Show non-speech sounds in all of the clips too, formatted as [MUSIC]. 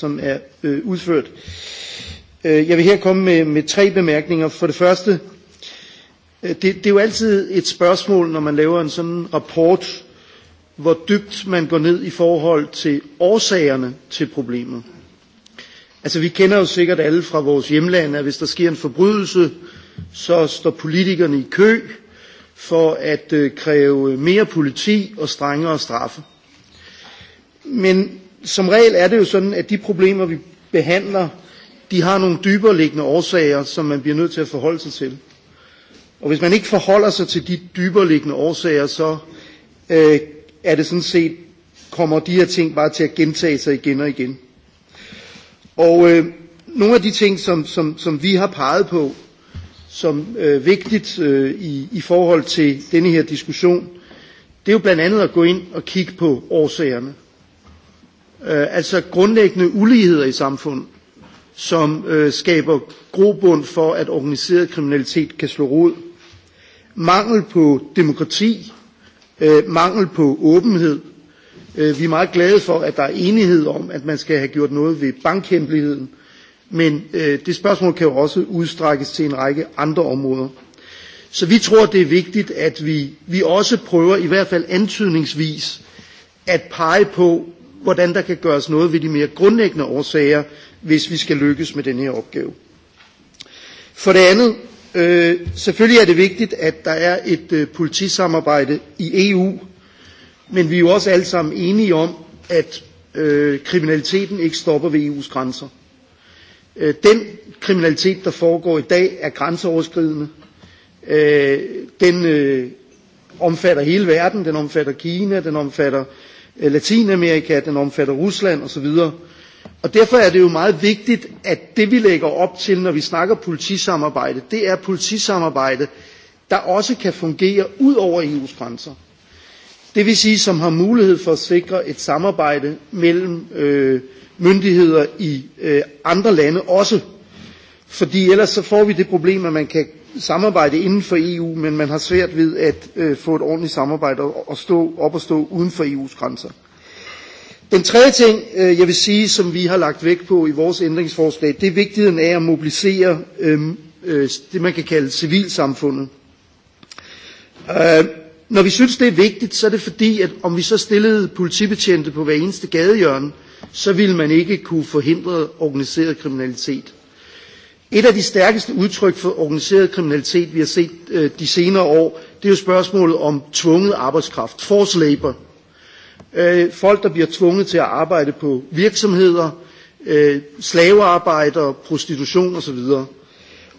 som er øh, udført. Øh, jeg vil her komme med, med tre bemærkninger. For det første, øh, det, det er jo altid et spørgsmål, når man laver en sådan rapport, hvor dybt man går ned i forhold til årsagerne til problemet. Altså vi kender jo sikkert alle fra vores hjemland, at hvis der sker en forbrydelse, så står politikerne i kø for at øh, kræve mere politi og strengere straffe. Men som regel er det jo sådan, at de problemer, vi behandler, de har nogle dybere liggende årsager, som man bliver nødt til at forholde sig til. Og hvis man ikke forholder sig til de dybere liggende årsager, så øh, er det sådan set, kommer de her ting bare til at gentage sig igen og igen. Og øh, nogle af de ting, som, som, som vi har peget på som øh, vigtigt øh, i, i forhold til denne her diskussion, det er jo blandt andet at gå ind og kigge på årsagerne øh, altså grundlæggende uligheder i samfundet, som øh, skaber grobund for, at organiseret kriminalitet kan slå rod. Mangel på demokrati, øh, mangel på åbenhed. Øh, vi er meget glade for, at der er enighed om, at man skal have gjort noget ved bankhemmeligheden, men øh, det spørgsmål kan jo også udstrækkes til en række andre områder. Så vi tror, det er vigtigt, at vi, vi også prøver, i hvert fald antydningsvis, at pege på, hvordan der kan gøres noget ved de mere grundlæggende årsager, hvis vi skal lykkes med den her opgave. For det andet, øh, selvfølgelig er det vigtigt, at der er et øh, politisamarbejde i EU, men vi er jo også alle sammen enige om, at øh, kriminaliteten ikke stopper ved EU's grænser. Øh, den kriminalitet, der foregår i dag, er grænseoverskridende. Øh, den øh, omfatter hele verden, den omfatter Kina, den omfatter øh, Øh, Latinamerika, den omfatter Rusland osv. Og derfor er det jo meget vigtigt, at det vi lægger op til, når vi snakker politisamarbejde, det er politisamarbejde, der også kan fungere ud over EU's grænser. Det vil sige, som har mulighed for at sikre et samarbejde mellem øh, myndigheder i øh, andre lande også. Fordi ellers så får vi det problem, at man kan samarbejde inden for EU, men man har svært ved at øh, få et ordentligt samarbejde og, stå op og stå uden for EU's grænser. Den tredje ting, øh, jeg vil sige, som vi har lagt vægt på i vores ændringsforslag, det er vigtigheden af at mobilisere øh, øh, det, man kan kalde civilsamfundet. Øh, når vi synes, det er vigtigt, så er det fordi, at om vi så stillede politibetjente på hver eneste gadehjørne, så ville man ikke kunne forhindre organiseret kriminalitet. Et af de stærkeste udtryk for organiseret kriminalitet, vi har set øh, de senere år, det er jo spørgsmålet om tvunget arbejdskraft, forced labor. Øh, folk, der bliver tvunget til at arbejde på virksomheder, øh, og prostitution osv.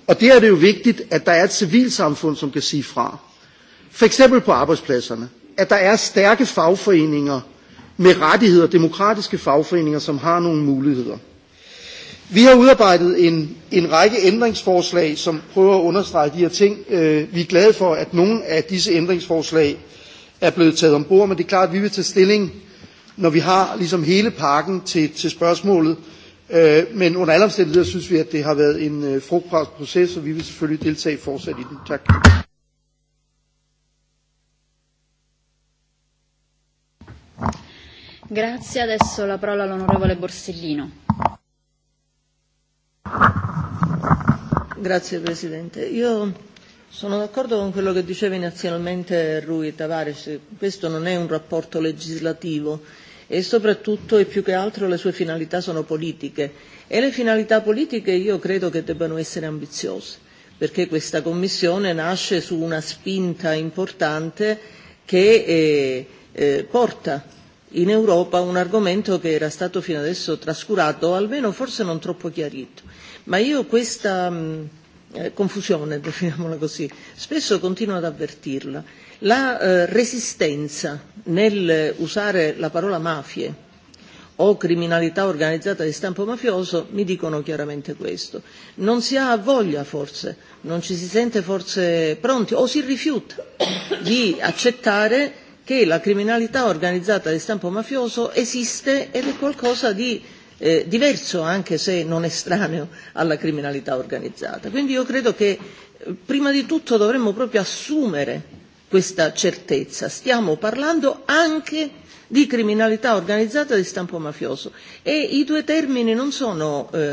Og der er det jo vigtigt, at der er et civilsamfund, som kan sige fra. For eksempel på arbejdspladserne. At der er stærke fagforeninger med rettigheder, demokratiske fagforeninger, som har nogle muligheder. Vi har udarbejdet en, en række ændringsforslag, som prøver at understrege de her ting. Øh, vi er glade for, at nogle af disse ændringsforslag er blevet taget ombord, men det er klart, at vi vil tage stilling, når vi har ligesom hele pakken til, til spørgsmålet. Øh, men under alle omstændigheder synes vi, at det har været en øh, frugtbar proces, og vi vil selvfølgelig deltage fortsat i den. Tak. Grazie, adesso la parola all'onorevole Borsellino. Grazie Presidente. Io sono d'accordo con quello che diceva inizialmente Rui e Tavares. Questo non è un rapporto legislativo e soprattutto e più che altro le sue finalità sono politiche e le finalità politiche io credo che debbano essere ambiziose perché questa Commissione nasce su una spinta importante che eh, eh, porta in Europa un argomento che era stato fino adesso trascurato o almeno forse non troppo chiarito Ma io questa mm, eh, confusione, [LAUGHS] definiamola così, spesso continuo ad avvertirla. La eh, resistenza nel usare la parola mafie o criminalità organizzata di stampo mafioso mi dicono chiaramente questo. Non si ha voglia forse, non ci si sente forse pronti o si rifiuta [COUGHS] di accettare che la criminalità organizzata di stampo mafioso esiste ed è qualcosa di eh, diverso anche se non estraneo alla criminalità organizzata. Quindi io credo che eh, prima di tutto dovremmo proprio assumere questa certezza. Stiamo parlando anche di criminalità organizzata e di stampo mafioso e i due termini non sono eh,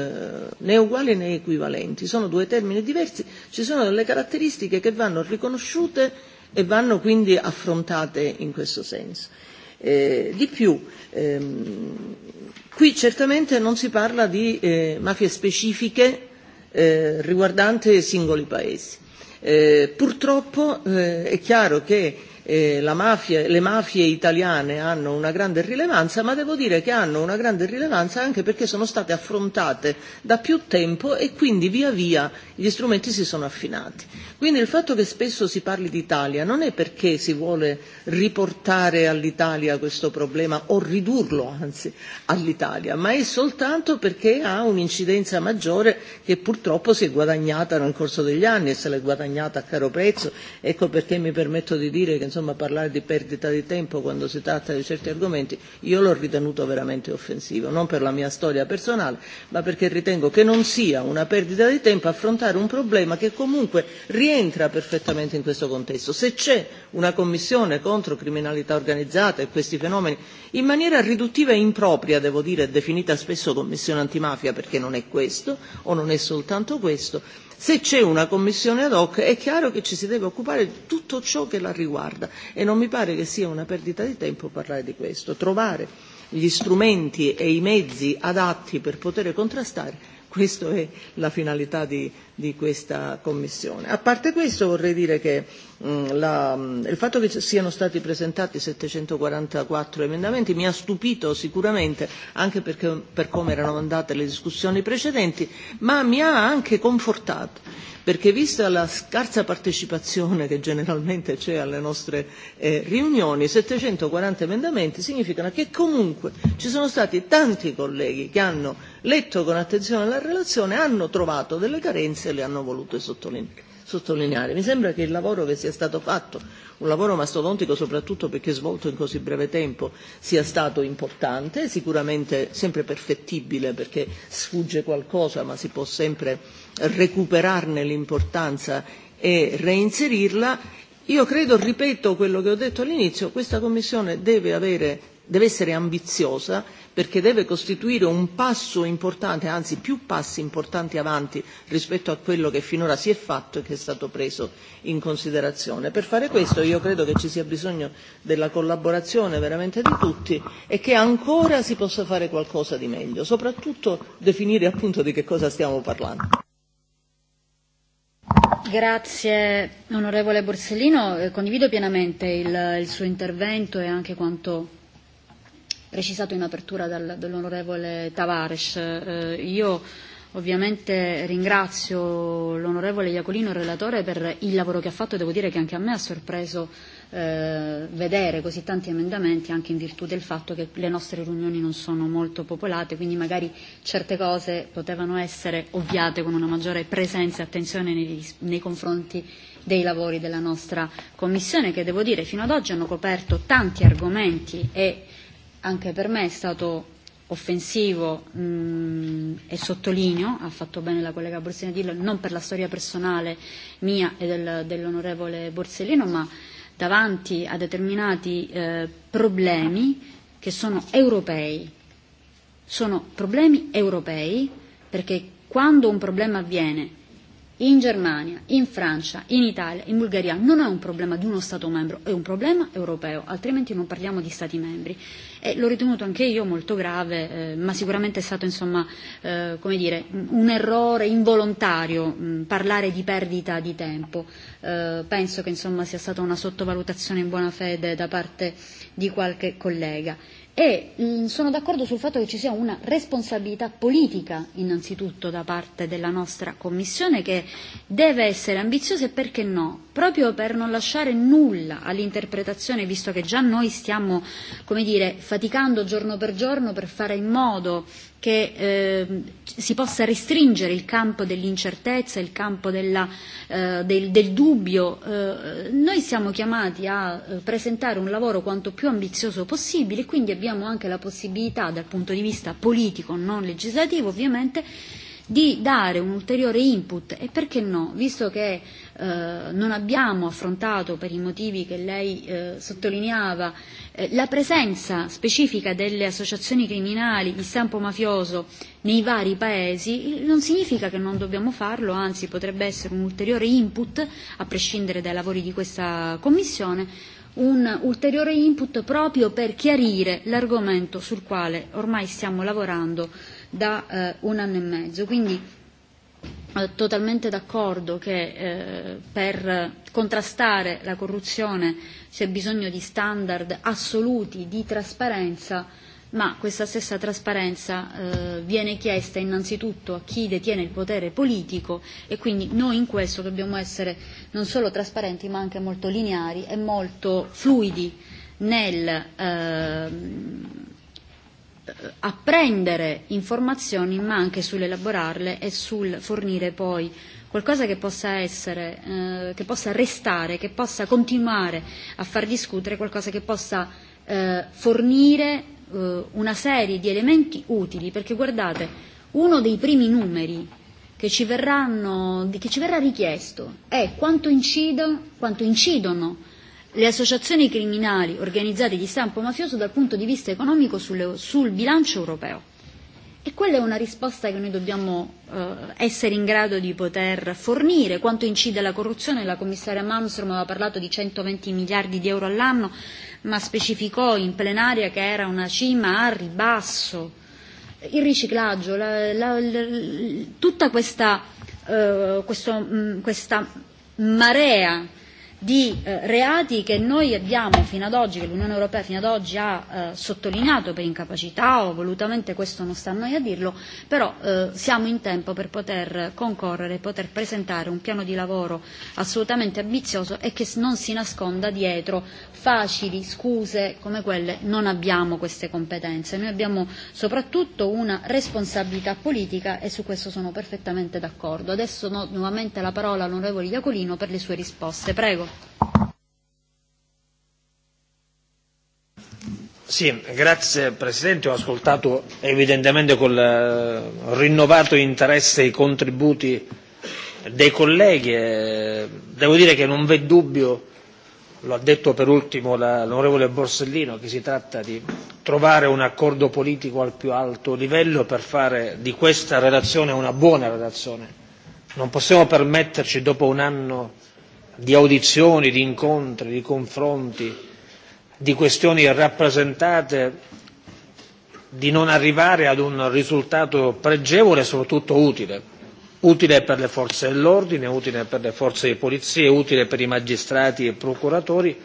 né uguali né equivalenti, sono due termini diversi, ci sono delle caratteristiche che vanno riconosciute e vanno quindi affrontate in questo senso. Eh, di più, ehm, Qui certamente non si parla di eh, mafie specifiche eh, riguardante singoli paesi. Eh, purtroppo eh, è chiaro che eh, eh, la mafia, le mafie italiane hanno una grande rilevanza, ma devo dire che hanno una grande rilevanza anche perché sono state affrontate da più tempo e quindi via via gli strumenti si sono affinati. Quindi il fatto che spesso si parli d'Italia non è perché si vuole riportare all'Italia questo problema o ridurlo anzi all'Italia, ma è soltanto perché ha un'incidenza maggiore che purtroppo si è guadagnata nel corso degli anni e se l'è guadagnata a caro prezzo. Ecco perché mi permetto di dire che insomma, parlare di perdita di tempo quando si tratta di certi argomenti, io l'ho ritenuto veramente offensivo, non per la mia storia personale, ma perché ritengo che non sia una perdita di tempo affrontare un problema che comunque rientra perfettamente in questo contesto. Se c'è una commissione contro criminalità organizzata e questi fenomeni, in maniera riduttiva e impropria, devo dire, definita spesso commissione antimafia perché non è questo o non è soltanto questo, se c'è una commissione ad hoc è chiaro che ci si deve occupare di tutto ciò che la riguarda e non mi pare che sia una perdita di tempo parlare di questo. Trovare gli strumenti e i mezzi adatti per poter contrastare Questa è la finalità di, di questa Commissione. A parte questo vorrei dire che mh, mm, la, mm, il fatto che siano stati presentati 744 emendamenti mi ha stupito sicuramente anche perché, per come erano andate le discussioni precedenti, ma mi ha anche confortato perché vista la scarsa partecipazione che generalmente c'è alle nostre eh, riunioni, 740 emendamenti significano che comunque ci sono stati tanti colleghi che hanno letto con attenzione la relazione, hanno trovato delle carenze e le hanno volute sottolineare sottolineare. Mi sembra che il lavoro che sia stato fatto, un lavoro mastodontico soprattutto perché svolto in così breve tempo, sia stato importante, sicuramente sempre perfettibile perché sfugge qualcosa ma si può sempre recuperarne l'importanza e reinserirla. Io credo, ripeto quello che ho detto all'inizio, questa Commissione deve, avere, deve essere ambiziosa perché deve costituire un passo importante, anzi più passi importanti avanti rispetto a quello che finora si è fatto e che è stato preso in considerazione. Per fare questo io credo che ci sia bisogno della collaborazione veramente di tutti e che ancora si possa fare qualcosa di meglio, soprattutto definire appunto di che cosa stiamo parlando. Grazie onorevole Borsellino, eh, condivido pienamente il, il suo intervento e anche quanto precisato in apertura dal, dall'onorevole Tavares. Eh, io Ovviamente ringrazio l'onorevole Iacolino, il relatore, per il lavoro che ha fatto e devo dire che anche a me ha sorpreso eh, vedere così tanti emendamenti anche in virtù del fatto che le nostre riunioni non sono molto popolate, quindi magari certe cose potevano essere ovviate con una maggiore presenza e attenzione nei, nei confronti dei lavori della nostra Commissione che devo dire fino ad oggi hanno coperto tanti argomenti e anche per me è stato offensivo mh, mm, e sottolineo, ha fatto bene la collega Borsellino a dirlo, non per la storia personale mia e del, dell'onorevole Borsellino, ma davanti a determinati eh, problemi che sono europei. Sono problemi europei perché quando un problema avviene in Germania, in Francia, in Italia, in Bulgaria non è un problema di uno Stato membro, è un problema europeo, altrimenti non parliamo di Stati membri. E l'ho ritenuto anche io molto grave, eh, ma sicuramente è stato insomma, eh, come dire, un errore involontario mh, mm, parlare di perdita di tempo. Eh, penso che insomma, sia stata una sottovalutazione in buona fede da parte di qualche collega e mh, mm, sono d'accordo sul fatto che ci sia una responsabilità politica innanzitutto da parte della nostra Commissione che deve essere ambiziosa e perché no, proprio per non lasciare nulla all'interpretazione, visto che già noi stiamo come dire, faticando giorno per giorno per fare in modo che eh, si possa restringere il campo dell'incertezza, il campo della, eh, del, del dubbio. Eh, noi siamo chiamati a eh, presentare un lavoro quanto più ambizioso possibile, quindi abbiamo anche la possibilità dal punto di vista politico, non legislativo ovviamente, di dare un ulteriore input e perché no, visto che eh, non abbiamo affrontato per i motivi che lei eh, sottolineava Eh, la presenza specifica delle associazioni criminali di stampo mafioso nei vari paesi non significa che non dobbiamo farlo, anzi potrebbe essere un ulteriore input, a prescindere dai lavori di questa Commissione, un ulteriore input proprio per chiarire l'argomento sul quale ormai stiamo lavorando da eh, un anno e mezzo. Quindi Eh, totalmente d'accordo che eh, per contrastare la corruzione c'è bisogno di standard assoluti di trasparenza, ma questa stessa trasparenza eh, viene chiesta innanzitutto a chi detiene il potere politico e quindi noi in questo dobbiamo essere non solo trasparenti ma anche molto lineari e molto fluidi nel eh, apprendere informazioni ma anche sull'elaborarle e sul fornire poi qualcosa che possa essere, eh, che possa restare, che possa continuare a far discutere, qualcosa che possa eh, fornire eh, una serie di elementi utili, perché guardate, uno dei primi numeri che ci, verranno, che ci verrà richiesto è quanto, incido, quanto incidono le associazioni criminali organizzate di stampo mafioso dal punto di vista economico sul, sul bilancio europeo. E quella è una risposta che noi dobbiamo eh, essere in grado di poter fornire. Quanto incide la corruzione? La commissaria Malmström aveva parlato di 120 miliardi di euro all'anno, ma specificò in plenaria che era una cima a ribasso. Il riciclaggio, la, la, la, tutta questa, eh, questo, mh, mm, questa marea di eh, reati che noi abbiamo fino ad oggi, che l'Unione Europea fino ad oggi ha eh, sottolineato per incapacità o volutamente, questo non sta a noi a dirlo, però eh, siamo in tempo per poter concorrere e poter presentare un piano di lavoro assolutamente ambizioso e che non si nasconda dietro facili scuse come quelle non abbiamo queste competenze. Noi abbiamo soprattutto una responsabilità politica e su questo sono perfettamente d'accordo. Adesso no, nuovamente la parola all'onorevole Iacolino per le sue risposte. Prego. Sì, grazie Presidente. Ho ascoltato evidentemente col eh, rinnovato interesse i contributi dei colleghi. E devo dire che non v'è dubbio, lo ha detto per ultimo l'onorevole Borsellino, che si tratta di trovare un accordo politico al più alto livello per fare di questa relazione una buona relazione. Non possiamo permetterci dopo un anno di audizioni, di incontri, di confronti, di questioni rappresentate, di non arrivare ad un risultato pregevole e soprattutto utile. Utile per le forze dell'ordine, utile per le forze di polizia, utile per i magistrati e procuratori,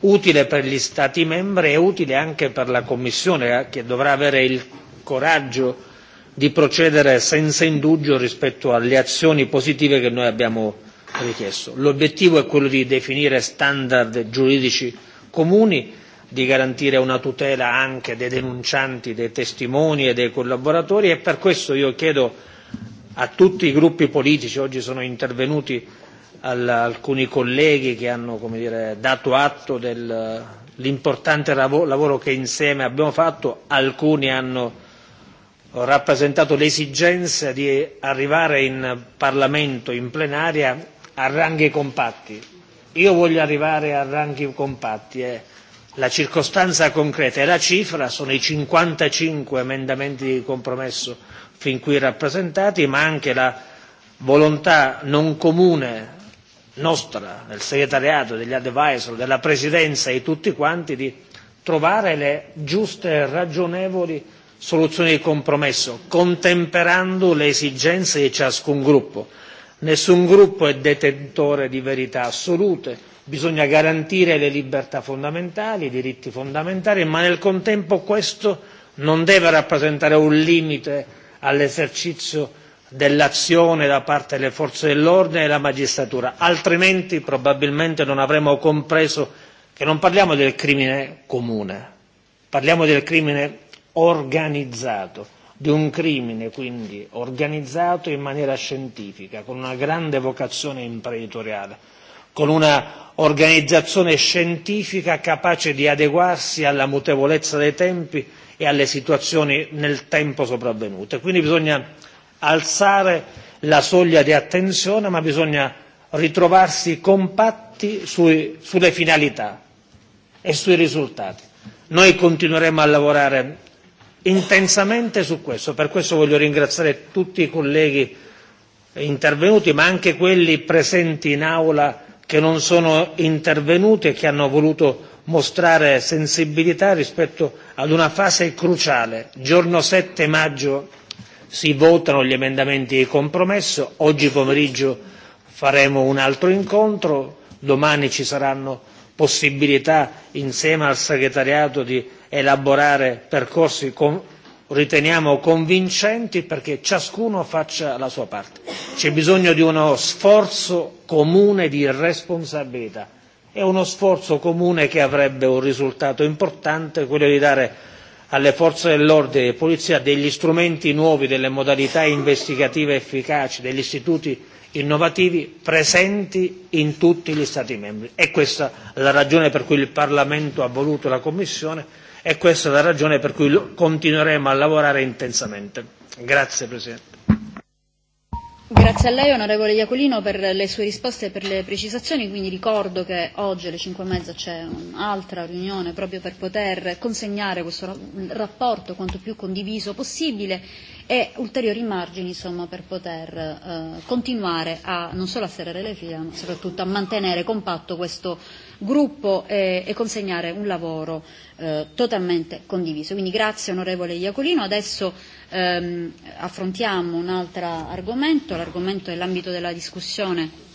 utile per gli Stati membri e utile anche per la Commissione eh, che dovrà avere il coraggio di procedere senza indugio rispetto alle azioni positive che noi abbiamo richiesto. L'obiettivo è quello di definire standard giuridici comuni, di garantire una tutela anche dei denuncianti, dei testimoni e dei collaboratori e per questo io chiedo a tutti i gruppi politici, oggi sono intervenuti al, alcuni colleghi che hanno come dire, dato atto dell'importante lavoro che insieme abbiamo fatto, alcuni hanno rappresentato l'esigenza di arrivare in Parlamento in plenaria a ranghi compatti. Io voglio arrivare a ranghi compatti. Eh. La circostanza concreta e la cifra sono i 55 emendamenti di compromesso fin qui rappresentati, ma anche la volontà non comune nostra, del segretariato, degli advisor, della Presidenza e tutti quanti di trovare le giuste e ragionevoli soluzioni di compromesso, contemperando le esigenze di ciascun gruppo nessun gruppo è detentore di verità assolute, bisogna garantire le libertà fondamentali, i diritti fondamentali, ma nel contempo questo non deve rappresentare un limite all'esercizio dell'azione da parte delle forze dell'ordine e della magistratura, altrimenti probabilmente non avremmo compreso che non parliamo del crimine comune, parliamo del crimine organizzato di un crimine quindi organizzato in maniera scientifica, con una grande vocazione imprenditoriale, con una organizzazione scientifica capace di adeguarsi alla mutevolezza dei tempi e alle situazioni nel tempo sopravvenute. Quindi bisogna alzare la soglia di attenzione, ma bisogna ritrovarsi compatti sui, sulle finalità e sui risultati. Noi continueremo a lavorare intensamente su questo. Per questo voglio ringraziare tutti i colleghi intervenuti, ma anche quelli presenti in aula che non sono intervenuti e che hanno voluto mostrare sensibilità rispetto ad una fase cruciale. Giorno 7 maggio si votano gli emendamenti di compromesso, oggi pomeriggio faremo un altro incontro, domani ci saranno possibilità insieme al segretariato di elaborare percorsi con, riteniamo convincenti perché ciascuno faccia la sua parte. C'è bisogno di uno sforzo comune di responsabilità. e uno sforzo comune che avrebbe un risultato importante, quello di dare alle forze dell'ordine e della polizia degli strumenti nuovi, delle modalità investigative efficaci, degli istituti innovativi presenti in tutti gli Stati membri. E questa è la ragione per cui il Parlamento ha voluto la Commissione È questa la ragione per cui continueremo a lavorare intensamente. Grazie Presidente. Grazie a lei onorevole Iacolino per le sue risposte e per le precisazioni, quindi ricordo che oggi alle 5.30 e c'è un'altra riunione proprio per poter consegnare questo rapporto quanto più condiviso possibile e ulteriori margini insomma, per poter eh, continuare a non solo a serrare le fila, ma soprattutto a mantenere compatto questo gruppo e, e consegnare un lavoro eh, totalmente condiviso. Quindi grazie onorevole Iacolino. Adesso ehm, affrontiamo un altro argomento, l'argomento dell'ambito della discussione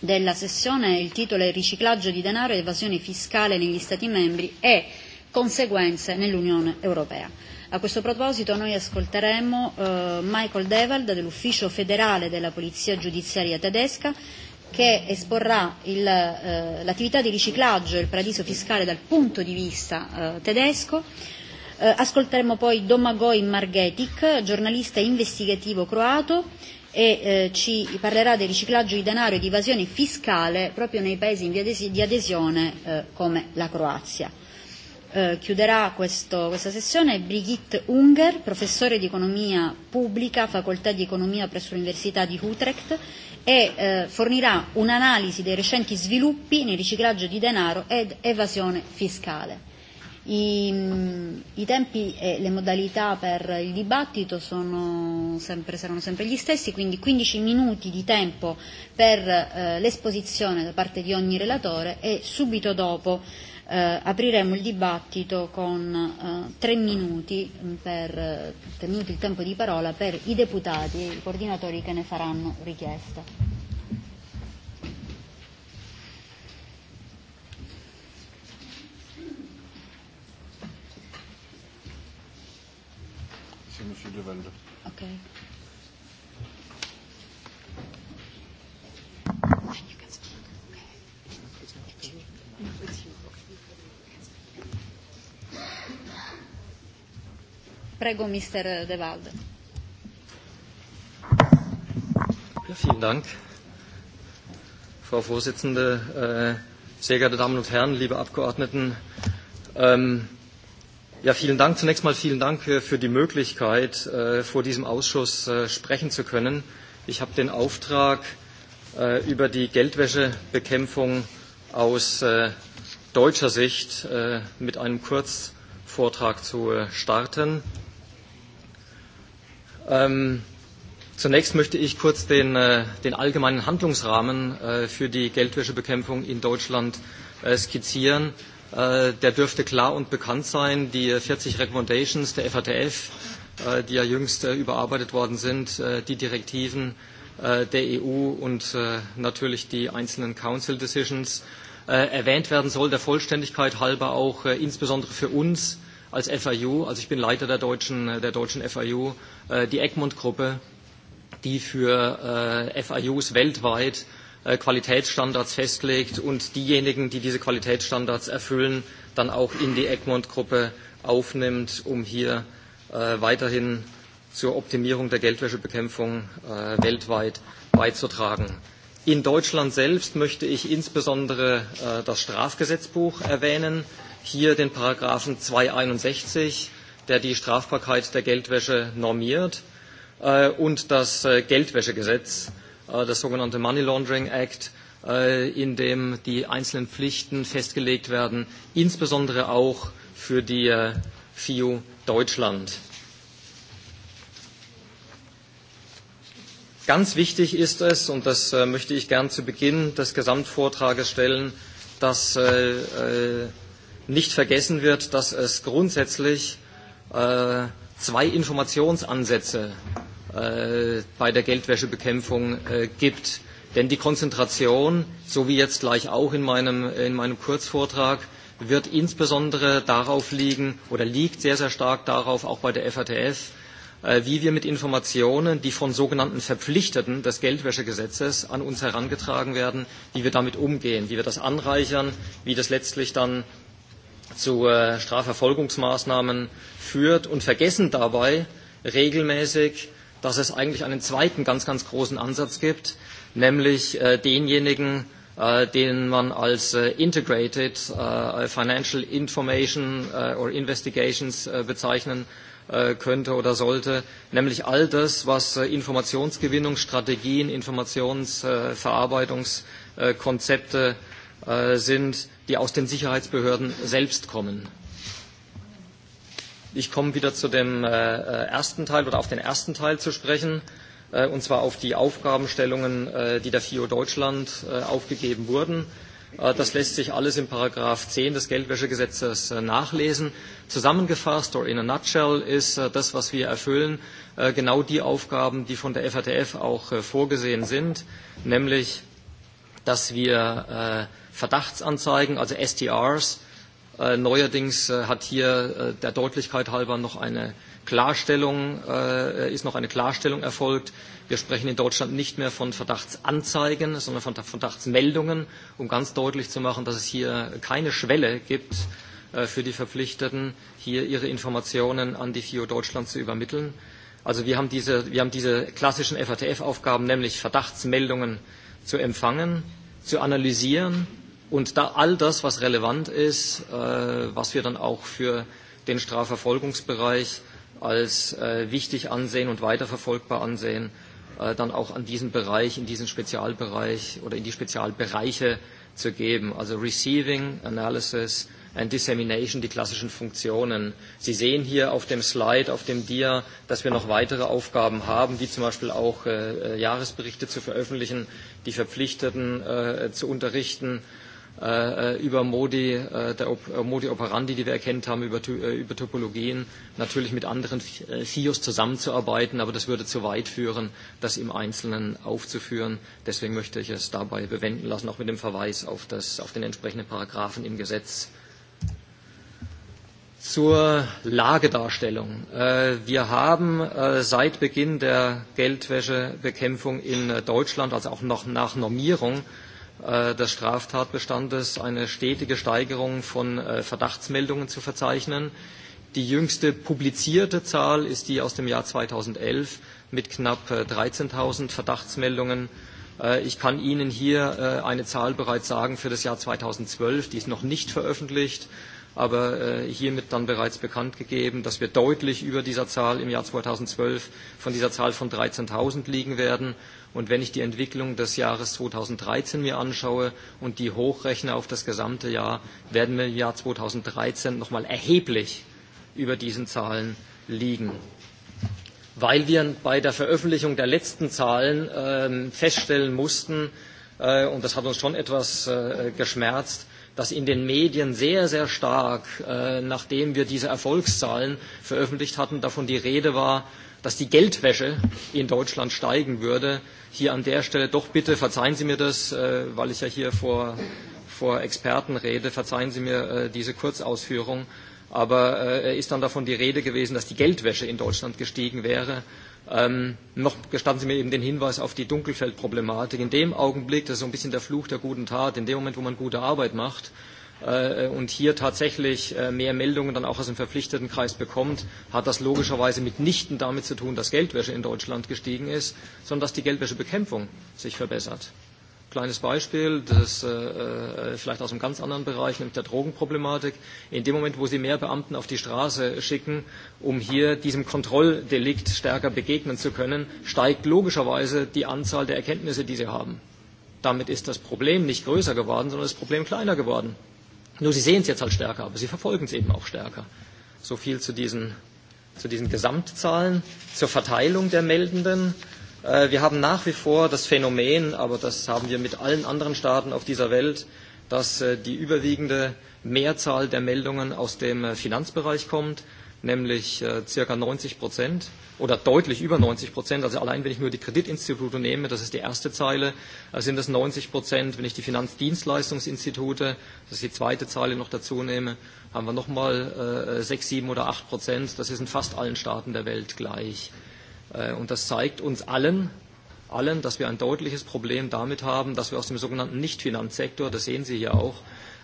della sessione, il titolo è Riciclaggio di denaro e evasione fiscale negli Stati membri e conseguenze nell'Unione Europea. A questo proposito noi ascolteremo eh, Michael Devald dell'Ufficio federale della Polizia Giudiziaria tedesca che esporrà il, eh, l'attività di riciclaggio e il paradiso fiscale dal punto di vista eh, tedesco. Eh, ascolteremo poi Domagoj Margetic, giornalista investigativo croato, e eh, ci parlerà del riciclaggio di denaro e di evasione fiscale proprio nei paesi in via di adesione eh, come la Croazia. Eh, chiuderà questo, questa sessione Brigitte Unger, professore di economia pubblica, facoltà di economia presso l'Università di Utrecht e eh, fornirà un'analisi dei recenti sviluppi nel riciclaggio di denaro ed evasione fiscale. I, mm, I tempi e le modalità per il dibattito sono sempre, saranno sempre gli stessi, quindi 15 minuti di tempo per eh, l'esposizione da parte di ogni relatore e subito dopo eh, apriremo il dibattito con eh, tre, minuti mm, per, eh, tre minuti il tempo di parola per i deputati e i coordinatori che ne faranno richiesta. Okay. Prego, Mr. De Walde. vielen Dank, Frau Vorsitzende, äh, sehr geehrte Damen und Herren, liebe Abgeordneten. Ähm, ja, vielen Dank. Zunächst mal vielen Dank für die Möglichkeit, äh, vor diesem Ausschuss äh, sprechen zu können. Ich habe den Auftrag, über die Geldwäschebekämpfung aus deutscher Sicht mit einem Kurzvortrag zu starten. Ähm, zunächst möchte ich kurz den, äh, den allgemeinen Handlungsrahmen äh, für die Geldwäschebekämpfung in Deutschland äh, skizzieren. Äh, der dürfte klar und bekannt sein. Die 40 Recommendations der FATF, äh, die ja jüngst äh, überarbeitet worden sind, äh, die Direktiven äh, der EU und äh, natürlich die einzelnen Council Decisions. Äh, erwähnt werden soll der Vollständigkeit halber auch äh, insbesondere für uns äh, als FIU, also ich bin Leiter der deutschen, der deutschen FIU, äh, die Egmont-Gruppe, die für äh, FIUs weltweit äh, Qualitätsstandards festlegt und diejenigen, die diese Qualitätsstandards erfüllen, dann auch in die Egmont-Gruppe aufnimmt, um hier äh, weiterhin zur Optimierung der Geldwäschebekämpfung äh, weltweit beizutragen. In Deutschland selbst möchte ich insbesondere äh, das Strafgesetzbuch erwähnen hier den Paragraphen 261, der die Strafbarkeit der Geldwäsche normiert, äh, und das äh, Geldwäschegesetz, äh, das sogenannte Money Laundering Act, äh, in dem die einzelnen Pflichten festgelegt werden, insbesondere auch für die äh, FIU Deutschland. Ganz wichtig ist es, und das äh, möchte ich gern zu Beginn des Gesamtvortrages stellen, dass äh, äh, nicht vergessen wird, dass es grundsätzlich äh, zwei Informationsansätze äh, bei der Geldwäschebekämpfung äh, gibt. Denn die Konzentration, so wie jetzt gleich auch in meinem, in meinem Kurzvortrag, wird insbesondere darauf liegen oder liegt sehr, sehr stark darauf, auch bei der FATF, äh, wie wir mit Informationen, die von sogenannten Verpflichteten des Geldwäschegesetzes an uns herangetragen werden, wie wir damit umgehen, wie wir das anreichern, wie das letztlich dann zu äh, Strafverfolgungsmaßnahmen führt und vergessen dabei regelmäßig, dass es eigentlich einen zweiten ganz, ganz großen Ansatz gibt, nämlich äh, denjenigen, äh, den man als Integrated Financial Information or Investigations bezeichnen könnte oder sollte, nämlich all das, was Informationsgewinnungsstrategien, Informationsverarbeitungskonzepte äh, Verarbeitungskonzepte, Äh, sind, die aus den Sicherheitsbehörden selbst kommen. Ich komme wieder zu dem äh, äh, ersten Teil oder auf den ersten Teil zu sprechen, und zwar auf die Aufgabenstellungen, die der FIO Deutschland aufgegeben wurden. Das lässt sich alles in Paragraph 10 des Geldwäschegesetzes nachlesen. Zusammengefasst oder in a nutshell ist das, was wir erfüllen, genau die Aufgaben, die von der FATF auch vorgesehen sind, nämlich dass wir äh, Verdachtsanzeigen, also STRs. Äh, neuerdings äh, hat hier äh, der Deutlichkeit halber noch eine Klarstellung, ist noch eine Klarstellung erfolgt. Wir sprechen in Deutschland nicht mehr von Verdachtsanzeigen, sondern von Verdachtsmeldungen, um ganz deutlich zu machen, dass es hier keine Schwelle gibt für die Verpflichteten, hier ihre Informationen an die FIO Deutschland zu übermitteln. Also wir haben diese, wir haben diese klassischen FATF-Aufgaben, nämlich Verdachtsmeldungen zu empfangen, zu analysieren, Und da all das, was relevant ist, äh, was wir dann auch für den Strafverfolgungsbereich als äh, wichtig ansehen und weiterverfolgbar ansehen, äh, dann auch an diesen Bereich, in diesen Spezialbereich oder in die Spezialbereiche zu geben. Also Receiving, Analysis and Dissemination, die klassischen Funktionen. Sie sehen hier auf dem Slide, auf dem Dia, dass wir noch weitere Aufgaben haben, wie zum Beispiel auch äh, äh Jahresberichte zu veröffentlichen, die Verpflichteten äh, zu unterrichten, Äh, äh, über Modi, äh, der Op äh, Modi operandi, die wir erkennt haben, über, äh, über Topologien, natürlich mit anderen CEOs zusammenzuarbeiten, aber das würde zu weit führen, das im Einzelnen aufzuführen. Deswegen möchte ich es dabei bewenden lassen, auch mit dem Verweis auf, das, auf den entsprechenden Paragraphen im Gesetz. Zur Lagedarstellung. Wir haben seit Beginn der Geldwäschebekämpfung in Deutschland, also auch noch nach Normierung, Äh, des Straftatbestandes eine stetige Steigerung von äh, Verdachtsmeldungen zu verzeichnen. Die jüngste publizierte Zahl ist die aus dem Jahr 2011 mit knapp 13.000 äh, Verdachtsmeldungen. Ich kann Ihnen hier eine Zahl bereits sagen für das Jahr 2012, die ist noch nicht veröffentlicht, aber hiermit dann bereits bekannt gegeben, dass wir deutlich über dieser Zahl im Jahr 2012 von dieser Zahl von 13.000 liegen werden Und wenn ich die Entwicklung des Jahres 2013 mir anschaue und die hochrechne auf das gesamte Jahr, werden wir im Jahr 2013 nochmal erheblich über diesen Zahlen liegen. Weil wir bei der Veröffentlichung der letzten Zahlen äh, feststellen mussten, äh, und das hat uns schon etwas äh, geschmerzt, dass in den Medien sehr, sehr stark, äh, nachdem wir diese Erfolgszahlen veröffentlicht hatten, davon die Rede war, dass die Geldwäsche in Deutschland steigen würde hier an der Stelle doch bitte, verzeihen Sie mir das, äh, weil ich ja hier vor, vor Experten rede, verzeihen Sie mir äh, diese Kurzausführung, aber äh, er ist dann davon die Rede gewesen, dass die Geldwäsche in Deutschland gestiegen wäre. Ähm, noch gestatten Sie mir eben den Hinweis auf die Dunkelfeldproblematik. In dem Augenblick, das ist so ein bisschen der Fluch der guten Tat, in dem Moment, wo man gute Arbeit macht, äh, und hier tatsächlich äh, mehr Meldungen dann auch aus dem verpflichteten Kreis bekommt, hat das logischerweise mitnichten damit zu tun, dass Geldwäsche in Deutschland gestiegen ist, sondern dass die Geldwäschebekämpfung sich verbessert. Kleines Beispiel, das äh, äh, vielleicht aus einem ganz anderen Bereich, nämlich der Drogenproblematik. In dem Moment, wo Sie mehr Beamten auf die Straße schicken, um hier diesem Kontrolldelikt stärker begegnen zu können, steigt logischerweise die Anzahl der Erkenntnisse, die Sie haben. Damit ist das Problem nicht größer geworden, sondern das Problem kleiner geworden. Nur sie sehen es jetzt halt stärker, aber sie verfolgen es eben auch stärker. So viel zu diesen, zu diesen Gesamtzahlen, zur Verteilung der Meldenden. Äh, wir haben nach wie vor das Phänomen, aber das haben wir mit allen anderen Staaten auf dieser Welt, dass äh, die überwiegende Mehrzahl der Meldungen aus dem äh, Finanzbereich kommt nämlich äh, circa 90 Prozent oder deutlich über 90 Prozent. Also allein wenn ich nur die Kreditinstitute nehme, das ist die erste Zeile, äh, sind das 90 Prozent. Wenn ich die Finanzdienstleistungsinstitute, das ist die zweite Zeile noch dazu nehme, haben wir nochmal äh, 6, 7 oder 8 Prozent. Das ist in fast allen Staaten der Welt gleich. Äh, und das zeigt uns allen, allen, dass wir ein deutliches Problem damit haben, dass wir aus dem sogenannten Nichtfinanzsektor, das sehen Sie hier auch,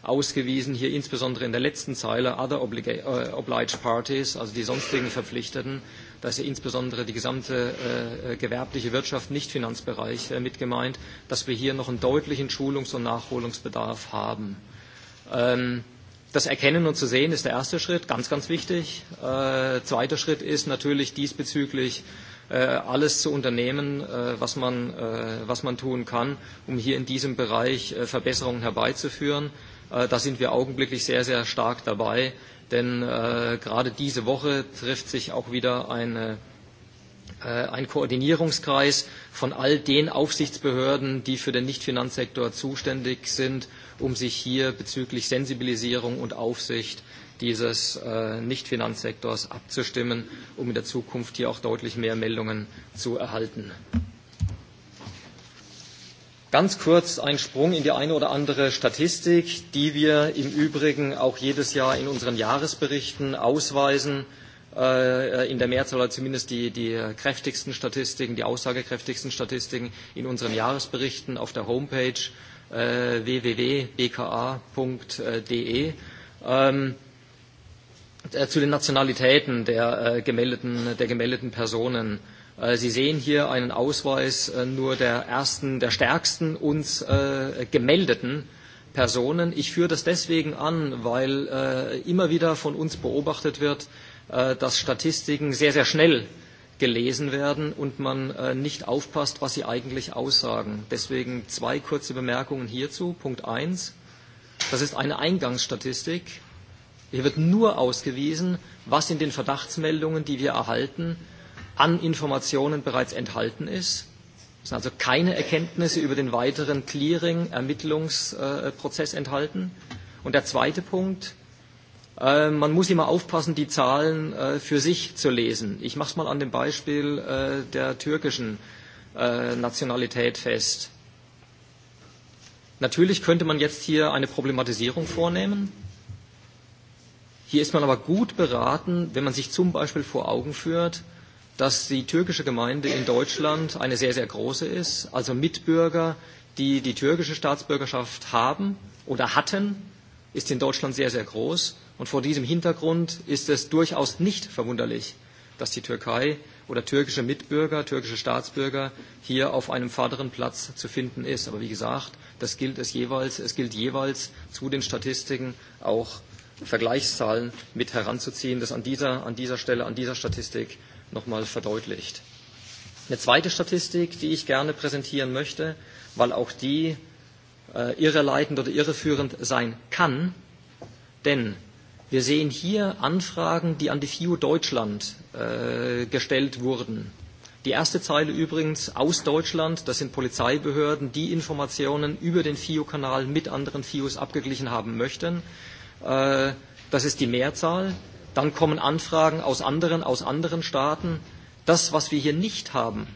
ausgewiesen, hier insbesondere in der letzten Zeile, other äh, obliged parties, also die sonstigen Verpflichteten, da ist ja insbesondere die gesamte äh, gewerbliche Wirtschaft, nicht Finanzbereich äh, mit gemeint, dass wir hier noch einen deutlichen Schulungs- und Nachholungsbedarf haben. Ähm, das Erkennen und zu sehen ist der erste Schritt, ganz, ganz wichtig. Äh, zweiter Schritt ist natürlich diesbezüglich äh, alles zu unternehmen, äh, was, man, äh, was man tun kann, um hier in diesem Bereich äh, Verbesserungen herbeizuführen. Äh, da sind wir augenblicklich sehr, sehr stark dabei, denn äh, gerade diese Woche trifft sich auch wieder eine äh, ein Koordinierungskreis von all den Aufsichtsbehörden, die für den Nichtfinanzsektor zuständig sind, um sich hier bezüglich Sensibilisierung und Aufsicht dieses äh, Nichtfinanzsektors abzustimmen, um in der Zukunft hier auch deutlich mehr Meldungen zu erhalten. Ganz kurz ein Sprung in die eine oder andere Statistik, die wir im Übrigen auch jedes Jahr in unseren Jahresberichten ausweisen. Äh, in der Mehrzahl oder zumindest die, die kräftigsten Statistiken, die aussagekräftigsten Statistiken in unseren Jahresberichten auf der Homepage äh, www.bka.de. Ähm, äh, zu den Nationalitäten der gemeldeten, der gemeldeten Personen. Äh, sie sehen hier einen Ausweis äh, nur der ersten, der stärksten uns äh, gemeldeten Personen. Ich führe das deswegen an, weil immer wieder von uns beobachtet wird, dass Statistiken sehr, sehr schnell gelesen werden und man nicht aufpasst, was sie eigentlich aussagen. Deswegen zwei kurze Bemerkungen hierzu. Punkt eins. Das ist eine Eingangsstatistik. Hier wird nur ausgewiesen, was in den Verdachtsmeldungen, die wir erhalten, an Informationen bereits enthalten ist. Es sind also keine Erkenntnisse über den weiteren Clearing-Ermittlungsprozess enthalten. Und der zweite Punkt, äh, man muss immer aufpassen, die Zahlen äh, für sich zu lesen. Ich mache es mal an dem Beispiel äh, der türkischen Nationalität fest. Natürlich könnte man jetzt hier eine Problematisierung vornehmen. Hier ist man aber gut beraten, wenn man sich zum Beispiel vor Augen führt, dass die türkische Gemeinde in Deutschland eine sehr, sehr große ist, also Mitbürger, die die türkische Staatsbürgerschaft haben oder hatten, ist in Deutschland sehr, sehr groß. Und vor diesem Hintergrund ist es durchaus nicht verwunderlich, dass die Türkei oder türkische Mitbürger, türkische Staatsbürger hier auf einem vorderen Platz zu finden ist. Aber wie gesagt, das gilt es jeweils, es gilt jeweils zu den Statistiken auch Vergleichszahlen mit heranzuziehen. Das an dieser, an dieser Stelle, an dieser Statistik nochmal verdeutlicht. Eine zweite Statistik, die ich gerne präsentieren möchte, weil auch die äh, irreleitend oder irreführend sein kann, denn wir sehen hier Anfragen, die an die FIU Deutschland äh, gestellt wurden. Die erste Zeile übrigens aus Deutschland, das sind Polizeibehörden, die Informationen über den FIU-Kanal mit anderen FIUs abgeglichen haben möchten. Äh, das ist die Mehrzahl. Dann kommen Anfragen aus anderen, aus anderen Staaten. Das, was wir hier nicht haben,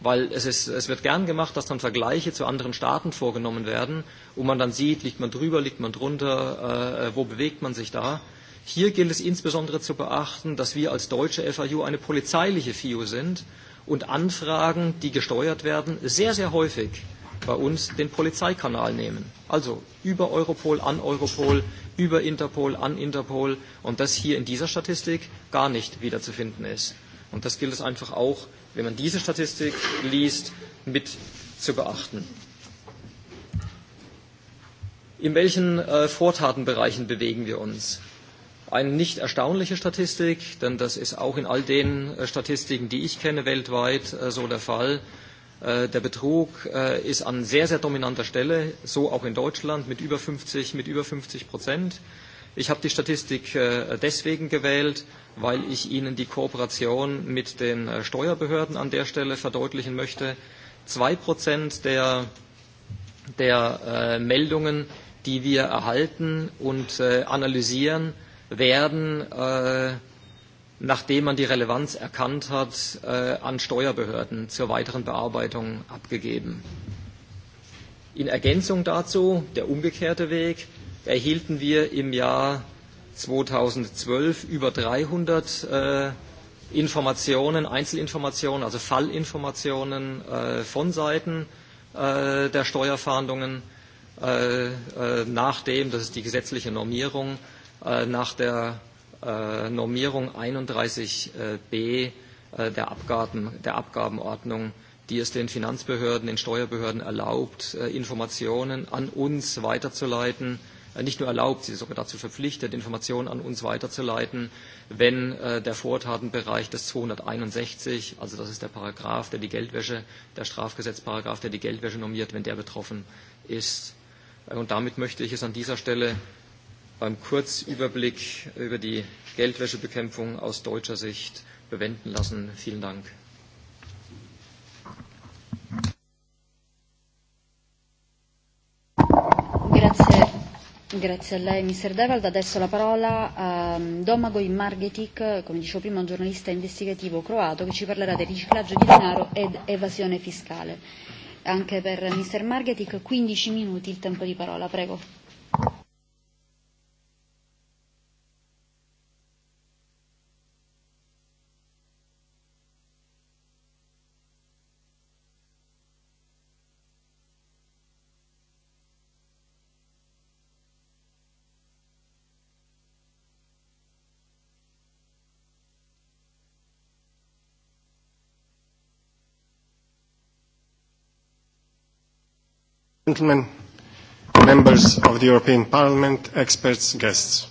weil es, ist, es wird gern gemacht, dass dann Vergleiche zu anderen Staaten vorgenommen werden, wo man dann sieht, liegt man drüber, liegt man drunter, äh, äh wo bewegt man sich da. Hier gilt es insbesondere zu beachten, dass wir als deutsche FAU eine polizeiliche FIU sind und Anfragen, die gesteuert werden, sehr, sehr häufig bei uns den Polizeikanal nehmen. Also über Europol an Europol, über Interpol an Interpol und das hier in dieser Statistik gar nicht wiederzufinden ist. Und das gilt es einfach auch, wenn man diese Statistik liest, mit zu beachten. In welchen äh, Vortatenbereichen bewegen wir uns? Eine nicht erstaunliche Statistik, denn das ist auch in all den äh, Statistiken, die ich kenne, weltweit äh, so der Fall. Äh, der Betrug äh, ist an sehr, sehr dominanter Stelle, so auch in Deutschland mit über 50, mit über 50 Prozent. Ich habe die Statistik äh, deswegen gewählt, weil ich Ihnen die Kooperation mit den Steuerbehörden an der Stelle verdeutlichen möchte. Zwei Prozent der, der Meldungen, die wir erhalten und analysieren, werden äh, nachdem man die Relevanz erkannt hat, äh, an Steuerbehörden zur weiteren Bearbeitung abgegeben. In Ergänzung dazu, der umgekehrte Weg, erhielten wir im Jahr 2012 über 300 äh, Informationen, Einzelinformationen, also Fallinformationen äh, von Seiten äh, der Steuerfahndungen, äh, äh, nachdem, das ist die gesetzliche Normierung, äh, nach der äh, Normierung 31b äh, äh, der, Abgaben, der Abgabenordnung, die es den Finanzbehörden, den Steuerbehörden erlaubt, äh, Informationen an uns weiterzuleiten, äh, nicht nur erlaubt, sie ist sogar dazu verpflichtet, Informationen an uns weiterzuleiten, wenn äh, der Vortatenbereich des 261, also das ist der Paragraph, der die Geldwäsche, der Strafgesetzparagraph, der die Geldwäsche normiert, wenn der betroffen ist. Äh, und damit möchte ich es an dieser Stelle beim Kurzüberblick über die Geldwäschebekämpfung aus deutscher Sicht bewenden lassen. Vielen Dank. Grazie. Grazie a lei, Mr. Devald. Adesso la parola a mm, Domagoj Margetic, come dicevo prima, un giornalista investigativo croato che ci parlerà del riciclaggio di denaro ed evasione fiscale. Anche per Mr. Margetic 15 minuti il tempo di parola. Prego. Gentlemen, members of the European Parliament, experts, guests.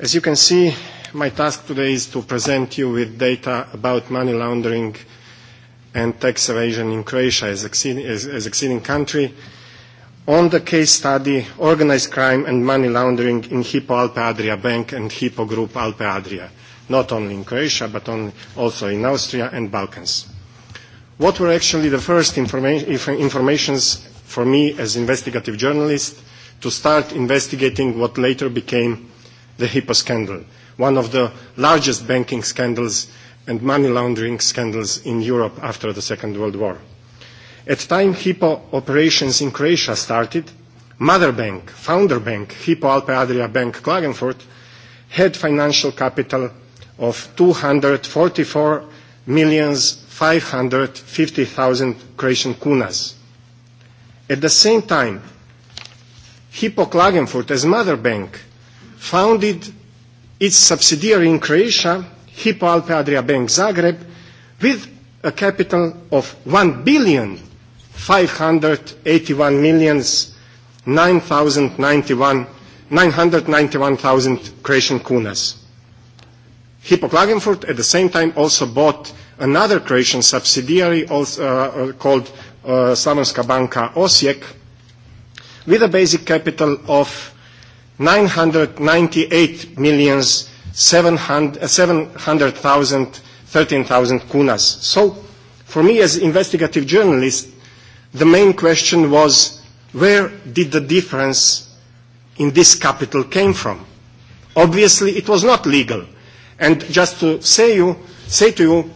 As you can see, my task today is to present you with data about money laundering and tax evasion in Croatia as exceeding, as, as exceeding country on the case study Organized Crime and Money Laundering in Hippo Alpe Adria Bank and Hippo Group Alpe Adria, not only in Croatia but on, also in Austria and Balkans. What were actually the first informa informations for me as investigative journalist to start investigating what later became the HIPAA scandal, one of the largest banking scandals and money laundering scandals in Europe after the Second World War. At the time HIPAA operations in Croatia started, Mother Bank, founder bank, HIPAA Alpe Adria Bank Klagenfurt, had financial capital of 244 millions 550,000 Croatian kunas. At the same time, Hippo Klagenfurt, as mother bank, founded its subsidiary in Croatia, Hippo Alpe Adria Bank Zagreb, with a capital of 1 billion 581 millions 991,000 991, Croatian kunas. Hippo Klagenfurt at the same time also bought another Croatian subsidiary also, uh, uh, called uh, Slavonska Banka Osijek with a basic capital of 998 million 700,000 700, 13,000 kunas. So for me as investigative journalist, the main question was where did the difference in this capital came from? Obviously, it was not legal. And just to say, you, say to you,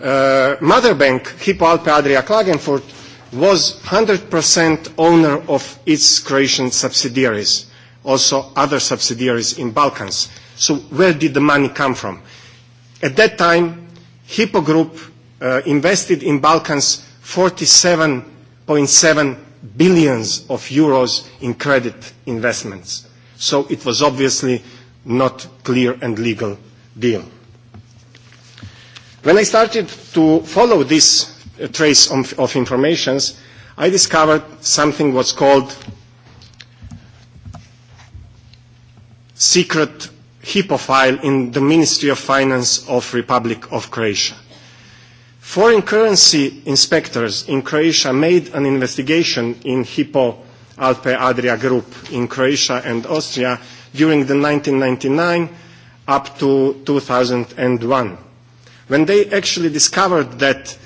uh, mother bank, Hippo Alpe Adria Klagenfurt, was 100% owner of its Croatian subsidiaries, also other subsidiaries in Balkans. So where did the money come from? At that time, Hippo Group uh, invested in Balkans 47.7 billions of euros in credit investments. So it was obviously not clear and legal deal. When I started to follow this uh, trace of, of information, I discovered something what's called secret HIPAA file in the Ministry of Finance of Republic of Croatia. Foreign currency inspectors in Croatia made an investigation in HIPO Alpe Adria Group in Croatia and Austria during the 1999 up to 2001. When they actually discovered that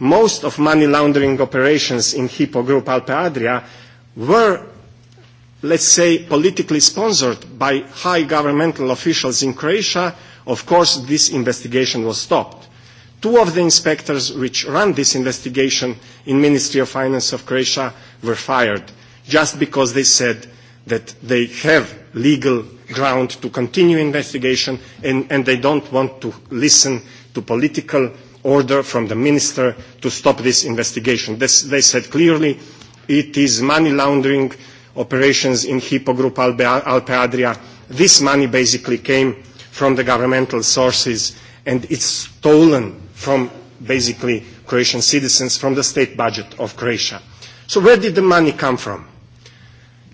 most of money laundering operations in Hippo Group Alpe Adria were, let's say, politically sponsored by high governmental officials in Croatia, of course, this investigation was stopped. Two of the inspectors which ran this investigation in Ministry of Finance of Croatia were fired just because they said that they have legal ground to continue investigation and, and they don't want to listen to political order from the minister to stop this investigation. This, they said clearly it is money laundering operations in Hippo Group Alpe Adria. This money basically came from the governmental sources and it's stolen from basically Croatian citizens from the state budget of Croatia. So where did the money come from?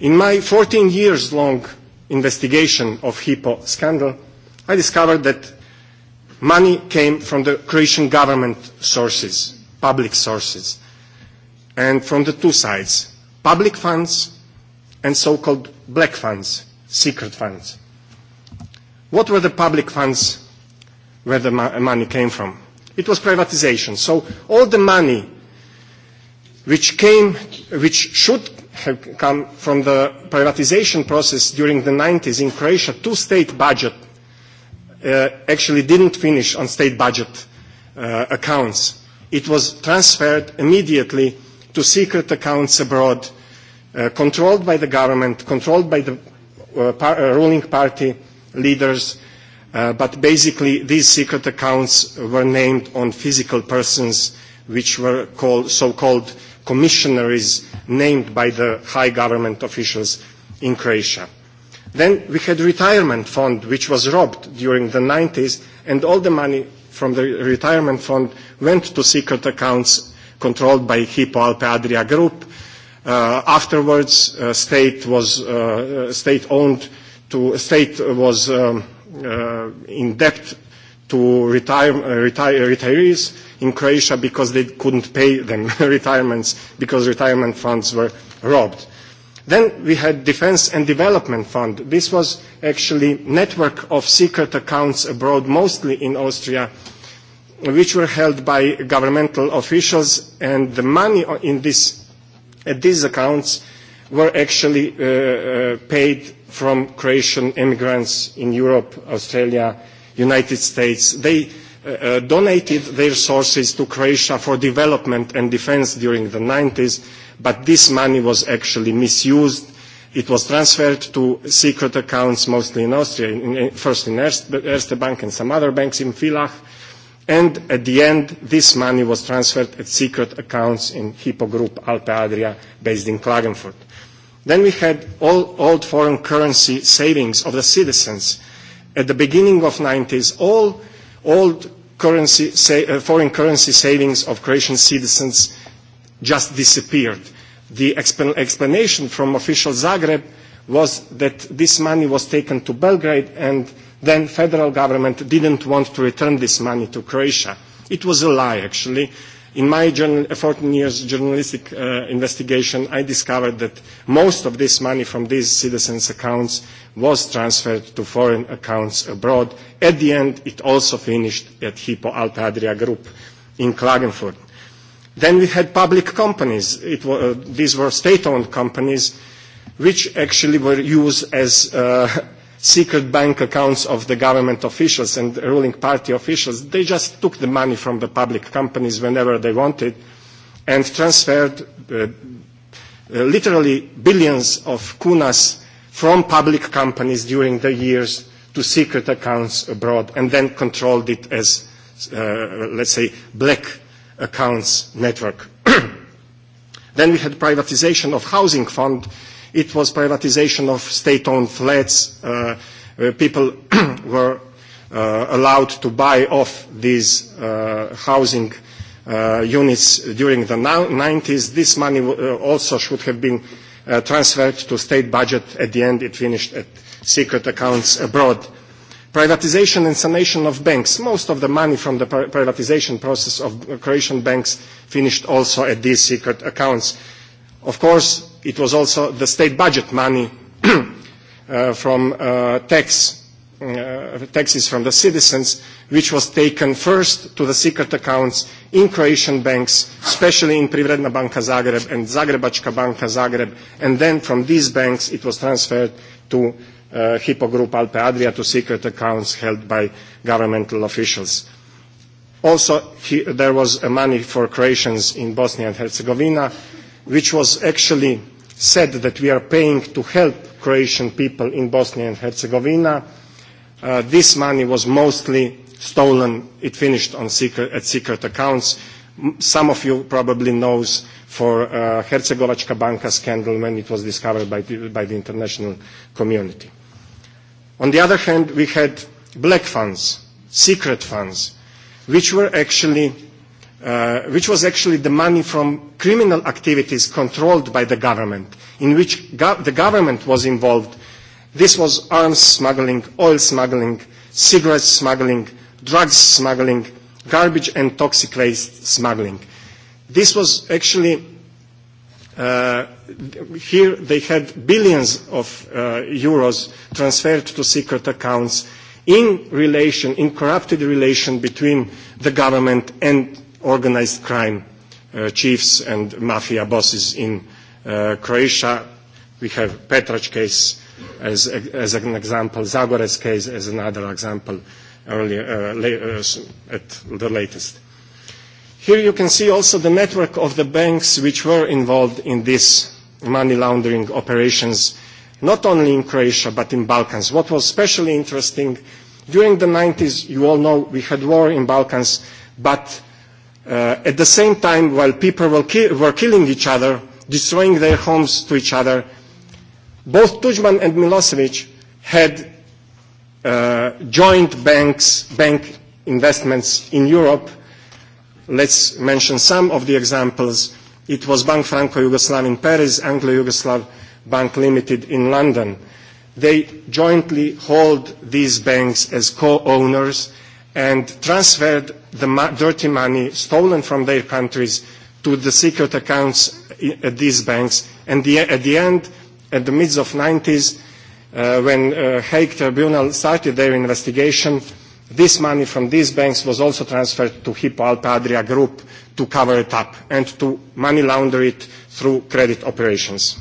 In my 14 years long investigation of Hippo scandal, I discovered that Money came from the Croatian government sources, public sources, and from the two sides, public funds and so-called black funds, secret funds. What were the public funds where the money came from? It was privatization. So all the money which came, which should have come from the privatization process during the 90s in Croatia, two state budget uh, actually didn't finish on state budget uh, accounts. It was transferred immediately to secret accounts abroad, uh, controlled by the government, controlled by the uh, par- uh, ruling party leaders, uh, but basically these secret accounts were named on physical persons which were called, so-called commissionaries named by the high government officials in Croatia. Then we had retirement fund, which was robbed during the 90s, and all the money from the retirement fund went to secret accounts controlled by Hippo Alpe Adria Group. Uh, afterwards, uh, state was uh, uh state owned to state was um, uh, in debt to retire, uh, retire, retirees in Croatia because they couldn't pay them [LAUGHS] retirements because retirement funds were robbed. Then we had Defence and Development Fund. This was actually network of secret accounts abroad, mostly in Austria, which were held by governmental officials, and the money in this, at these accounts were actually uh, uh, paid from Croatian immigrants in Europe, Australia, United States. They uh, uh donated their sources to Croatia for development and defence during the 90s but this money was actually misused. It was transferred to secret accounts, mostly in Austria, in, in, first in Erste, Erste Bank and some other banks in Villach. And at the end, this money was transferred at secret accounts in Hippo Group Alpe Adria, based in Klagenfurt. Then we had all old foreign currency savings of the citizens. At the beginning of 90s, all old currency, say, uh, foreign currency savings of Croatian citizens just disappeared. The exp explanation from official Zagreb was that this money was taken to Belgrade and then federal government didn't want to return this money to Croatia. It was a lie, actually. In my journal, 14 uh, years journalistic uh, investigation, I discovered that most of this money from these citizens' accounts was transferred to foreign accounts abroad. At the end, it also finished at Hippo Alta Adria Group in Klagenfurt. Then we had public companies. It, uh, these were state-owned companies which actually were used as uh, [LAUGHS] secret bank accounts of the government officials and ruling party officials. They just took the money from the public companies whenever they wanted and transferred uh, uh, literally billions of kunas from public companies during the years to secret accounts abroad and then controlled it as, uh, let's say, black accounts network. [CLEARS THROAT] then we had privatization of housing fund. It was privatization of state-owned flats. Uh, where people [CLEARS THROAT] were uh, allowed to buy off these uh, housing units during the 90s. This money also should have been transferred to state budget. At the end, it finished at secret accounts abroad. Privatization and sanation of banks. Most of the money from the privatization process of Croatian banks finished also at these secret accounts. Of course, it was also the state budget money [CLEARS THROAT] uh, from uh, tax, uh, taxes from the citizens, which was taken first to the secret accounts in Croatian banks, especially in Privredna Banka Zagreb and Zagrebačka Banka Zagreb, and then from these banks it was transferred to Hypo uh, Group Alpe Adria to secret accounts held by governmental officials. Also, he, there was uh, money for Croatians in Bosnia and Herzegovina, which was actually said that we are paying to help Croatian people in Bosnia and Herzegovina. Uh, this money was mostly stolen. It finished on secret, at secret accounts. Some of you probably knows for uh, Herzegovačka Banka scandal when it was discovered by the, by the international community. On the other hand, we had black funds, secret funds, which were actually uh, which was actually the money from criminal activities controlled by the government, in which go the government was involved. This was arms smuggling, oil smuggling, cigarette smuggling, drugs smuggling, garbage and toxic waste smuggling. This was actually Uh, here they had billions of uh, euros transferred to secret accounts in relation, in corrupted relation between the government and organized crime uh, chiefs and mafia bosses in uh, Croatia. We have Petrac case as, as an example, Zagorec case as another example earlier, uh, uh at the latest. Here you can see also the network of the banks which were involved in these money laundering operations, not only in Croatia but in Balkans. What was especially interesting, during the 90s, you all know we had war in Balkans, but uh, at the same time, while people were, ki were killing each other, destroying their homes to each other, both Tudjman and Milosevic had uh, joint banks, bank investments in Europe Let's mention some of the examples. It was Bank Franco-Yugoslav in Paris, Anglo-Yugoslav Bank Limited in London. They jointly hold these banks as co-owners and transferred the dirty money stolen from their countries to the secret accounts at these banks. And at the end, at the midst of 90s, uh, when uh, Hague Tribunal started their investigation, this money from these banks was also transferred to Hippo Alta Adria Group to cover it up and to money launder it through credit operations.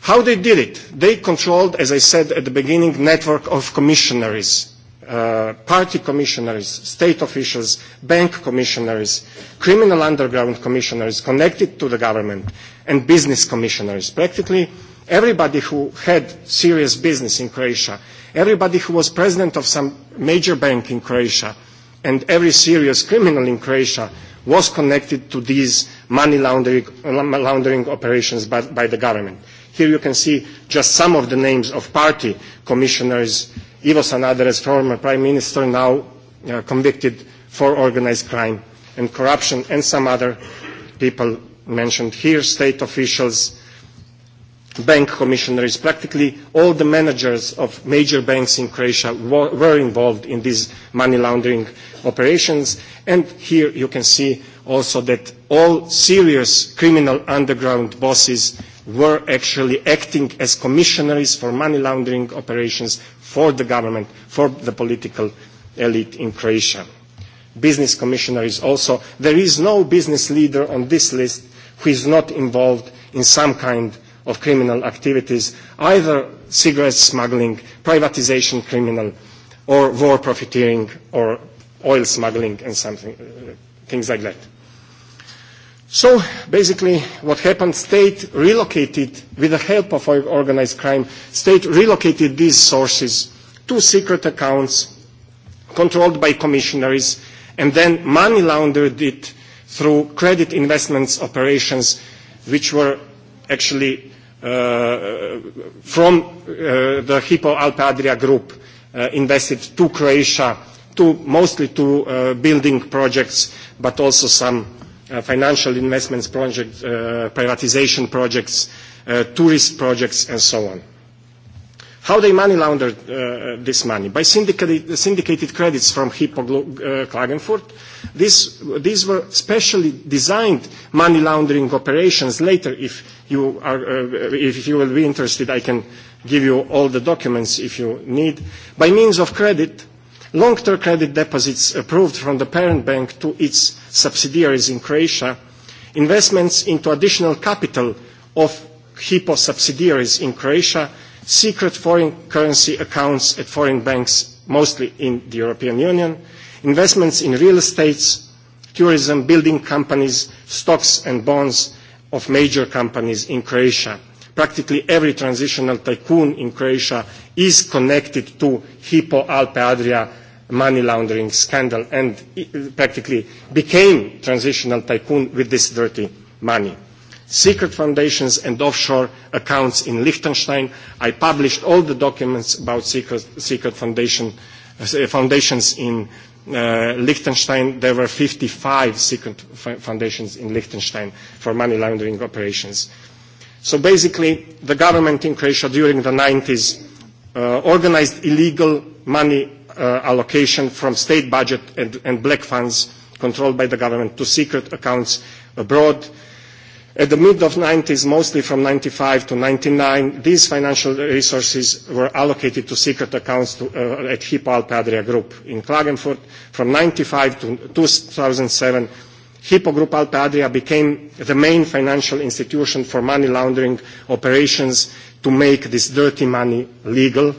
How they did it? They controlled, as I said at the beginning, network of commissionaries, uh, party commissionaries, state officials, bank commissionaries, criminal underground commissionaries connected to the government, and business commissionaries. Practically everybody who had serious business in Croatia Everybody who was president of some major bank in Croatia and every serious criminal in Croatia was connected to these money laundering, laundering operations by, by the government. Here you can see just some of the names of party commissioners, Ivo Sanader, as former prime minister, now uh, convicted for organized crime and corruption, and some other people mentioned here, state officials, bank commissioners, practically all the managers of major banks in Croatia were involved in these money laundering operations. And here you can see also that all serious criminal underground bosses were actually acting as commissioners for money laundering operations for the government, for the political elite in Croatia. Business commissioners also. There is no business leader on this list who is not involved in some kind of criminal activities, either cigarette smuggling, privatization criminal, or war profiteering, or oil smuggling, and something, uh, things like that. So basically, what happened, state relocated, with the help of organized crime, state relocated these sources to secret accounts controlled by commissionaries, and then money laundered it through credit investments operations, which were actually uh, from uh, the Hippo Alpe Adria group uh, invested to Croatia, to, mostly to uh, building projects, but also some uh, financial investments project, uh, privatization projects, uh, tourist projects, and so on. How they money laundered uh, this money? By syndicated, syndicated credits from Hippo uh, Klagenfurt. This, these were specially designed money laundering operations. Later, if you, are, uh, if you will be interested, I can give you all the documents if you need. By means of credit, long-term credit deposits approved from the parent bank to its subsidiaries in Croatia, investments into additional capital of Hippo subsidiaries in Croatia, secret foreign currency accounts at foreign banks, mostly in the European Union, investments in real estate, tourism, building companies, stocks and bonds of major companies in Croatia. Practically every transitional tycoon in Croatia is connected to Hippo Alpe Adria money laundering scandal and eh, practically became transitional tycoon with this dirty money secret foundations and offshore accounts in Liechtenstein. I published all the documents about secret, secret foundation, uh, foundations in uh, Liechtenstein. There were 55 secret foundations in Liechtenstein for money laundering operations. So basically, the government in Croatia during the 90s uh, organized illegal money uh, allocation from state budget and, and black funds controlled by the government to secret accounts abroad. At the mid of 90s, mostly from 95 to 99, these financial resources were allocated to secret accounts to, uh, at Hippo Alpadria Group in Klagenfurt. From 95 to 2007, Hippo Group Alpe-Adria became the main financial institution for money laundering operations to make this dirty money legal.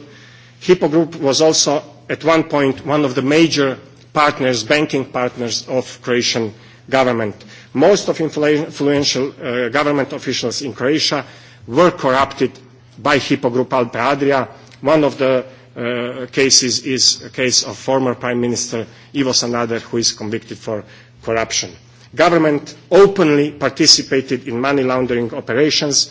Hippo Group was also at one point one of the major partners, banking partners of Croatian government most of influential uh, government officials in Croatia were corrupted by Hippo Group Alpe Adria. One of the uh, cases is a case of former Prime Minister Ivo Sanader, who is convicted for corruption. Government openly participated in money laundering operations,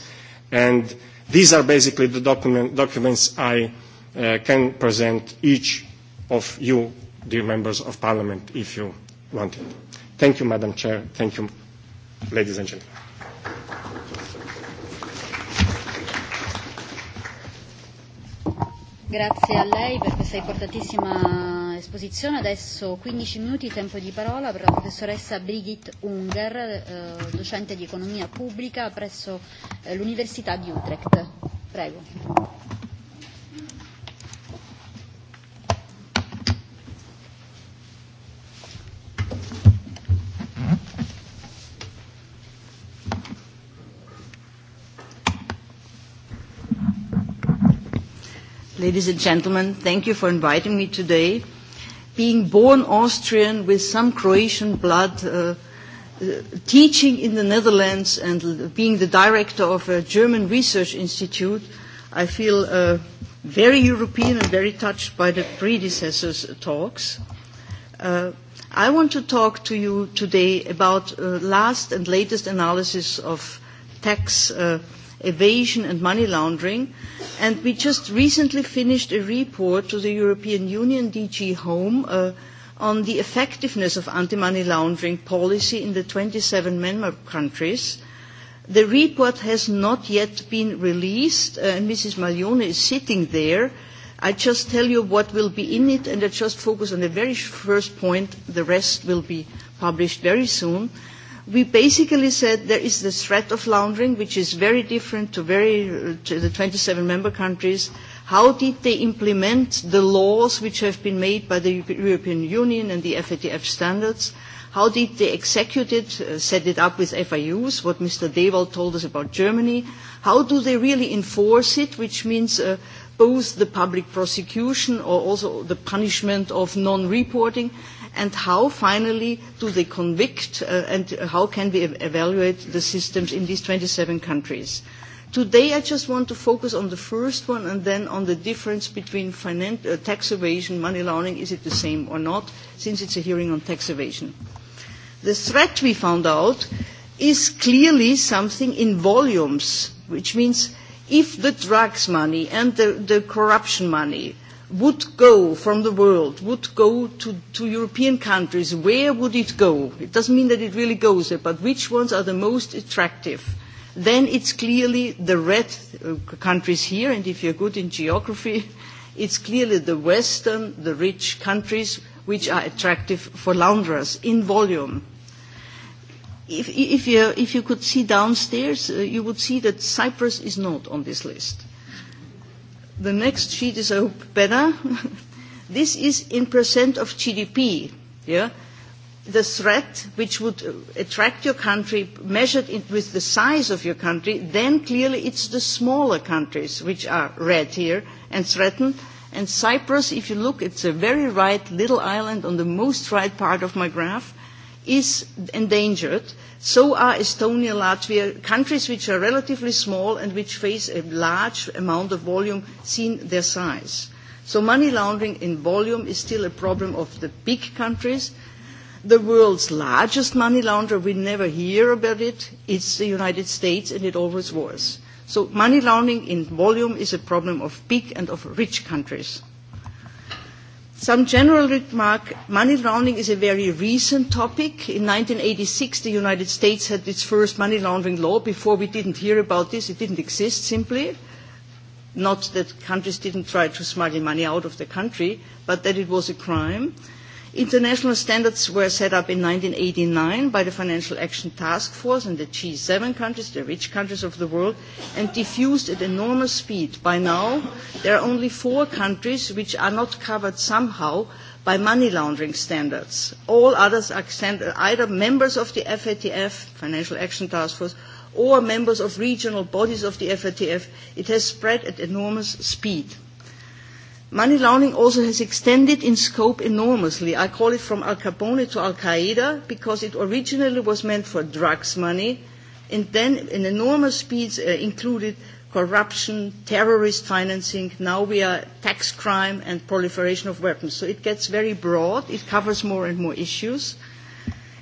and these are basically the document, documents I uh, can present each of you, dear members of parliament, if you want it. Thank you, Madam Chair. Thank you, ladies and gentlemen. Grazie a lei per questa importantissima esposizione. Adesso 15 minuti tempo di parola per la professoressa Brigitte Unger, eh, docente di economia pubblica presso eh, l'Università di Utrecht. Prego. ladies and gentlemen, thank you for inviting me today. Being born Austrian with some Croatian blood, uh, uh teaching in the Netherlands and being the director of a German research institute, I feel uh, very European and very touched by the predecessors' talks. Uh, I want to talk to you today about uh, last and latest analysis of tax uh, evasion and money laundering. And we just recently finished a report to the European Union DG Home uh, on the effectiveness of anti-money laundering policy in the 27 member countries. The report has not yet been released, uh, and Mrs. Malione is sitting there. I just tell you what will be in it, and I just focus on the very first point. The rest will be published very soon we basically said there is this threat of laundering, which is very different to, very, uh, to the 27 member countries. How did they implement the laws which have been made by the European Union and the FATF standards? How did they execute it, uh, set it up with FIUs, what Mr. Dewald told us about Germany? How do they really enforce it, which means uh, both the public prosecution or also the punishment of non-reporting? and how finally do they convict uh, and how can we evaluate the systems in these 27 countries. Today I just want to focus on the first one and then on the difference between finan- uh, tax evasion, money laundering, is it the same or not, since it's a hearing on tax evasion. The threat we found out is clearly something in volumes, which means if the drugs money and the, the corruption money would go from the world, would go to, to European countries, where would it go? It doesn't mean that it really goes there, but which ones are the most attractive? Then it's clearly the red uh, countries here, and if you're good in geography, [LAUGHS] it's clearly the Western, the rich countries, which are attractive for launderers in volume. If, if, you, if you could see downstairs, uh, you would see that Cyprus is not on this list. The next sheet is, I hope, better. [LAUGHS] this is in percent of GDP. Yeah? The threat which would uh, attract your country, measured it with the size of your country, then clearly it's the smaller countries which are red here and threatened. And Cyprus, if you look, it's a very right little island on the most right part of my graph is endangered. So are Estonia, Latvia, countries which are relatively small and which face a large amount of volume, seen their size. So money laundering in volume is still a problem of the big countries. The world's largest money launderer, we never hear about it. It's the United States, and it always was. So money laundering in volume is a problem of big and of rich countries. Some general remark, money laundering is a very recent topic. In 1986, the United States had its first money laundering law. Before we didn't hear about this, it didn't exist simply. Not that countries didn't try to smuggle money out of the country, but that it was a crime. International standards were set up in 1989 by the Financial Action Task Force and the G7 countries, the rich countries of the world, and diffused at enormous speed. By now, there are only four countries which are not covered somehow by money laundering standards. All others are either members of the FATF, Financial Action Task Force, or members of regional bodies of the FATF. It has spread at enormous speed. Money laundering also has extended in scope enormously. I call it from Al Capone to Al Qaeda because it originally was meant for drugs money and then in enormous speeds uh, included corruption, terrorist financing. Now we are tax crime and proliferation of weapons. So it gets very broad. It covers more and more issues.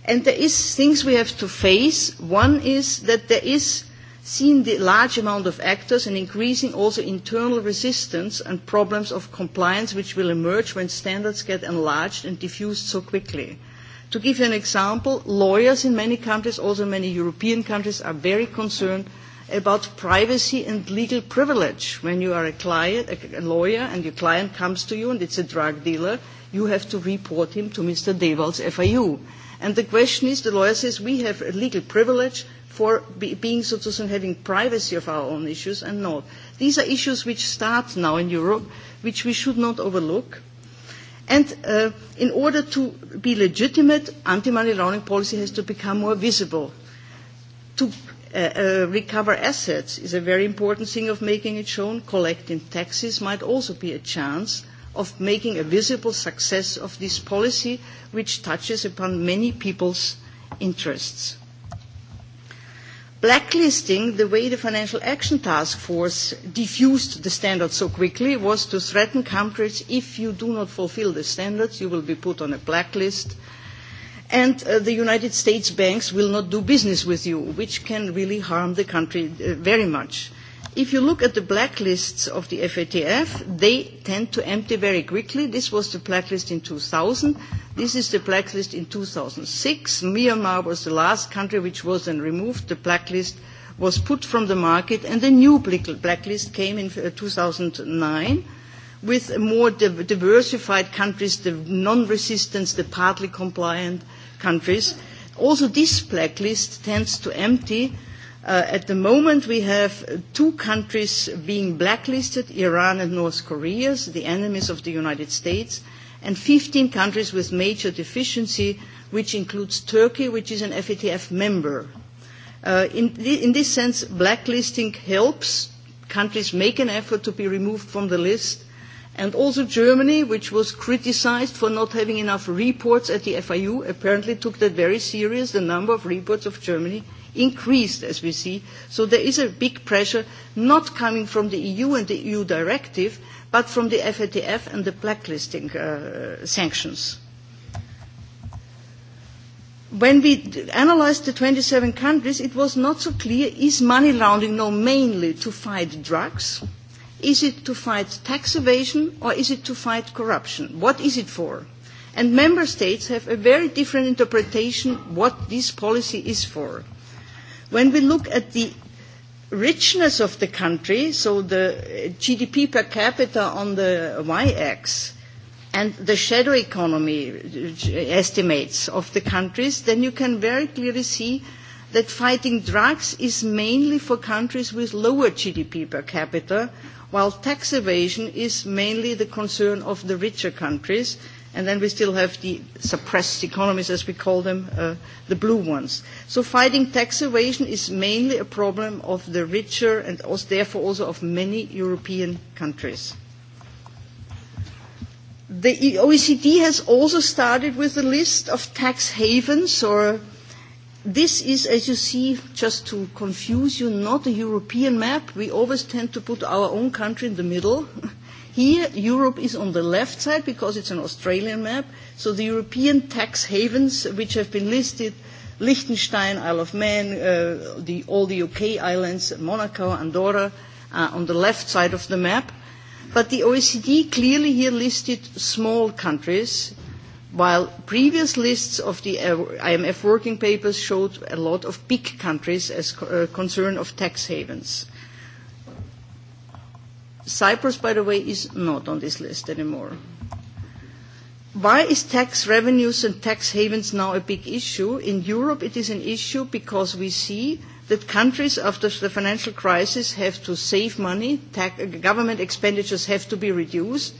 And there is things we have to face. One is that there is seen the large amount of actors and increasing also internal resistance and problems of compliance which will emerge when standards get enlarged and diffused so quickly. To give you an example, lawyers in many countries, also many European countries, are very concerned about privacy and legal privilege. When you are a client, a lawyer, and your client comes to you and it's a drug dealer, you have to report him to Mr. Dewald's FIU. And the question is, the lawyer says we have a legal privilege for be, being, so to say, having privacy of our own issues and not. These are issues which start now in Europe, which we should not overlook. And uh, in order to be legitimate, anti-money laundering policy has to become more visible. To uh, uh, recover assets is a very important thing of making it shown. Collecting taxes might also be a chance of making a visible success of this policy, which touches upon many people's interests. Blacklisting, the way the Financial Action Task Force diffused the standards so quickly, was to threaten countries if you do not fulfill the standards, you will be put on a blacklist, and uh, the United States banks will not do business with you, which can really harm the country uh, very much if you look at the blacklists of the FATF, they tend to empty very quickly. This was the blacklist in 2000. This is the blacklist in 2006. Myanmar was the last country which was then removed. The blacklist was put from the market, and the new blacklist came in 2009 uh, with more diversified countries, the non-resistance, the partly compliant countries. Also, this blacklist tends to empty Uh, at the moment, we have two countries being blacklisted, Iran and North Korea, the enemies of the United States, and 15 countries with major deficiency, which includes Turkey, which is an FATF member. Uh, in, th in this sense, blacklisting helps countries make an effort to be removed from the list, and also Germany, which was criticized for not having enough reports at the FIU, apparently took that very serious. The number of reports of Germany increased, as we see. So there is a big pressure not coming from the EU and the EU directive, but from the FATF and the blacklisting uh, sanctions. When we analyzed the 27 countries, it was not so clear, is money laundering now mainly to fight drugs? Is it to fight tax evasion or is it to fight corruption? What is it for? And member states have a very different interpretation what this policy is for. When we look at the richness of the country, so the GDP per capita on the y-axis, and the shadow economy estimates of the countries, then you can very clearly see that fighting drugs is mainly for countries with lower GDP per capita, while tax evasion is mainly the concern of the richer countries. And then we still have the suppressed economies, as we call them, uh, the blue ones. So fighting tax evasion is mainly a problem of the richer and also, therefore also of many European countries. The e-, OECD has also started with a list of tax havens or this is, as you see, just to confuse you, not a European map. We always tend to put our own country in the middle. [LAUGHS] Here, Europe is on the left side because it's an Australian map. So the European tax havens, which have been listed, Liechtenstein, Isle of Man, uh, the, all the UK islands, Monaco, Andorra, uh, on the left side of the map. But the OECD clearly here listed small countries, while previous lists of the uh, IMF working papers showed a lot of big countries as co- uh, concern of tax havens. Cyprus, by the way, is not on this list anymore. Why is tax revenues and tax havens now a big issue? In Europe, it is an issue because we see that countries after the financial crisis have to save money, tax, government expenditures have to be reduced,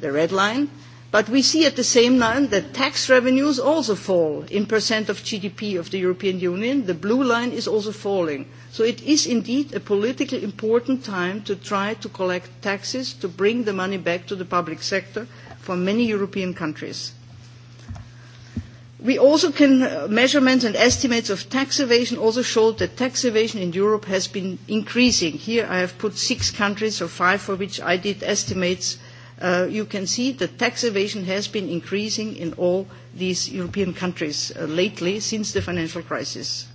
the red line, But we see at the same time that tax revenues also fall in percent of GDP of the European Union. The blue line is also falling. So it is indeed a politically important time to try to collect taxes to bring the money back to the public sector for many European countries. We also can uh, measurements and estimates of tax evasion also show that tax evasion in Europe has been increasing. Here I have put six countries or five for which I did estimates uh, you can see that tax evasion has been increasing in all these European countries uh, lately since the financial crisis.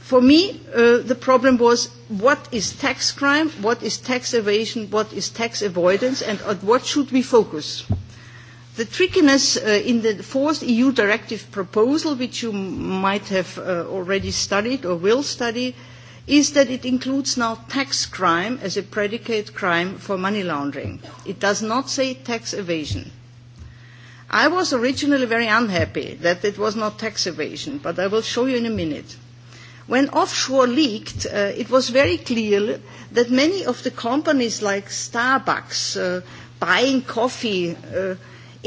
For me, uh, the problem was what is tax crime, what is tax evasion, what is tax avoidance, and on what should we focus? The trickiness uh, in the fourth EU directive proposal, which you might have uh, already studied or will study, uh, is that it includes now tax crime as a predicate crime for money laundering. It does not say tax evasion. I was originally very unhappy that it was not tax evasion, but I will show you in a minute. When offshore leaked, uh, it was very clear that many of the companies like Starbucks uh, buying coffee uh,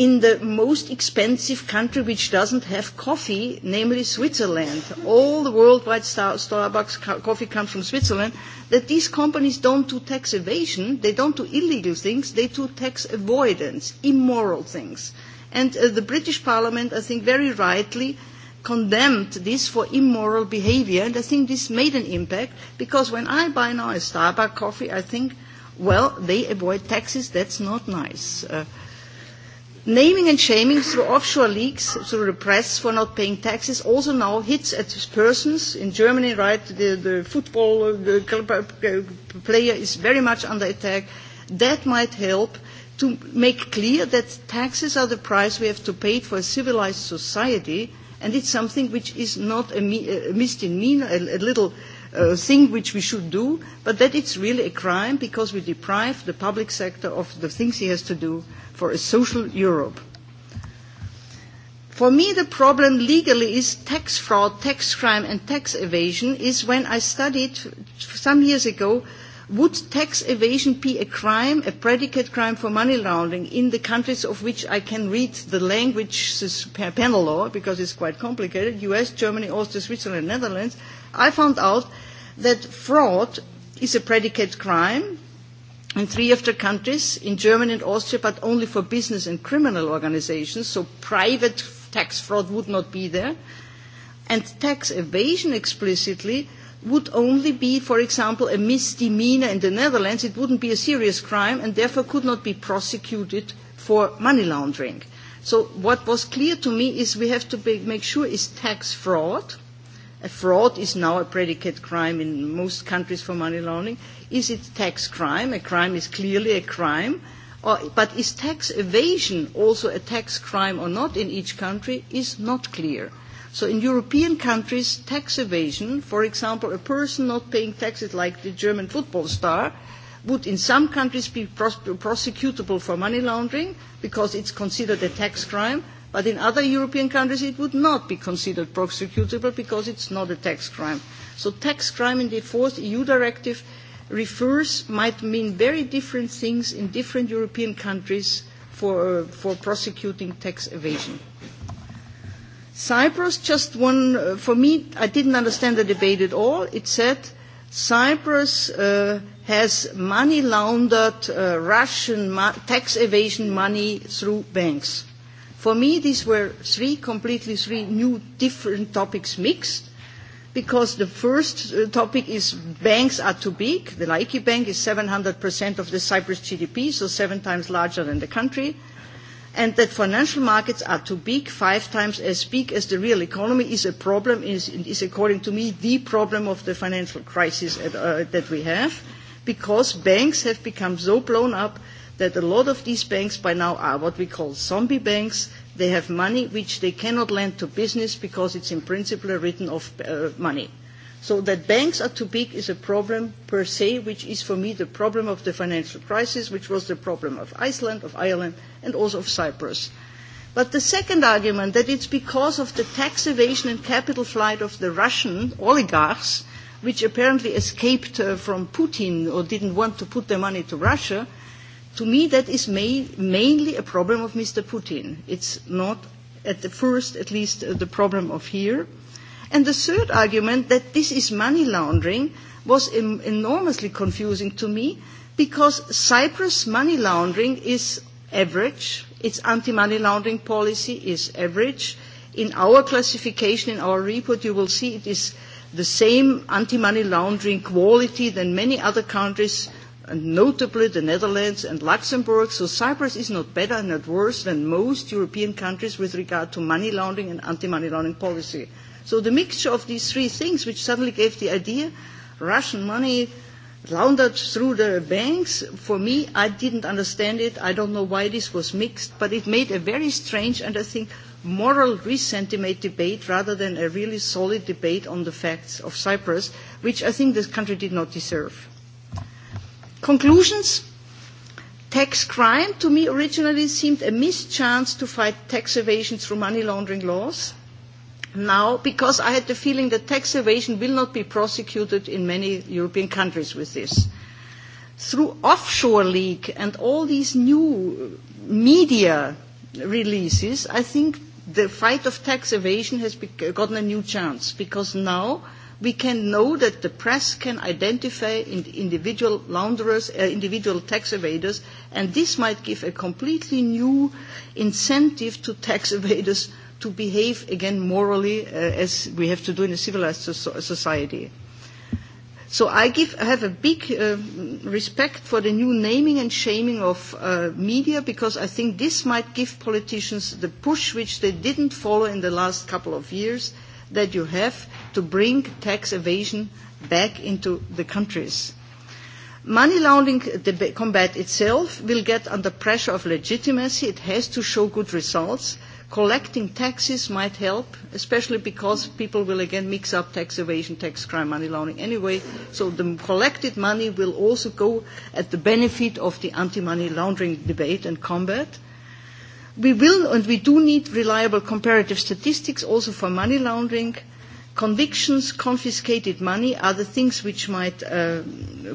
in the most expensive country which doesn't have coffee, namely Switzerland. All the worldwide star- Starbucks co- coffee comes from Switzerland. That these companies don't do tax evasion, they don't do illegal things, they do tax avoidance, immoral things. And uh, the British Parliament, I think, very rightly condemned this for immoral behavior. And I think this made an impact because when I buy now a Starbucks coffee, I think, well, they avoid taxes. That's not nice. Uh, Naming and shaming through offshore leaks, through the press for not paying taxes, also now hits at persons. In Germany, right, the, the football uh, the uh, player is very much under attack. That might help to make clear that taxes are the price we have to pay for a civilized society, and it's something which is not a, a misdemeanor, a, a little uh, uh, thing which we should do, but that it's really a crime because we deprive the public sector of the things he has to do for a social Europe. For me, the problem legally is tax fraud, tax crime, and tax evasion is when I studied some years ago Would tax evasion be a crime, a predicate crime for money laundering in the countries of which I can read the language the penal law because it's quite complicated, US, Germany, Austria, Switzerland, Netherlands? I found out that fraud is a predicate crime in three of the countries, in Germany and Austria, but only for business and criminal organizations, so private tax fraud would not be there. And tax evasion explicitly would only be, for example, a misdemeanor in the Netherlands. It wouldn't be a serious crime and therefore could not be prosecuted for money laundering. So what was clear to me is we have to make sure is tax fraud. A fraud is now a predicate crime in most countries for money laundering. Is it tax crime? A crime is clearly a crime. Or, but is tax evasion also a tax crime or not in each country is not clear. So in European countries, tax evasion, for example, a person not paying taxes like the German football star, would in some countries be pros- prosecutable for money laundering because it's considered a tax crime, but in other European countries it would not be considered prosecutable because it's not a tax crime. So tax crime in the fourth EU directive refers, might mean very different things in different European countries for, uh, for prosecuting tax evasion. Cyprus, just one, uh, for me, I didn't understand the debate at all. It said Cyprus uh, has money laundered uh, Russian ma- tax evasion money through banks. For me, these were three completely three new different topics mixed because the first uh, topic is banks are too big. The Laiki Bank is 700% of the Cyprus GDP, so seven times larger than the country and that financial markets are too big, five times as big as the real economy, is a problem, is, is according to me the problem of the financial crisis at, uh, that we have, because banks have become so blown up that a lot of these banks by now are what we call zombie banks. They have money which they cannot lend to business because it's in principle a written off uh, money. Uh, So that banks are too big is a problem per se, which is for me the problem of the financial crisis, which was the problem of Iceland, of Ireland, and also of Cyprus. But the second argument, that it's because of the tax evasion and capital flight of the Russian oligarchs, which apparently escaped uh, from Putin or didn't want to put their money to Russia, to me that is ma- mainly a problem of Mr. Putin. It's not, at the first at least, uh, the problem of here. And the third argument, that this is money laundering, was em- enormously confusing to me because Cyprus money laundering is average. Its anti-money laundering policy is average. In our classification, in our report, you will see it is the same anti-money laundering quality than many other countries, and notably the Netherlands and Luxembourg. So Cyprus is not better and not worse than most European countries with regard to money laundering and anti-money laundering policy. So the mixture of these three things, which suddenly gave the idea, Russian money laundered through the banks, for me, I didn't understand it. I don't know why this was mixed, but it made a very strange and I think moral resentiment debate rather than a really solid debate on the facts of Cyprus, which I think this country did not deserve. Conclusions. Tax crime to me originally seemed a missed chance to fight tax evasion through money laundering laws now because I had the feeling that tax evasion will not be prosecuted in many European countries with this. Through Offshore leak and all these new media releases, I think the fight of tax evasion has gotten a new chance because now we can know that the press can identify individual launderers, uh, individual tax evaders, and this might give a completely new incentive to tax [LAUGHS] evaders to behave again morally uh, as we have to do in a civilized so- society. So I, give, I have a big uh, respect for the new naming and shaming of uh, media because I think this might give politicians the push which they didn't follow in the last couple of years that you have to bring tax evasion back into the countries. Money laundering combat itself will get under pressure of legitimacy. It has to show good results collecting taxes might help, especially because people will again mix up tax evasion, tax crime, money laundering anyway. So the collected money will also go at the benefit of the anti-money laundering debate and combat. We will and we do need reliable comparative statistics also for money laundering. Convictions, confiscated money are the things which might uh,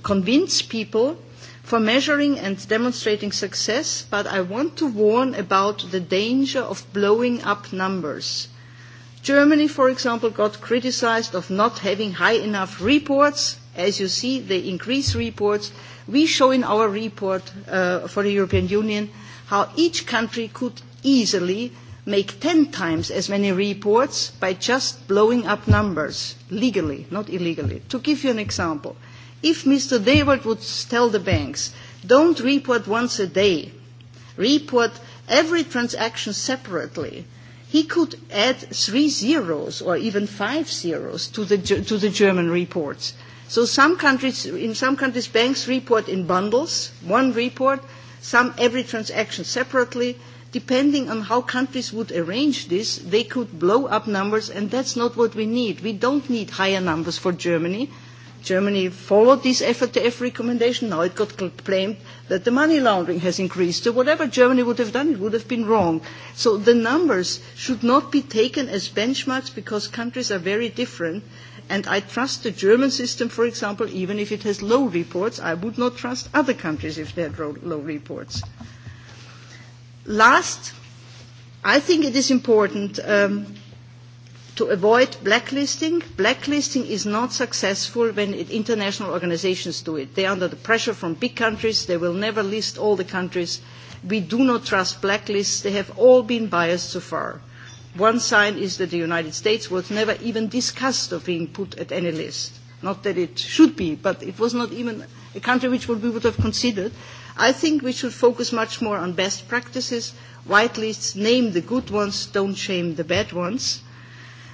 convince people for measuring and demonstrating success, but I want to warn about the danger of blowing up numbers. Germany, for example, got criticized of not having high enough reports. As you see, they increase reports. We show in our report uh, for the European Union how each country could easily make 10 times as many reports by just blowing up numbers, legally, not illegally. To give you an example, If Mr. Dewald would tell the banks, don't report once a day, report every transaction separately, he could add three zeros or even five zeros to the, to the German reports. So some countries, in some countries, banks report in bundles, one report, some every transaction separately. Depending on how countries would arrange this, they could blow up numbers, and that's not what we need. We don't need higher numbers for Germany. Germany followed this FATF recommendation. Now it got claimed that the money laundering has increased. So whatever Germany would have done, it would have been wrong. So the numbers should not be taken as benchmarks because countries are very different. And I trust the German system, for example, even if it has low reports. I would not trust other countries if they had low reports. Last, I think it is important um, to avoid blacklisting. Blacklisting is not successful when international organizations do it. They are under the pressure from big countries. They will never list all the countries. We do not trust blacklists. They have all been biased so far. One sign is that the United States was never even discussed of being put at any list. Not that it should be, but it was not even a country which we would have considered. I think we should focus much more on best practices. White lists, name the good ones, don't shame the bad ones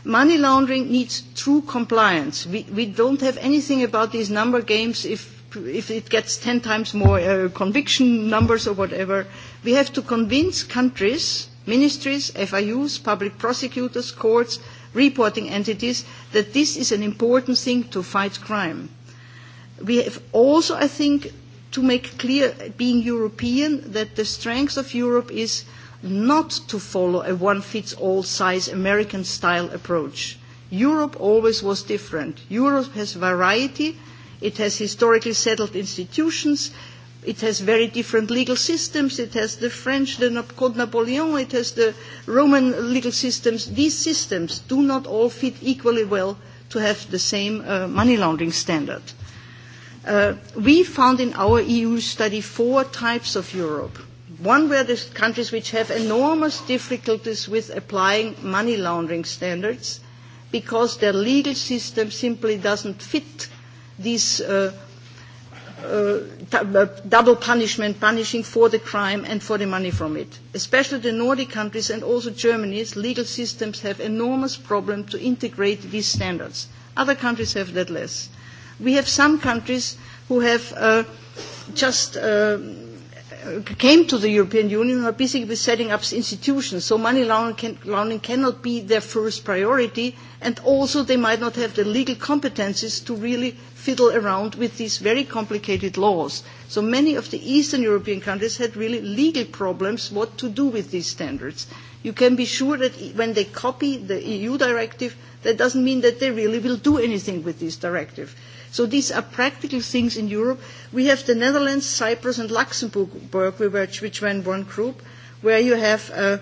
Money laundering needs true compliance. We, we don't have anything about these number games if, if it gets 10 times more uh, conviction numbers or whatever. We have to convince countries, ministries, FIUs, public prosecutors, courts, reporting entities that this is an important thing to fight crime. We have also, I think, to make clear, being European, that the strength of Europe is – not to follow a one-fits-all size American-style approach. Europe always was different. Europe has variety. It has historically settled institutions. It has very different legal systems. It has the French, the Code Napoleon. It has the Roman legal systems. These systems do not all fit equally well to have the same uh, money laundering standard. Uh, we found in our EU study four types of Europe One were the countries which have enormous difficulties with applying money laundering standards because their legal system simply doesn't fit these uh, uh, uh, double punishment, punishing for the crime and for the money from it. Especially the Nordic countries and also Germany's legal systems have enormous problems to integrate these standards. Other countries have that less. We have some countries who have uh, just uh, came to the European Union are busy with setting up institutions. So money laundering, can, laundering cannot be their first priority, and also they might not have the legal competences to really fiddle around with these very complicated laws. So many of the Eastern European countries had really legal problems what to do with these standards. You can be sure that e, when they copy the EU directive, that doesn't mean that they really will do anything with this directive. So these are practical things in Europe. We have the Netherlands, Cyprus, and Luxembourg, which were in one group, where you have a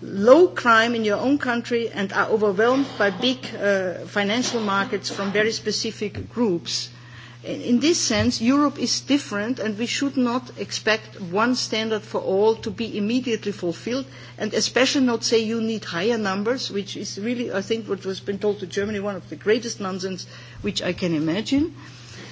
low crime in your own country and are overwhelmed by big uh, financial markets from very specific groups in this sense, Europe is different, and we should not expect one standard for all to be immediately fulfilled, and especially not say you need higher numbers, which is really, I think, what was been told to Germany, one of the greatest nonsense which I can imagine.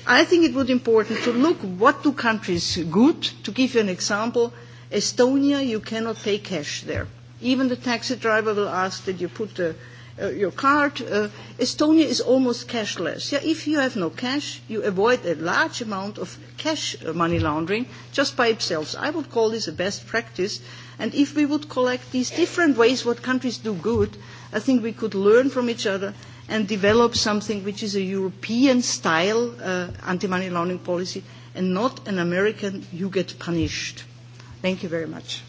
I think it would be important to look what do countries good. To give you an example, Estonia, you cannot pay cash there. Even the taxi driver will ask that you put the uh, your card. Uh, Estonia is almost cashless. Yeah, if you have no cash, you avoid a large amount of cash uh, money laundering just by itself. So I would call this a best practice. And if we would collect these different ways what countries do good, I think we could learn from each other and develop something which is a European style uh, anti-money laundering policy and not an American, you get punished. Thank you very much.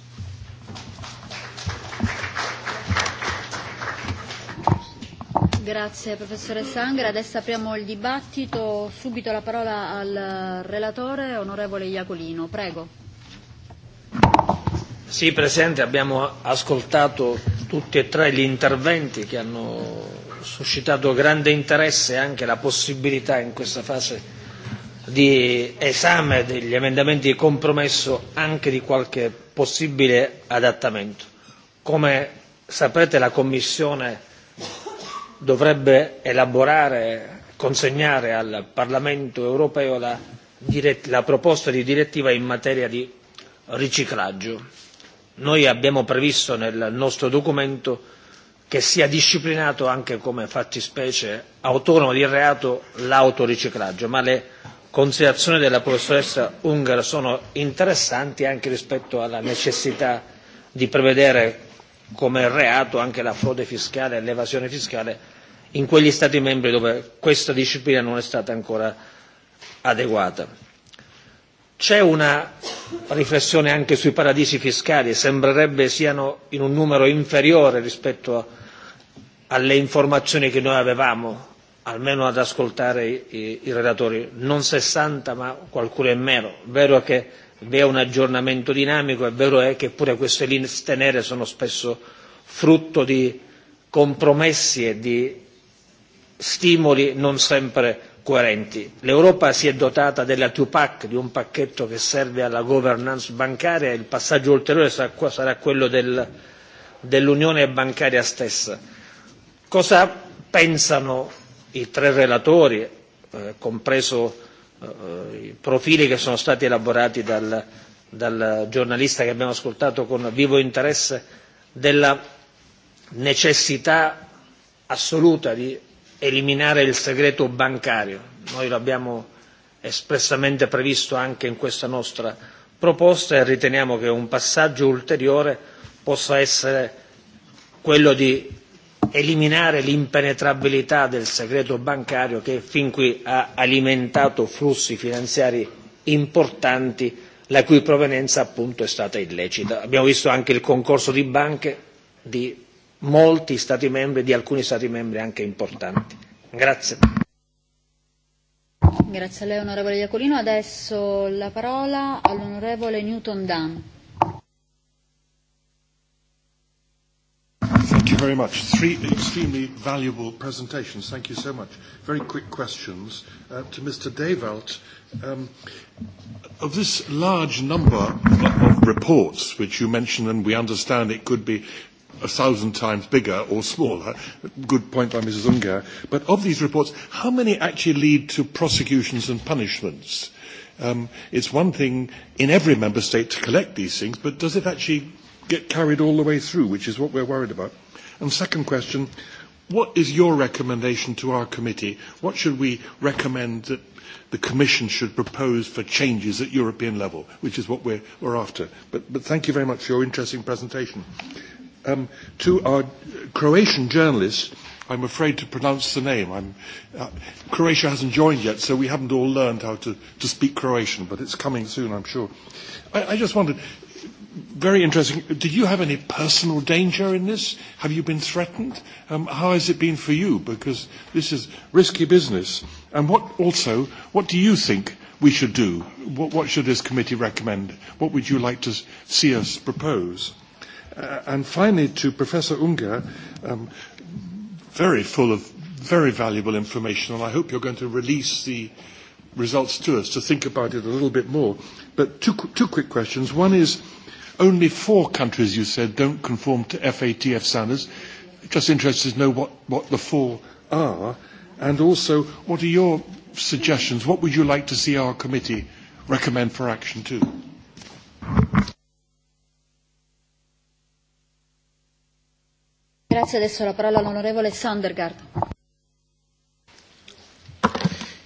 Grazie professore Sangra. Adesso apriamo il dibattito. Subito la parola al relatore, onorevole Iacolino. Prego. Sì, Presidente, abbiamo ascoltato tutti e tre gli interventi che hanno suscitato grande interesse e anche la possibilità in questa fase di esame degli emendamenti di compromesso anche di qualche possibile adattamento. Come saprete la Commissione dovrebbe elaborare, consegnare al Parlamento europeo la, la proposta di direttiva in materia di riciclaggio. Noi abbiamo previsto nel nostro documento che sia disciplinato anche come fattispecie autonoma di reato l'autoriciclaggio, ma le considerazioni della professoressa Ungher sono interessanti anche rispetto alla necessità di prevedere come reato anche la frode fiscale e l'evasione fiscale in quegli Stati membri dove questa disciplina non è stata ancora adeguata. C'è una riflessione anche sui paradisi fiscali, sembrerebbe siano in un numero inferiore rispetto a, alle informazioni che noi avevamo, almeno ad ascoltare i, i relatori, non 60 ma qualcuno in meno. Vero che vi è un aggiornamento dinamico, è vero è eh, che pure queste liste nere sono spesso frutto di compromessi e di stimoli non sempre coerenti. L'Europa si è dotata della Tupac, di un pacchetto che serve alla governance bancaria e il passaggio ulteriore sarà quello del, dell'unione bancaria stessa. Cosa pensano i tre relatori, eh, compreso Eh, eh, i profili che sono stati elaborati dal, dal giornalista che abbiamo ascoltato con vivo interesse della necessità assoluta di eliminare il segreto bancario. Noi lo abbiamo espressamente previsto anche in questa nostra proposta e riteniamo che un passaggio ulteriore possa essere quello di eliminare l'impenetrabilità del segreto bancario che fin qui ha alimentato flussi finanziari importanti la cui provenienza appunto è stata illecita. Abbiamo visto anche il concorso di banche di molti Stati membri, di alcuni Stati membri anche importanti. Grazie. Grazie a lei onorevole Iacolino. Adesso la parola all'onorevole Newton Dunn. Thank you very much. Three extremely valuable presentations. Thank you so much. Very quick questions uh, to Mr. Dewald. Um, of this large number of reports which you mentioned, and we understand it could be a thousand times bigger or smaller. Good point by Mrs. Unger. But of these reports, how many actually lead to prosecutions and punishments? Um, it's one thing in every member state to collect these things, but does it actually get carried all the way through, which is what we're worried about? And second question, what is your recommendation to our committee? What should we recommend that the Commission should propose for changes at European level, which is what we're, we're after? But, but thank you very much for your interesting presentation. Um, to our Croatian journalists, I'm afraid to pronounce the name. I'm, uh, Croatia hasn't joined yet, so we haven't all learned how to, to speak Croatian, but it's coming soon, I'm sure. I, I just wondered, very interesting. Did you have any personal danger in this? Have you been threatened? Um, how has it been for you? Because this is risky business. And what also, what do you think we should do? What, what should this committee recommend? What would you like to see us propose? Uh, and finally, to Professor Unger, um, very full of very valuable information, and I hope you're going to release the results to us to think about it a little bit more. But two, two quick questions. One is, Only four countries, you said, don't conform to FATF standards. Just interested to know what, what the four are, and also what are your suggestions? What would you like to see our committee recommend for action too? Grazie, adesso la parola all'onorevole Sondergaard.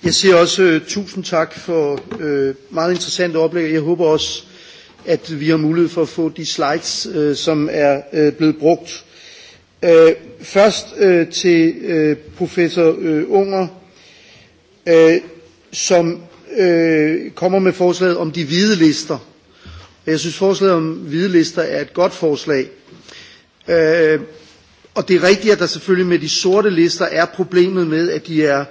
Jeg siger også uh, tusind tak for uh, meget interessante oplæg. Jeg håber også, at vi har mulighed for at få de slides, øh, som er øh, blevet brugt. Øh, først øh, til øh, professor øh, Unger, øh, som øh, kommer med forslaget om de hvide lister. Jeg synes, forslaget om hvide lister er et godt forslag. Øh, og det er rigtigt, at der selvfølgelig med de sorte lister er problemet med, at de er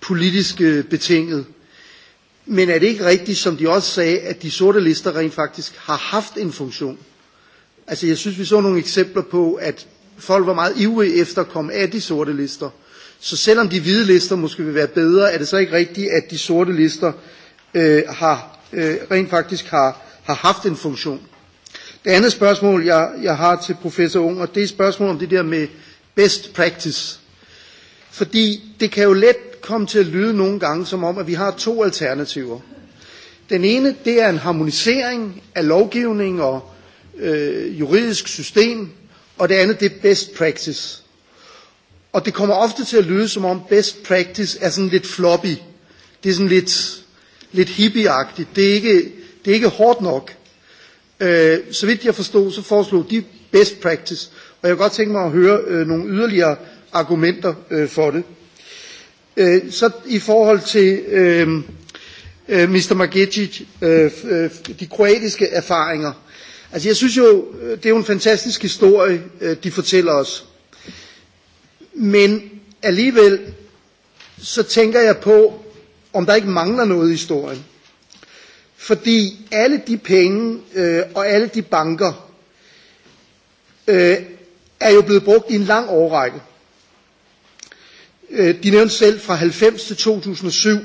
politisk betinget. Men er det ikke rigtigt, som de også sagde, at de sorte lister rent faktisk har haft en funktion? Altså jeg synes, vi så nogle eksempler på, at folk var meget ivrige efter at komme af de sorte lister. Så selvom de hvide lister måske vil være bedre, er det så ikke rigtigt, at de sorte lister øh, har, øh, rent faktisk har, har haft en funktion? Det andet spørgsmål, jeg, jeg har til professor Unger, det er spørgsmålet om det der med best practice. Fordi det kan jo let komme til at lyde nogle gange som om, at vi har to alternativer. Den ene, det er en harmonisering af lovgivning og øh, juridisk system, og det andet, det er best practice. Og det kommer ofte til at lyde som om best practice er sådan lidt floppy. Det er sådan lidt, lidt hippieagtigt. Det er ikke, det er ikke hårdt nok. Øh, så vidt jeg forstod, så foreslog de best practice. Og jeg kunne godt tænke mig at høre øh, nogle yderligere argumenter øh, for det. Øh, så i forhold til øh, Mr. Magicic, øh, øh, øh de kroatiske erfaringer. Altså jeg synes jo, øh, det er jo en fantastisk historie, øh, de fortæller os. Men alligevel, så tænker jeg på, om der ikke mangler noget i historien. Fordi alle de penge øh, og alle de banker øh, er jo blevet brugt i en lang årrække. Øh, de nævnte selv fra 90 til 2007,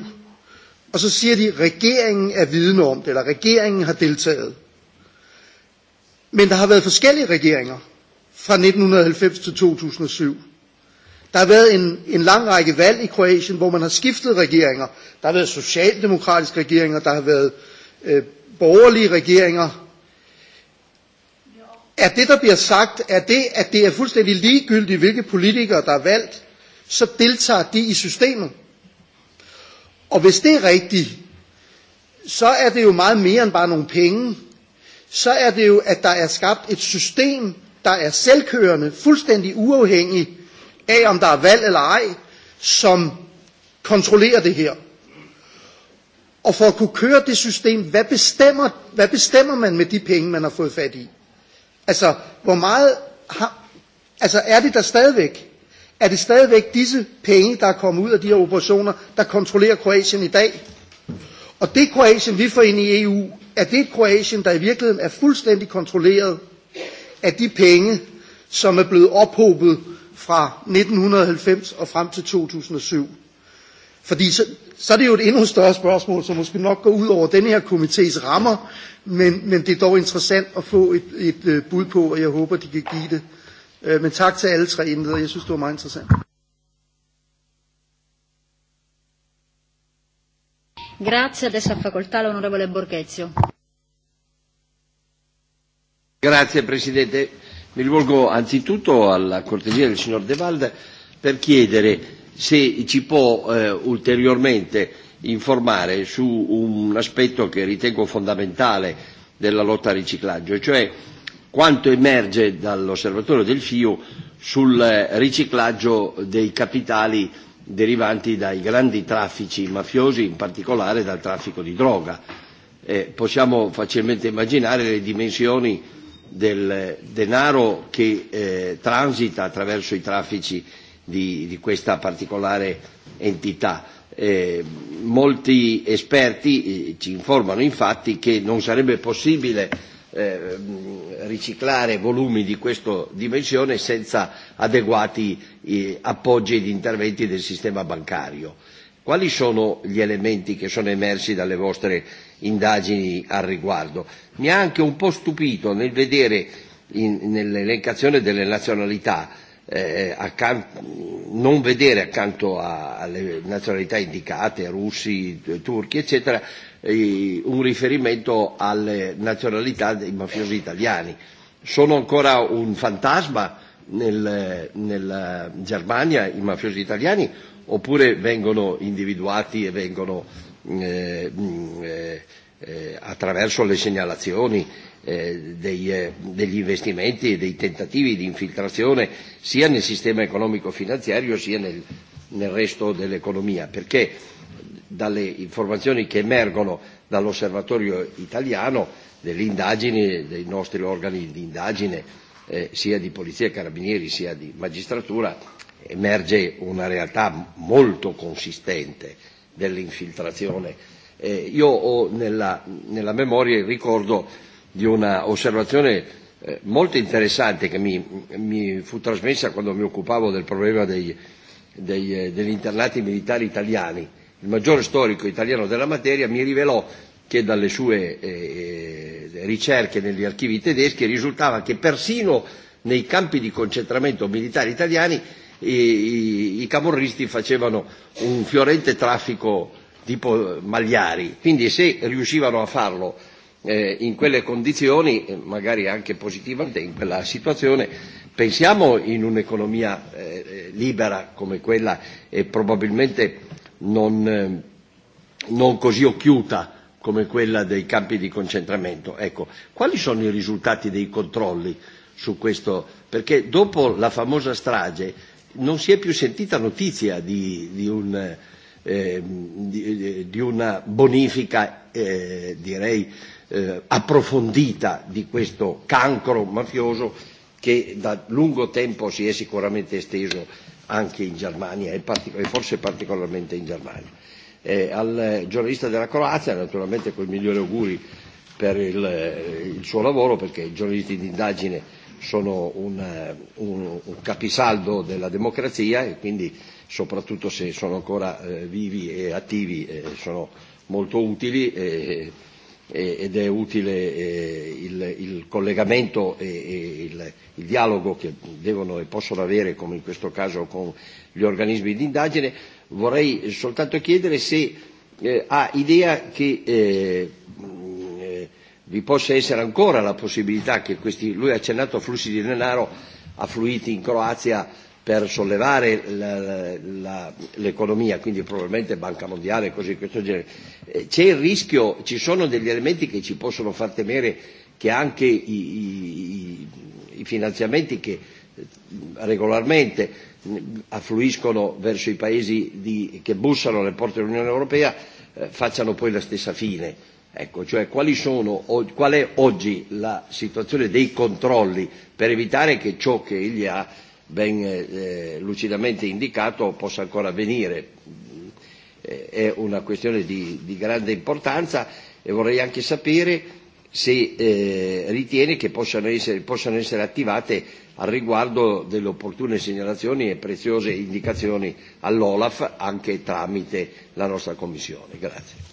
og så siger de, at regeringen er vidne om det, eller regeringen har deltaget. Men der har været forskellige regeringer fra 1990 til 2007. Der har været en, en lang række valg i Kroatien, hvor man har skiftet regeringer. Der har været socialdemokratiske regeringer, der har været øh, borgerlige regeringer. Er det, der bliver sagt, er det, at det er fuldstændig ligegyldigt, hvilke politikere, der er valgt, så deltager de i systemet. Og hvis det er rigtigt, så er det jo meget mere end bare nogle penge. Så er det jo, at der er skabt et system, der er selvkørende, fuldstændig uafhængig af, om der er valg eller ej, som kontrollerer det her. Og for at kunne køre det system, hvad bestemmer, hvad bestemmer man med de penge, man har fået fat i? Altså, hvor meget har, altså er det der stadigvæk? Er det stadigvæk disse penge, der er kommet ud af de her operationer, der kontrollerer Kroatien i dag? Og det Kroatien, vi får ind i EU, er det et Kroatien, der i virkeligheden er fuldstændig kontrolleret af de penge, som er blevet ophobet fra 1990 og frem til 2007. Fordi så, så er det jo et endnu større spørgsmål, som måske nok går ud over denne her komités rammer, men, men det er dog interessant at få et, et øh, bud på, og jeg håber, de kan give det Øh, men tak til alle tre indledere. Jeg synes, det var meget interessant. Grazie, adesso a facoltà l'onorevole Borghezio. Grazie Presidente. Mi rivolgo anzitutto alla cortesia del signor De Valde per chiedere se ci può eh, ulteriormente informare su un aspetto che ritengo fondamentale della lotta al riciclaggio, e cioè quanto emerge dall'osservatorio del FIU sul riciclaggio dei capitali derivanti dai grandi traffici mafiosi, in particolare dal traffico di droga. Eh, possiamo facilmente immaginare le dimensioni del denaro che eh, transita attraverso i traffici di, di questa particolare entità. Eh, molti esperti eh, ci informano infatti che non sarebbe possibile Eh, riciclare volumi di questa dimensione senza adeguati eh, appoggi ed interventi del sistema bancario. Quali sono gli elementi che sono emersi dalle vostre indagini al riguardo? Mi ha anche un po' stupito nel vedere in, nell'elencazione delle nazionalità eh, eh accanto, non vedere accanto a, alle nazionalità indicate, russi, turchi, eccetera, eh, un riferimento alle nazionalità dei mafiosi italiani. Sono ancora un fantasma nel, nella Germania i mafiosi italiani oppure vengono individuati e vengono eh, mm, eh, eh, attraverso le segnalazioni eh, dei, eh, degli investimenti e dei tentativi di infiltrazione sia nel sistema economico finanziario sia nel, nel resto dell'economia, perché dalle informazioni che emergono dall'osservatorio italiano, delle indagini dei nostri organi di indagine, eh, sia di polizia, carabinieri, sia di magistratura, emerge una realtà molto consistente dell'infiltrazione. Eh, io ho nella, nella memoria il ricordo di un'osservazione osservazione eh, molto interessante che mi, mi fu trasmessa quando mi occupavo del problema dei, dei, eh, degli internati militari italiani. Il maggiore storico italiano della materia mi rivelò che dalle sue eh, eh, ricerche negli archivi tedeschi risultava che persino nei campi di concentramento militari italiani i, i, i camorristi facevano un fiorente traffico tipo magliari, quindi se riuscivano a farlo eh, in quelle condizioni, eh, magari anche positivamente in quella situazione, pensiamo in un'economia eh, eh, libera come quella e probabilmente non, eh, non così occhiuta come quella dei campi di concentramento. Ecco, quali sono i risultati dei controlli su questo? Perché dopo la famosa strage non si è più sentita notizia di, di un eh, ehm, di, di una bonifica, eh, direi, eh, approfondita di questo cancro mafioso che da lungo tempo si è sicuramente esteso anche in Germania e, partic- e forse particolarmente in Germania. Eh, al giornalista della Croazia, naturalmente con i migliori auguri per il, eh, il suo lavoro, perché i giornalisti di indagine sono un, eh, un, un capisaldo della democrazia e quindi soprattutto se sono ancora eh, vivi e attivi eh, sono molto utili. Eh, eh, ed è utile eh, il, il collegamento e, e il, il dialogo che devono e possono avere, come in questo caso con gli organismi di indagine, vorrei soltanto chiedere se eh, ha idea che eh, mm, eh vi possa essere ancora la possibilità che questi, lui ha accennato a flussi di denaro affluiti in Croazia eh, per sollevare l'economia, quindi probabilmente Banca Mondiale, e cose di questo genere. Eh, c'è il rischio, ci sono degli elementi che ci possono far temere che anche i, i, i finanziamenti che eh, regolarmente affluiscono verso i paesi di, che bussano alle porte dell'Unione Europea eh, facciano poi la stessa fine. Ecco, cioè quali sono, o, qual è oggi la situazione dei controlli per evitare che ciò che egli ha ben eh, eh, lucidamente indicato possa ancora avvenire. Eh, è una questione di, di grande importanza e vorrei anche sapere se eh, ritiene che possano essere, possano essere attivate al riguardo delle opportune segnalazioni e preziose indicazioni all'Olaf anche tramite la nostra Commissione. Grazie.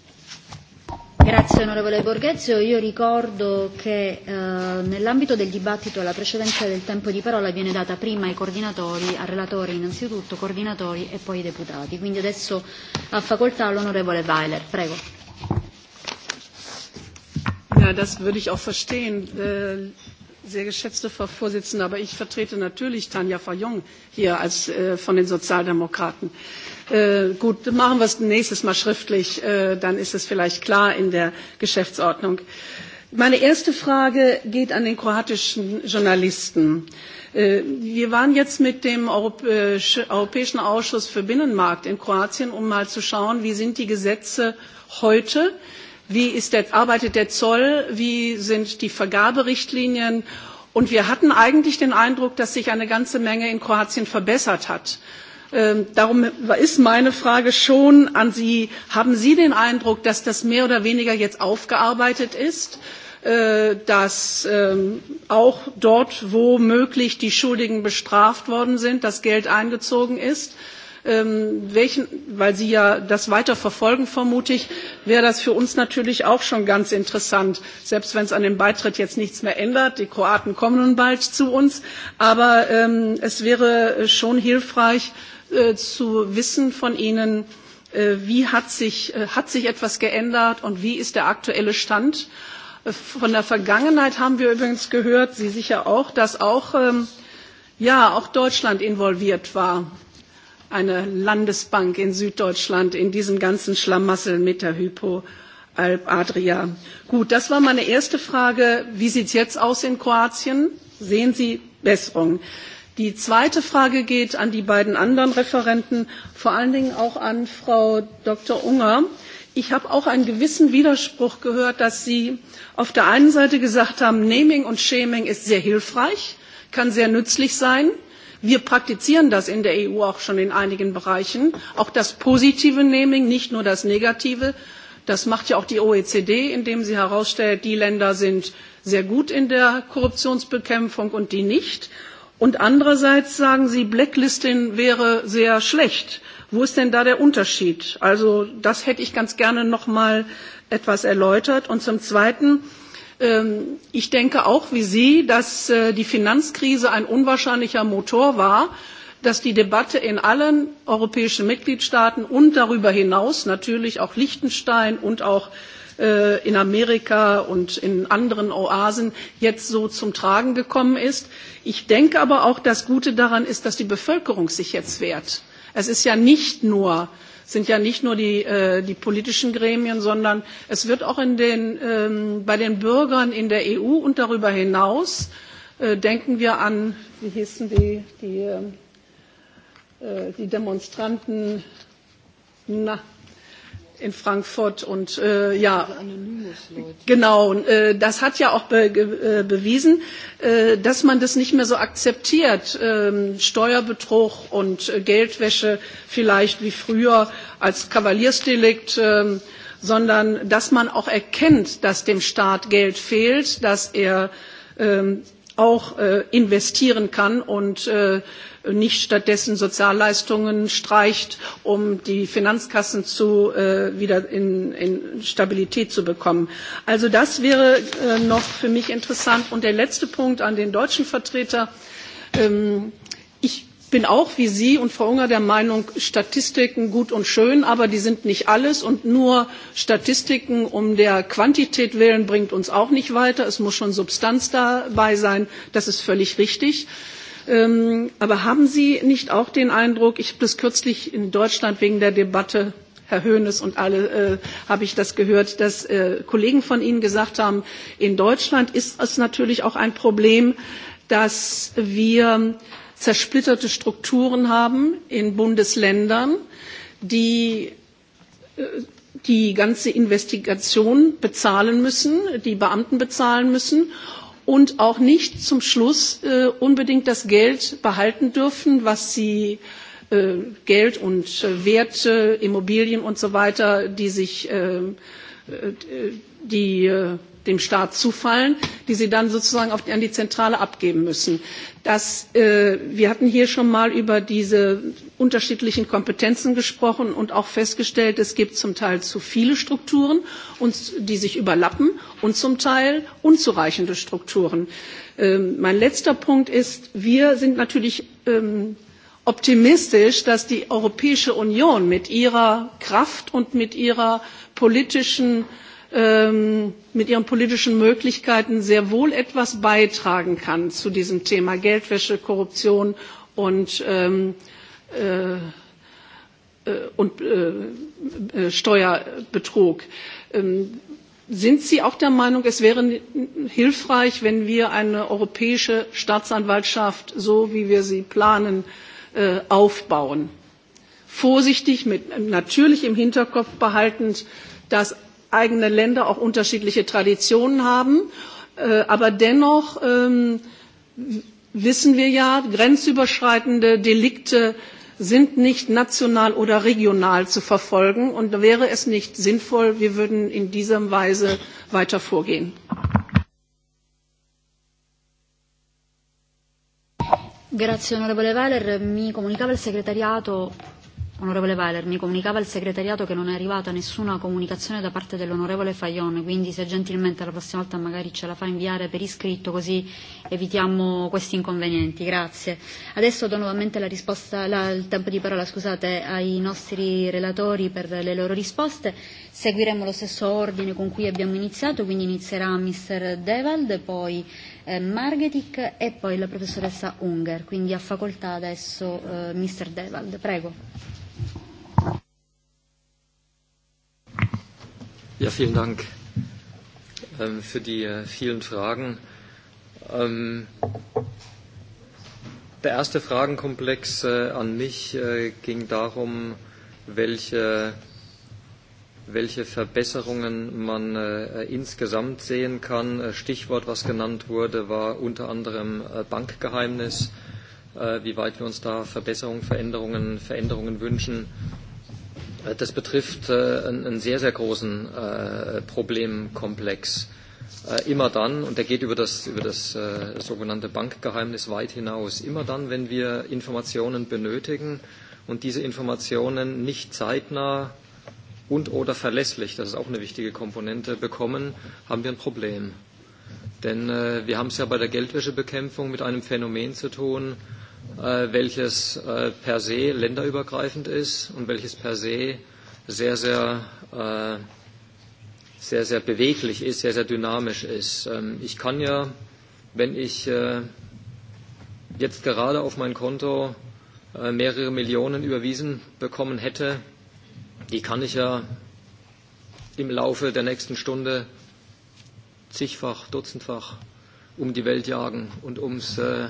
Grazie onorevole Borghezio. Io ricordo che eh, nell'ambito del dibattito la precedenza del tempo di parola viene data prima ai coordinatori, al relatore innanzitutto, coordinatori e poi ai deputati. Quindi adesso ha facoltà l'onorevole Weiler. Prego. Ja, das würde ich auch verstehen, äh, sehr geschätzte Frau Vorsitzende. Aber ich vertrete natürlich Tanja Fajon hier als, äh, von den Sozialdemokraten. Äh, Äh, gut, machen wir es nächstes Mal schriftlich, äh, dann ist es vielleicht klar in der Geschäftsordnung. Meine erste Frage geht an den kroatischen Journalisten. Äh, wir waren jetzt mit dem Europäischen Ausschuss für Binnenmarkt in Kroatien, um mal zu schauen, wie sind die Gesetze heute, wie ist der, arbeitet der Zoll, wie sind die Vergaberichtlinien. Und wir hatten eigentlich den Eindruck, dass sich eine ganze Menge in Kroatien verbessert hat. Ähm, darum ist meine Frage schon an Sie, haben Sie den Eindruck, dass das mehr oder weniger jetzt aufgearbeitet ist? Äh, dass ähm, auch dort, wo möglich die Schuldigen bestraft worden sind, das Geld eingezogen ist. Ähm, welchen, weil Sie ja das weiter verfolgen, vermute ich, wäre das für uns natürlich auch schon ganz interessant, selbst wenn es an dem Beitritt jetzt nichts mehr ändert. Die Kroaten kommen nun bald zu uns, aber ähm, es wäre schon hilfreich, äh, Äh, zu wissen von Ihnen, äh, wie hat sich, äh, hat sich etwas geändert und wie ist der aktuelle Stand. Von der Vergangenheit haben wir übrigens gehört, Sie sicher auch, dass auch, ähm, ja, auch Deutschland involviert war. Eine Landesbank in Süddeutschland in diesem ganzen Schlamassel mit der Hypo. Alp Adria. Gut, das war meine erste Frage. Wie sieht es jetzt aus in Kroatien? Sehen Sie Besserung? Die zweite Frage geht an die beiden anderen Referenten, vor allen Dingen auch an Frau Dr. Unger. Ich habe auch einen gewissen Widerspruch gehört, dass Sie auf der einen Seite gesagt haben, Naming und Shaming ist sehr hilfreich, kann sehr nützlich sein. Wir praktizieren das in der EU auch schon in einigen Bereichen. Auch das positive Naming, nicht nur das negative. Das macht ja auch die OECD, indem sie herausstellt, die Länder sind sehr gut in der Korruptionsbekämpfung und die nicht. Und andererseits sagen Sie, Blacklisting wäre sehr schlecht. Wo ist denn da der Unterschied? Also das hätte ich ganz gerne noch mal etwas erläutert. Und zum Zweiten, ähm, ich denke auch wie Sie, dass äh, die Finanzkrise ein unwahrscheinlicher Motor war, dass die Debatte in allen europäischen Mitgliedstaaten und darüber hinaus natürlich auch Liechtenstein und auch Äh, in Amerika und in anderen Oasen jetzt so zum Tragen gekommen ist. Ich denke aber auch, das Gute daran ist, dass die Bevölkerung sich jetzt wehrt. Es ist ja nicht nur sind ja nicht nur die, äh, die politischen Gremien, sondern es wird auch in den, ähm, bei den Bürgern in der EU und darüber hinaus, äh, denken wir an, wie hießen die, die, ähm, äh, die Demonstranten, na, in Frankfurt und äh, ja, genau, äh, das hat ja auch be, äh, bewiesen, äh, dass man das nicht mehr so akzeptiert, äh, Steuerbetrug und äh, Geldwäsche vielleicht wie früher als Kavaliersdelikt. Äh, sondern dass man auch erkennt, dass dem Staat Geld fehlt, dass er ähm, auch äh, investieren kann und äh, nicht stattdessen Sozialleistungen streicht, um die Finanzkassen zu, äh, wieder in, in Stabilität zu bekommen. Also das wäre äh, noch für mich interessant. Und der letzte Punkt an den deutschen Vertreter. Ähm, bin auch wie Sie und Frau Unger der Meinung, Statistiken gut und schön, aber die sind nicht alles und nur Statistiken um der Quantität willen bringt uns auch nicht weiter. Es muss schon Substanz dabei sein. Das ist völlig richtig. Ähm, aber haben Sie nicht auch den Eindruck, ich habe das kürzlich in Deutschland wegen der Debatte Herr Höhnes und alle äh, habe ich das gehört, dass äh, Kollegen von Ihnen gesagt haben, in Deutschland ist es natürlich auch ein Problem, dass wir äh, zersplitterte Strukturen haben in Bundesländern, die äh, die ganze Investigation bezahlen müssen, die Beamten bezahlen müssen und auch nicht zum Schluss äh, unbedingt das Geld behalten dürfen, was sie äh, Geld und äh, Werte, Immobilien und so weiter, die sich äh, äh die äh, dem Staat zufallen, die sie dann sozusagen auf, an die Zentrale abgeben müssen. Das, äh, wir hatten hier schon mal über diese unterschiedlichen Kompetenzen gesprochen und auch festgestellt, es gibt zum Teil zu viele Strukturen, und, die sich überlappen und zum Teil unzureichende Strukturen. Ähm, mein letzter Punkt ist, wir sind natürlich ähm, optimistisch, dass die Europäische Union mit ihrer Kraft und mit ihrer politischen Ähm, mit ihren politischen Möglichkeiten sehr wohl etwas beitragen kann zu diesem Thema Geldwäsche, Korruption und, ähm, äh, äh und äh, äh, Steuerbetrug. Ähm, sind Sie auch der Meinung, es wäre hilfreich, wenn wir eine europäische Staatsanwaltschaft, so wie wir sie planen, äh, aufbauen? Vorsichtig, mit, natürlich im Hinterkopf behaltend, dass eigene Länder auch unterschiedliche Traditionen haben. Äh, aber dennoch ähm, wissen wir ja, grenzüberschreitende Delikte sind nicht national oder regional zu verfolgen. Und wäre es nicht sinnvoll, wir würden in dieser Weise weiter vorgehen. Grazie onorevole Valer, mi comunicava il segretariato Onorevole Weiler, mi comunicava il segretariato che non è arrivata nessuna comunicazione da parte dell'onorevole Faglione, quindi se gentilmente la prossima volta magari ce la fa inviare per iscritto così evitiamo questi inconvenienti. Grazie. Adesso do nuovamente la risposta, la, il tempo di parola scusate, ai nostri relatori per le loro risposte. Seguiremo lo stesso ordine con cui abbiamo iniziato, quindi inizierà Mr. Devald, poi eh, Margetic e poi la professoressa Unger, quindi ha facoltà adesso eh, Mr. Devald. Prego. Ja, vielen Dank ähm, für die äh, vielen Fragen. Ähm, der erste Fragenkomplex äh, an mich äh, ging darum, welche welche Verbesserungen man äh, insgesamt sehen kann. Äh, Stichwort, was genannt wurde, war unter anderem äh, Bankgeheimnis, äh, wie weit wir uns da Verbesserungen, Veränderungen, Veränderungen wünschen. Äh, das betrifft äh, einen sehr, sehr großen äh, Problemkomplex. Äh, immer dann, und der geht über das, über das äh, sogenannte Bankgeheimnis weit hinaus, immer dann, wenn wir Informationen benötigen und diese Informationen nicht zeitnah und oder verlässlich, das ist auch eine wichtige Komponente, bekommen, haben wir ein Problem. Denn äh, wir haben es ja bei der Geldwäschebekämpfung mit einem Phänomen zu tun, äh, welches äh, per se länderübergreifend ist und welches per se sehr, sehr, äh, sehr, sehr beweglich ist, sehr, sehr dynamisch ist. Ähm, ich kann ja, wenn ich äh, jetzt gerade auf mein Konto äh, mehrere Millionen überwiesen bekommen hätte, die kann ich ja im Laufe der nächsten Stunde zigfach, dutzendfach um die Welt jagen. Und ums, äh,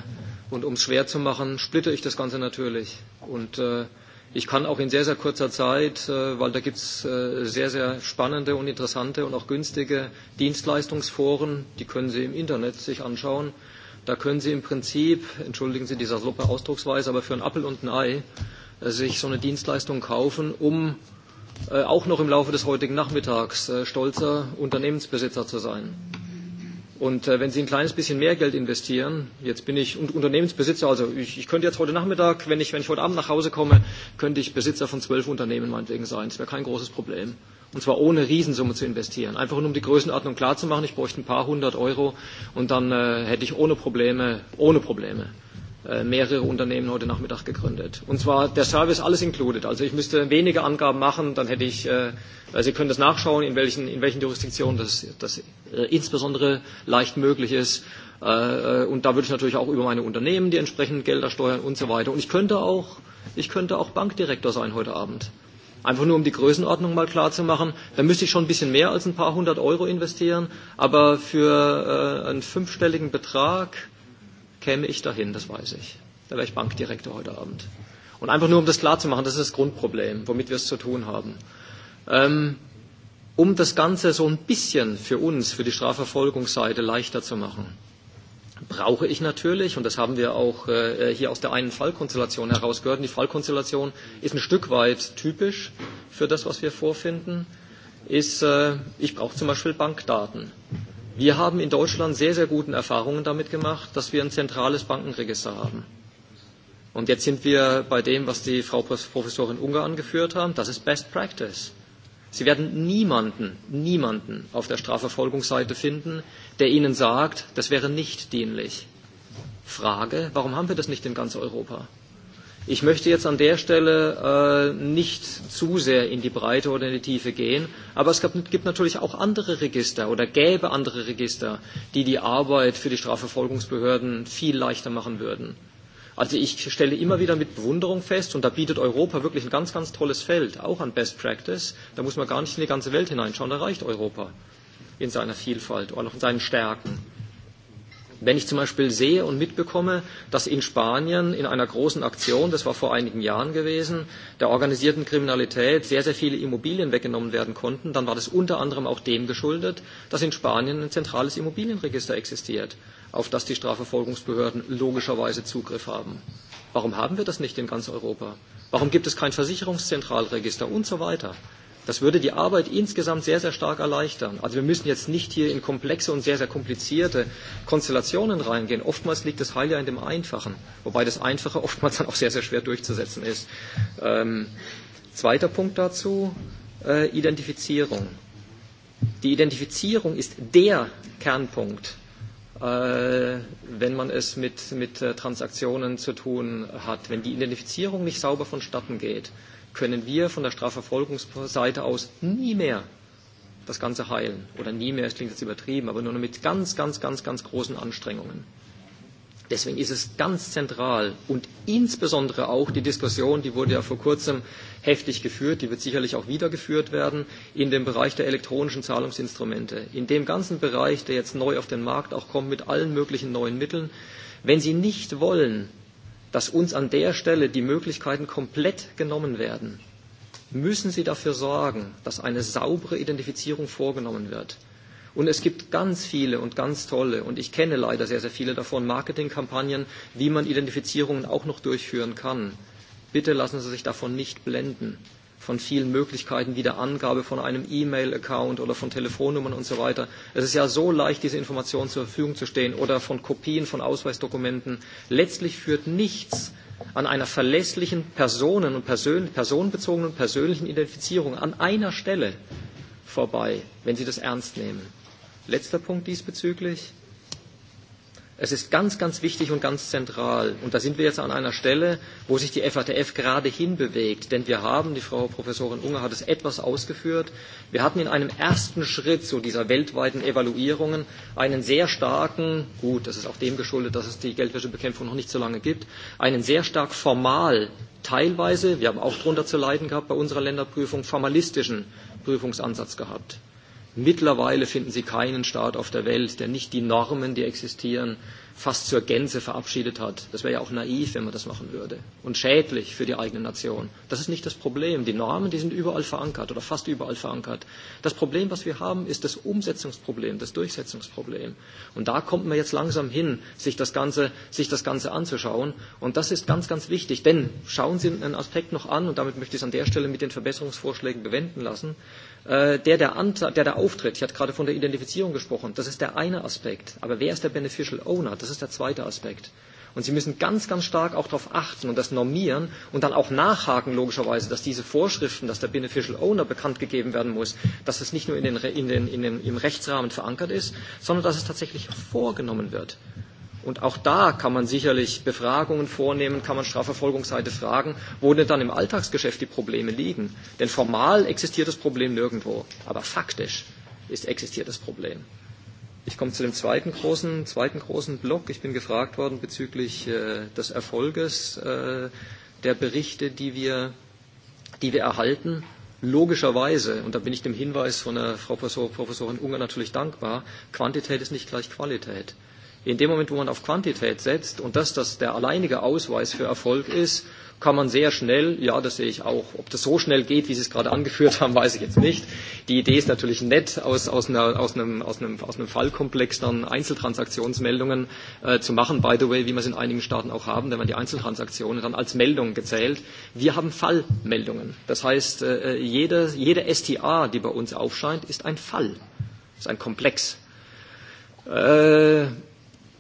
und ums schwer zu machen, splitte ich das Ganze natürlich. Und äh, ich kann auch in sehr, sehr kurzer Zeit, äh, weil da gibt es äh, sehr, sehr spannende und interessante und auch günstige Dienstleistungsforen, die können Sie im Internet sich anschauen. Da können Sie im Prinzip, entschuldigen Sie diese saloppe Ausdrucksweise, aber für einen Appel und ein Ei, äh, sich so eine Dienstleistung kaufen, um Äh, auch noch im Laufe des heutigen Nachmittags äh, stolzer Unternehmensbesitzer zu sein. Und äh, wenn Sie ein kleines bisschen mehr Geld investieren, jetzt bin ich Unternehmensbesitzer, also ich, ich könnte jetzt heute Nachmittag, wenn ich, wenn ich heute Abend nach Hause komme, könnte ich Besitzer von zwölf Unternehmen meinetwegen sein. Das wäre kein großes Problem. Und zwar ohne Riesensumme zu investieren. Einfach nur um die Größenordnung klarzumachen, ich bräuchte ein paar hundert Euro und dann äh, hätte ich ohne Probleme, ohne Probleme Äh, mehrere Unternehmen heute Nachmittag gegründet. Und zwar der Service alles included. Also ich müsste wenige Angaben machen, dann hätte ich, äh, Sie können das nachschauen, in welchen, in welchen Jurisdiktionen das, das äh, insbesondere leicht möglich ist. Äh, äh und da würde ich natürlich auch über meine Unternehmen die entsprechenden Gelder steuern und so weiter. Und ich könnte auch, ich könnte auch Bankdirektor sein heute Abend. Einfach nur, um die Größenordnung mal klar zu machen, da müsste ich schon ein bisschen mehr als ein paar hundert Euro investieren, aber für äh, einen fünfstelligen Betrag käme ich dahin, das weiß ich. Da wäre ich Bankdirektor heute Abend. Und einfach nur, um das klarzumachen, das ist das Grundproblem, womit wir es zu tun haben. Ähm, um das Ganze so ein bisschen für uns, für die Strafverfolgungsseite leichter zu machen, brauche ich natürlich, und das haben wir auch äh, hier aus der einen Fallkonstellation herausgehört, die Fallkonstellation ist ein Stück weit typisch für das, was wir vorfinden, ist, äh, ich brauche zum Beispiel Bankdaten. Wir haben in Deutschland sehr, sehr guten Erfahrungen damit gemacht, dass wir ein zentrales Bankenregister haben. Und jetzt sind wir bei dem, was die Frau Professorin Unger angeführt haben. Das ist Best Practice. Sie werden niemanden, niemanden auf der Strafverfolgungsseite finden, der Ihnen sagt, das wäre nicht dienlich. Frage, warum haben wir das nicht in ganz Europa? Ich möchte jetzt an der Stelle äh, nicht zu sehr in die Breite oder in die Tiefe gehen, aber es gab, gibt natürlich auch andere Register oder gäbe andere Register, die die Arbeit für die Strafverfolgungsbehörden viel leichter machen würden. Also ich stelle immer wieder mit Bewunderung fest, und da bietet Europa wirklich ein ganz, ganz tolles Feld, auch an Best Practice. Da muss man gar nicht in die ganze Welt hineinschauen, da reicht Europa in seiner Vielfalt und auch in seinen Stärken. Wenn ich zum Beispiel sehe und mitbekomme, dass in Spanien in einer großen Aktion, das war vor einigen Jahren gewesen, der organisierten Kriminalität sehr, sehr viele Immobilien weggenommen werden konnten, dann war das unter anderem auch dem geschuldet, dass in Spanien ein zentrales Immobilienregister existiert, auf das die Strafverfolgungsbehörden logischerweise Zugriff haben. Warum haben wir das nicht in ganz Europa? Warum gibt es kein Versicherungszentralregister und so weiter? Das würde die Arbeit insgesamt sehr, sehr stark erleichtern. Also wir müssen jetzt nicht hier in komplexe und sehr, sehr komplizierte Konstellationen reingehen. Oftmals liegt das Heil ja in dem Einfachen, wobei das Einfache [LAUGHS] oftmals dann auch sehr, sehr schwer durchzusetzen ist. Ähm, zweiter Punkt dazu, äh, Identifizierung. Die Identifizierung ist der Kernpunkt äh, wenn man es mit, mit äh, Transaktionen zu tun hat. Wenn die Identifizierung nicht sauber vonstatten geht, können wir von der Strafverfolgungsseite aus nie mehr das Ganze heilen. Oder nie mehr, es klingt jetzt übertrieben, aber nur noch mit ganz, ganz, ganz, ganz großen Anstrengungen. Deswegen ist es ganz zentral und insbesondere auch die Diskussion, die wurde ja vor kurzem heftig geführt, die wird sicherlich auch wieder geführt werden, in dem Bereich der elektronischen Zahlungsinstrumente. In dem ganzen Bereich, der jetzt neu auf den Markt auch kommt mit allen möglichen neuen Mitteln, wenn Sie nicht wollen, dass uns an der Stelle die Möglichkeiten komplett genommen werden, müssen Sie dafür sorgen, dass eine saubere Identifizierung vorgenommen wird. Und es gibt ganz viele und ganz tolle, und ich kenne leider sehr, sehr viele davon, Marketingkampagnen, wie man Identifizierungen auch noch durchführen kann. Bitte lassen Sie sich davon nicht blenden von vielen Möglichkeiten wie der Angabe von einem E-Mail-Account oder von Telefonnummern und so weiter. Es ist ja so leicht, diese Informationen zur Verfügung zu stehen oder von Kopien von Ausweisdokumenten. Letztlich führt nichts an einer verlässlichen Personen- und Persön personenbezogenen und persönlichen Identifizierung an einer Stelle vorbei, wenn Sie das ernst nehmen. Letzter Punkt diesbezüglich. Es ist ganz, ganz wichtig und ganz zentral. Und da sind wir jetzt an einer Stelle, wo sich die FATF gerade hinbewegt. Denn wir haben, die Frau Professorin Unger hat es etwas ausgeführt, wir hatten in einem ersten Schritt zu dieser weltweiten Evaluierungen einen sehr starken, gut, das ist auch dem geschuldet, dass es die Geldwäschebekämpfung noch nicht so lange gibt, einen sehr stark formal teilweise, wir haben auch darunter zu leiden gehabt bei unserer Länderprüfung, formalistischen Prüfungsansatz gehabt. Mittlerweile finden Sie keinen Staat auf der Welt, der nicht die Normen, die existieren, fast zur Gänze verabschiedet hat. Das wäre ja auch naiv, wenn man das machen würde und schädlich für die eigene Nation. Das ist nicht das Problem. Die Normen, die sind überall verankert oder fast überall verankert. Das Problem, was wir haben, ist das Umsetzungsproblem, das Durchsetzungsproblem. Und da kommt man jetzt langsam hin, sich das Ganze, sich das Ganze anzuschauen. Und das ist ganz, ganz wichtig. Denn schauen Sie einen Aspekt noch an, und damit möchte ich es an der Stelle mit den Verbesserungsvorschlägen bewenden lassen. Äh, der, der, der da auftritt, ich hatte gerade von der Identifizierung gesprochen, das ist der eine Aspekt. Aber wer ist der Beneficial Owner? Das ist der zweite Aspekt. Und Sie müssen ganz, ganz stark auch darauf achten und das normieren und dann auch nachhaken, logischerweise, dass diese Vorschriften, dass der Beneficial Owner bekannt gegeben werden muss, dass es nicht nur in den, in den, in den, im Rechtsrahmen verankert ist, sondern dass es tatsächlich vorgenommen wird. Und auch da kann man sicherlich Befragungen vornehmen, kann man Strafverfolgungsseite fragen, wo denn dann im Alltagsgeschäft die Probleme liegen. Denn formal existiert das Problem nirgendwo, aber faktisch ist existiert das Problem. Ich komme zu dem zweiten großen, zweiten großen Block. Ich bin gefragt worden bezüglich äh, des Erfolges äh, der Berichte, die wir, die wir erhalten. Logischerweise, und da bin ich dem Hinweis von der Frau Professor, Professorin Unger natürlich dankbar, Quantität ist nicht gleich Qualität. In dem Moment, wo man auf Quantität setzt und dass das der alleinige Ausweis für Erfolg ist, kann man sehr schnell, ja, das sehe ich auch, ob das so schnell geht, wie Sie es gerade angeführt haben, [LAUGHS] weiß ich jetzt nicht. Die Idee ist natürlich nett, aus, aus, einer, aus, einem, aus, einem, aus einem Fallkomplex dann Einzeltransaktionsmeldungen äh, zu machen, by the way, wie wir es in einigen Staaten auch haben, wenn man die Einzeltransaktionen dann als Meldung gezählt. Wir haben Fallmeldungen. Das heißt, äh, äh jede, jede STA, die bei uns aufscheint, ist ein Fall, ist ein Komplex. Äh,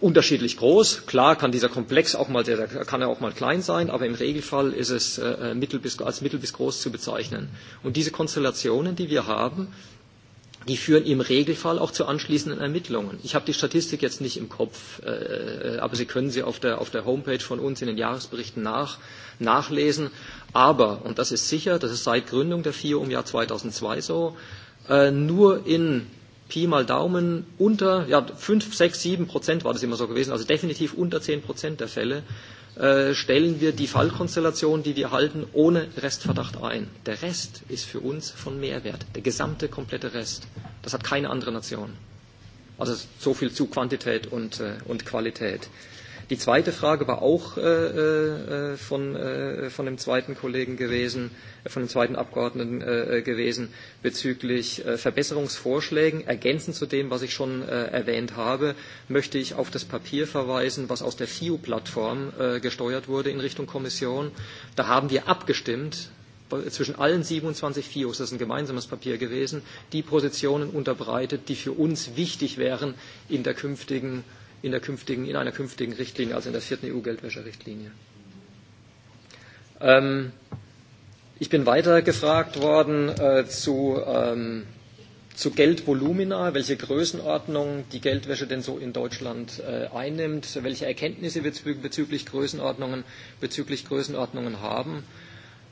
unterschiedlich groß. Klar kann dieser Komplex auch mal sehr, kann er auch mal klein sein, aber im Regelfall ist es äh, äh, mittel bis, als mittel bis groß zu bezeichnen. Und diese Konstellationen, die wir haben, die führen im Regelfall auch zu anschließenden Ermittlungen. Ich habe die Statistik jetzt nicht im Kopf, äh, äh aber Sie können sie auf der, auf der Homepage von uns in den Jahresberichten nach, nachlesen. Aber, und das ist sicher, das ist seit Gründung der FIO im Jahr 2002 so, äh, nur in Pi mal Daumen unter, ja, 5, 6, 7 Prozent war das immer so gewesen, also definitiv unter 10 Prozent der Fälle, äh, stellen wir die Fallkonstellation, die wir halten, ohne Restverdacht ein. Der Rest ist für uns von Mehrwert, der gesamte, komplette Rest. Das hat keine andere Nation. Also so viel zu Quantität und, äh, und Qualität. Die zweite Frage war auch äh, äh, von, äh, von dem zweiten Kollegen gewesen, äh, von dem zweiten Abgeordneten äh, äh, gewesen, bezüglich äh, Verbesserungsvorschlägen. Ergänzend zu dem, was ich schon äh, erwähnt habe, möchte ich auf das Papier verweisen, was aus der FIU-Plattform äh, gesteuert wurde in Richtung Kommission. Da haben wir abgestimmt zwischen allen 27 FIOs, das ist ein gemeinsames Papier gewesen, die Positionen unterbreitet, die für uns wichtig wären in der künftigen in, der künftigen, in einer künftigen Richtlinie, also in der vierten EU-Geldwäscherichtlinie. Ähm, ich bin weiter gefragt worden äh, zu, ähm, zu Geldvolumina, welche Größenordnung die Geldwäsche denn so in Deutschland äh, einnimmt, welche Erkenntnisse wir bezüglich Größenordnungen, bezüglich Größenordnungen haben.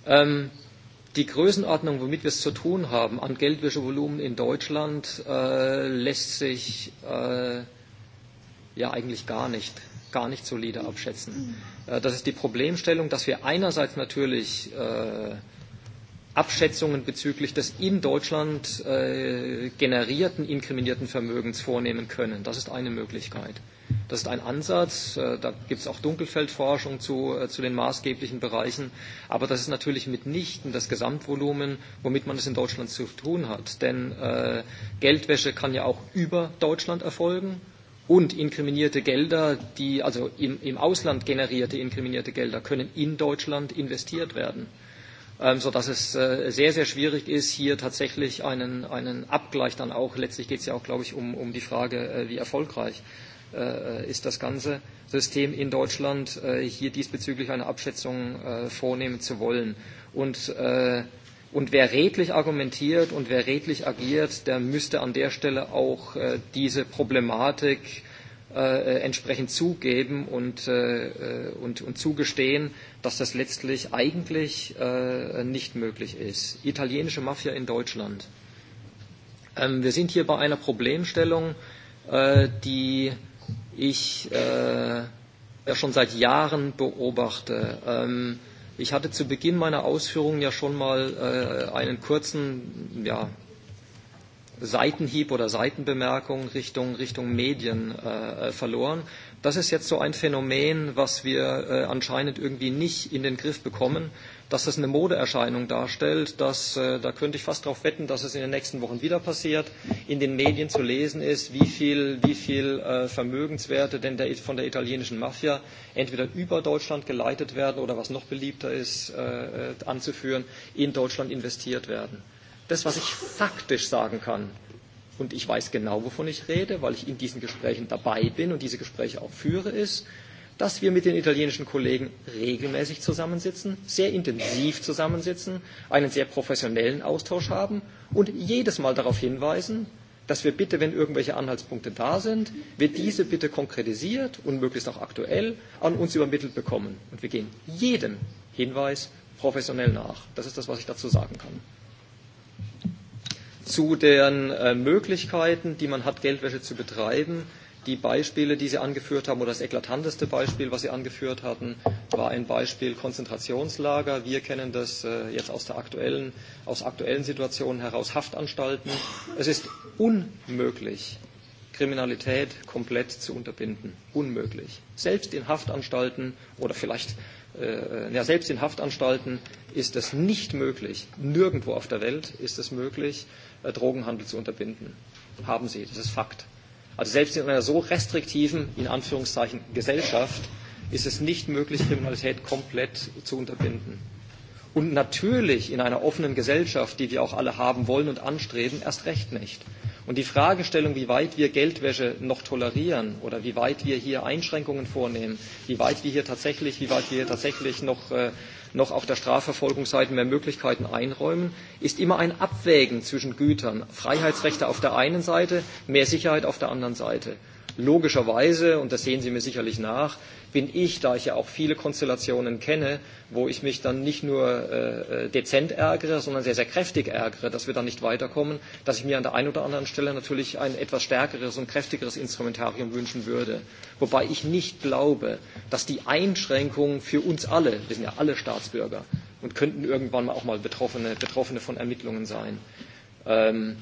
Ähm, die Größenordnung, womit wir es zu tun haben an Geldwäschevolumen in Deutschland, äh, lässt sich äh, ja eigentlich gar nicht gar nicht solide abschätzen. Äh, Das ist die Problemstellung, dass wir einerseits natürlich äh, Abschätzungen bezüglich des in Deutschland äh, generierten inkriminierten Vermögens vornehmen können. Das ist eine Möglichkeit. Das ist ein Ansatz. Äh, da gibt es auch Dunkelfeldforschung zu, äh, zu den maßgeblichen Bereichen. Aber das ist natürlich mitnichten das Gesamtvolumen, womit man es in Deutschland zu tun hat. Denn äh, Geldwäsche kann ja auch über Deutschland erfolgen. Und inkriminierte Gelder, die, also im, im Ausland generierte inkriminierte Gelder, können in Deutschland investiert werden, ähm, sodass es äh, sehr, sehr schwierig ist, hier tatsächlich einen, einen Abgleich dann auch, letztlich geht es ja auch, glaube ich, um, um die Frage, äh, wie erfolgreich äh, ist das ganze System in Deutschland, äh, hier diesbezüglich eine Abschätzung äh, vornehmen zu wollen. Und äh, Und wer redlich argumentiert und wer redlich agiert, der müsste an der Stelle auch äh, diese Problematik äh, äh entsprechend zugeben und, äh, äh, und, und zugestehen, dass das letztlich eigentlich äh, nicht möglich ist. Italienische Mafia in Deutschland. Ähm, wir sind hier bei einer Problemstellung, äh, die ich äh, ja schon seit Jahren beobachte. Ähm, äh, Ich hatte zu Beginn meiner Ausführungen ja schon mal äh, einen kurzen ja, Seitenhieb oder Seitenbemerkung Richtung, Richtung Medien äh, verloren. Das ist jetzt so ein Phänomen, was wir äh, anscheinend irgendwie nicht in den Griff bekommen dass das eine Modeerscheinung darstellt, dass, äh, da könnte ich fast darauf wetten, dass es in den nächsten Wochen wieder passiert, in den Medien zu lesen ist, wie viel, wie viel äh, Vermögenswerte denn der, von der italienischen Mafia entweder über Deutschland geleitet werden oder was noch beliebter ist, äh, äh anzuführen, in Deutschland investiert werden. Das, was ich faktisch sagen kann, und ich weiß genau, wovon ich rede, weil ich in diesen Gesprächen dabei bin und diese Gespräche auch führe, ist, dass wir mit den italienischen Kollegen regelmäßig zusammensitzen, sehr intensiv zusammensitzen, einen sehr professionellen Austausch haben und jedes Mal darauf hinweisen, dass wir bitte, wenn irgendwelche Anhaltspunkte da sind, wir diese bitte konkretisiert und möglichst auch aktuell an uns übermittelt bekommen. Und wir gehen jedem Hinweis professionell nach. Das ist das, was ich dazu sagen kann. Zu den äh, Möglichkeiten, die man hat, Geldwäsche zu betreiben, Die Beispiele, die Sie angeführt haben, oder das eklatanteste Beispiel, was Sie angeführt hatten, war ein Beispiel Konzentrationslager. Wir kennen das äh, jetzt aus der aktuellen, aus aktuellen Situationen heraus Haftanstalten. Es ist unmöglich, Kriminalität komplett zu unterbinden. Unmöglich. Selbst in Haftanstalten oder vielleicht äh, ja, selbst in Haftanstalten ist es nicht möglich. Nirgendwo auf der Welt ist es möglich, äh, Drogenhandel zu unterbinden. Haben Sie, das ist Fakt. Also selbst in einer so restriktiven, in Anführungszeichen, Gesellschaft ist es nicht möglich, Kriminalität komplett zu unterbinden. Und natürlich in einer offenen Gesellschaft, die wir auch alle haben wollen und anstreben, erst recht nicht. Und die Fragestellung, wie weit wir Geldwäsche noch tolerieren oder wie weit wir hier Einschränkungen vornehmen, wie weit wir hier tatsächlich, wie weit wir hier tatsächlich noch, äh, noch auf der Strafverfolgungsseite mehr Möglichkeiten einräumen, ist immer ein Abwägen zwischen Gütern. Freiheitsrechte auf der einen Seite, mehr Sicherheit auf der anderen Seite. Logischerweise, und das sehen Sie mir sicherlich nach, bin ich, da ich ja auch viele Konstellationen kenne, wo ich mich dann nicht nur äh, äh, dezent ärgere, sondern sehr, sehr kräftig ärgere, dass wir da nicht weiterkommen, dass ich mir an der einen oder anderen Stelle natürlich ein etwas stärkeres und kräftigeres Instrumentarium wünschen würde. Wobei ich nicht glaube, dass die Einschränkung für uns alle, wir sind ja alle Staatsbürger und könnten irgendwann auch mal Betroffene, Betroffene von Ermittlungen sein, ähm,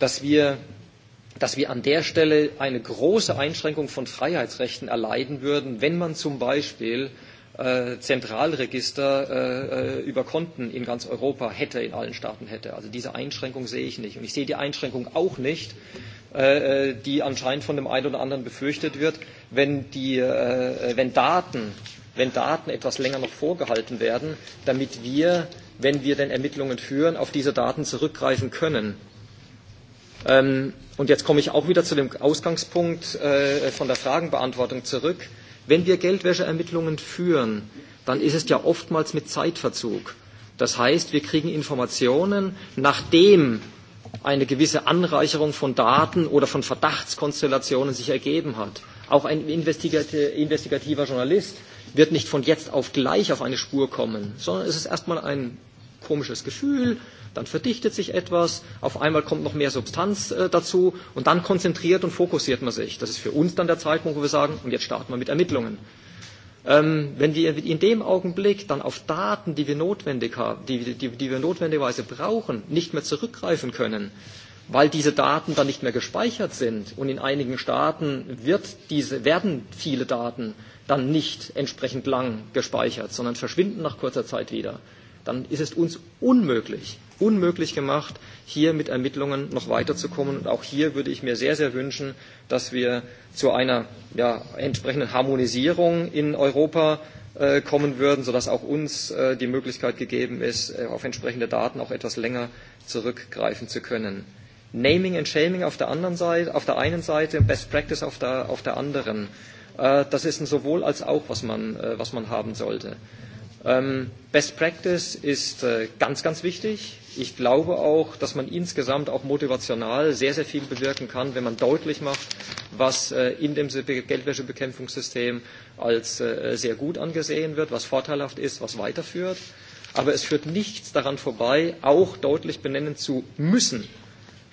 dass wir dass wir an der Stelle eine große Einschränkung von Freiheitsrechten erleiden würden, wenn man zum Beispiel äh, Zentralregister äh, äh, über Konten in ganz Europa hätte, in allen Staaten hätte. Also diese Einschränkung sehe ich nicht. Und ich sehe die Einschränkung auch nicht, die anscheinend von dem einen oder anderen befürchtet wird, wenn, die, wenn, Daten, wenn Daten etwas länger noch vorgehalten werden, damit wir, wenn wir denn Ermittlungen führen, auf diese Daten zurückgreifen können Ähm, und jetzt komme ich auch wieder zu dem Ausgangspunkt äh, von der Fragenbeantwortung zurück. Wenn wir Geldwäscheermittlungen führen, dann ist es ja oftmals mit Zeitverzug. Das heißt, wir kriegen Informationen, nachdem eine gewisse Anreicherung von Daten oder von Verdachtskonstellationen sich ergeben hat. Auch ein investigativer Journalist wird nicht von jetzt auf gleich auf eine Spur kommen, sondern es ist erstmal ein komisches Gefühl, dann verdichtet sich etwas, auf einmal kommt noch mehr Substanz äh, dazu und dann konzentriert und fokussiert man sich. Das ist für uns dann der Zeitpunkt, wo wir sagen, und jetzt starten wir mit Ermittlungen. Ähm, wenn wir in dem Augenblick dann auf Daten, die wir, notwendig haben, die, die, die wir notwendigerweise brauchen, nicht mehr zurückgreifen können, weil diese Daten dann nicht mehr gespeichert sind und in einigen Staaten wird diese, werden viele Daten dann nicht entsprechend lang gespeichert, sondern verschwinden nach kurzer Zeit wieder, dann ist es uns unmöglich, unmöglich gemacht, hier mit Ermittlungen noch weiterzukommen. Und auch hier würde ich mir sehr, sehr wünschen, dass wir zu einer ja, entsprechenden Harmonisierung in Europa äh, kommen würden, sodass auch uns äh, die Möglichkeit gegeben ist, äh, auf entsprechende Daten auch etwas länger zurückgreifen zu können. Naming and Shaming auf der, anderen Seite, auf der einen Seite, Best Practice auf der, auf der anderen. Äh, das ist ein sowohl als auch, was man, äh, was man haben sollte. Ähm, Best Practice ist äh, ganz, ganz wichtig. Ich glaube auch, dass man insgesamt auch motivational sehr, sehr viel bewirken kann, wenn man deutlich macht, was äh, in dem Geldwäschebekämpfungssystem als äh, sehr gut angesehen wird, was vorteilhaft ist, was weiterführt. Aber es führt nichts daran vorbei, auch deutlich benennen zu müssen,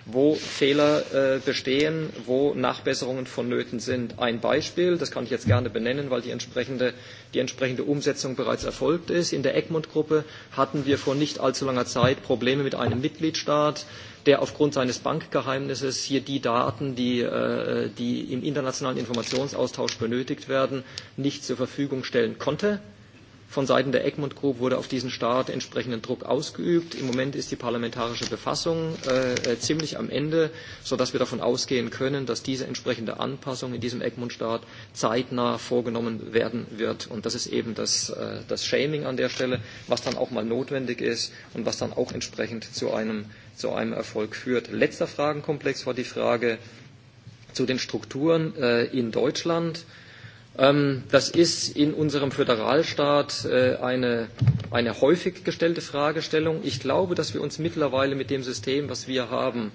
wo Fehler äh, bestehen, wo Nachbesserungen vonnöten sind. Ein Beispiel, das kann ich jetzt gerne benennen, weil die entsprechende, die entsprechende Umsetzung bereits erfolgt ist. In der Egmont-Gruppe hatten wir vor nicht allzu langer Zeit Probleme mit einem Mitgliedstaat, der aufgrund seines Bankgeheimnisses hier die Daten, die, äh, die im internationalen Informationsaustausch benötigt werden, nicht zur Verfügung stellen konnte Von Seiten der Egmont Group wurde auf diesen Staat entsprechenden Druck ausgeübt. Im Moment ist die parlamentarische Befassung äh, äh ziemlich am Ende, sodass wir davon ausgehen können, dass diese entsprechende Anpassung in diesem Egmont Staat zeitnah vorgenommen werden wird. Und das ist eben das, äh, das Shaming an der Stelle, was dann auch mal notwendig ist und was dann auch entsprechend zu einem, zu einem Erfolg führt. Letzter Fragenkomplex war die Frage zu den Strukturen äh, in Deutschland. Ähm, das ist in unserem Föderalstaat äh, eine, eine häufig gestellte Fragestellung. Ich glaube, dass wir uns mittlerweile mit dem System, was wir haben,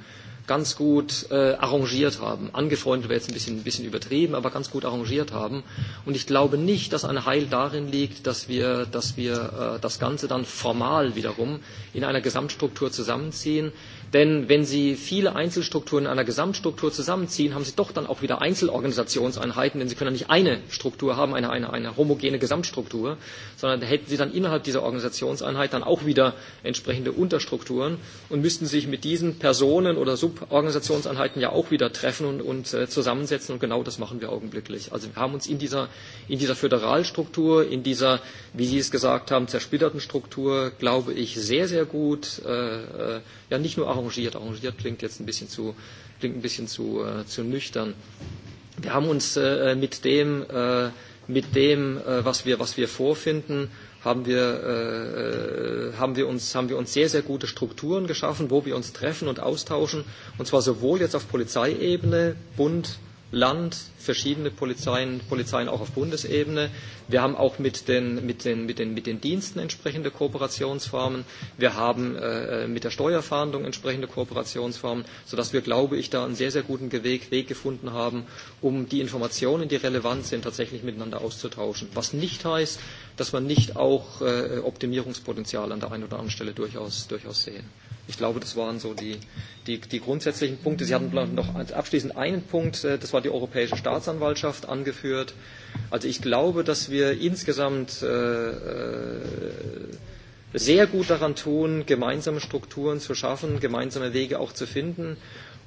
ganz gut äh, arrangiert haben. Angefreundet wäre jetzt ein bisschen, ein bisschen übertrieben, aber ganz gut arrangiert haben. Und ich glaube nicht, dass ein Heil darin liegt, dass wir, dass wir äh, das Ganze dann formal wiederum in einer Gesamtstruktur zusammenziehen. Denn wenn Sie viele Einzelstrukturen in einer Gesamtstruktur zusammenziehen, haben Sie doch dann auch wieder Einzelorganisationseinheiten, denn Sie können ja nicht eine Struktur haben, eine, eine, eine homogene Gesamtstruktur, sondern hätten Sie dann innerhalb dieser Organisationseinheit dann auch wieder entsprechende Unterstrukturen und müssten sich mit diesen Personen oder Suborganisationseinheiten ja auch wieder treffen und, und äh, zusammensetzen und genau das machen wir augenblicklich. Also wir haben uns in dieser, in dieser Föderalstruktur, in dieser, wie Sie es gesagt haben, zersplitterten Struktur, glaube ich, sehr, sehr gut, äh, äh ja nicht nur arrangiert. Arrangiert klingt jetzt ein bisschen zu, klingt ein bisschen zu, äh, zu nüchtern. Wir haben uns äh, mit dem, äh, mit dem äh, was, wir, was wir vorfinden, haben wir, äh, haben, wir uns, haben wir uns sehr, sehr gute Strukturen geschaffen, wo wir uns treffen und austauschen, und zwar sowohl jetzt auf Polizeiebene, Bund, Land, verschiedene Polizeien, Polizeien auch auf Bundesebene. Wir haben auch mit den, mit den, mit den, mit den Diensten entsprechende Kooperationsformen. Wir haben äh, äh mit der Steuerfahndung entsprechende Kooperationsformen, sodass wir, glaube ich, da einen sehr, sehr guten Weg, Weg gefunden haben, um die Informationen, die relevant sind, tatsächlich miteinander auszutauschen. Was nicht heißt, dass man nicht auch äh, Optimierungspotenzial an der einen oder anderen Stelle durchaus, durchaus sehen. Ich glaube, das waren so die, die, die grundsätzlichen Punkte. Sie hatten noch abschließend einen Punkt, äh, das war die europäische Staatsanwaltschaft. Staatsanwaltschaft angeführt. Also ich glaube, dass wir insgesamt äh, äh, sehr gut daran tun, gemeinsame Strukturen zu schaffen, gemeinsame Wege auch zu finden.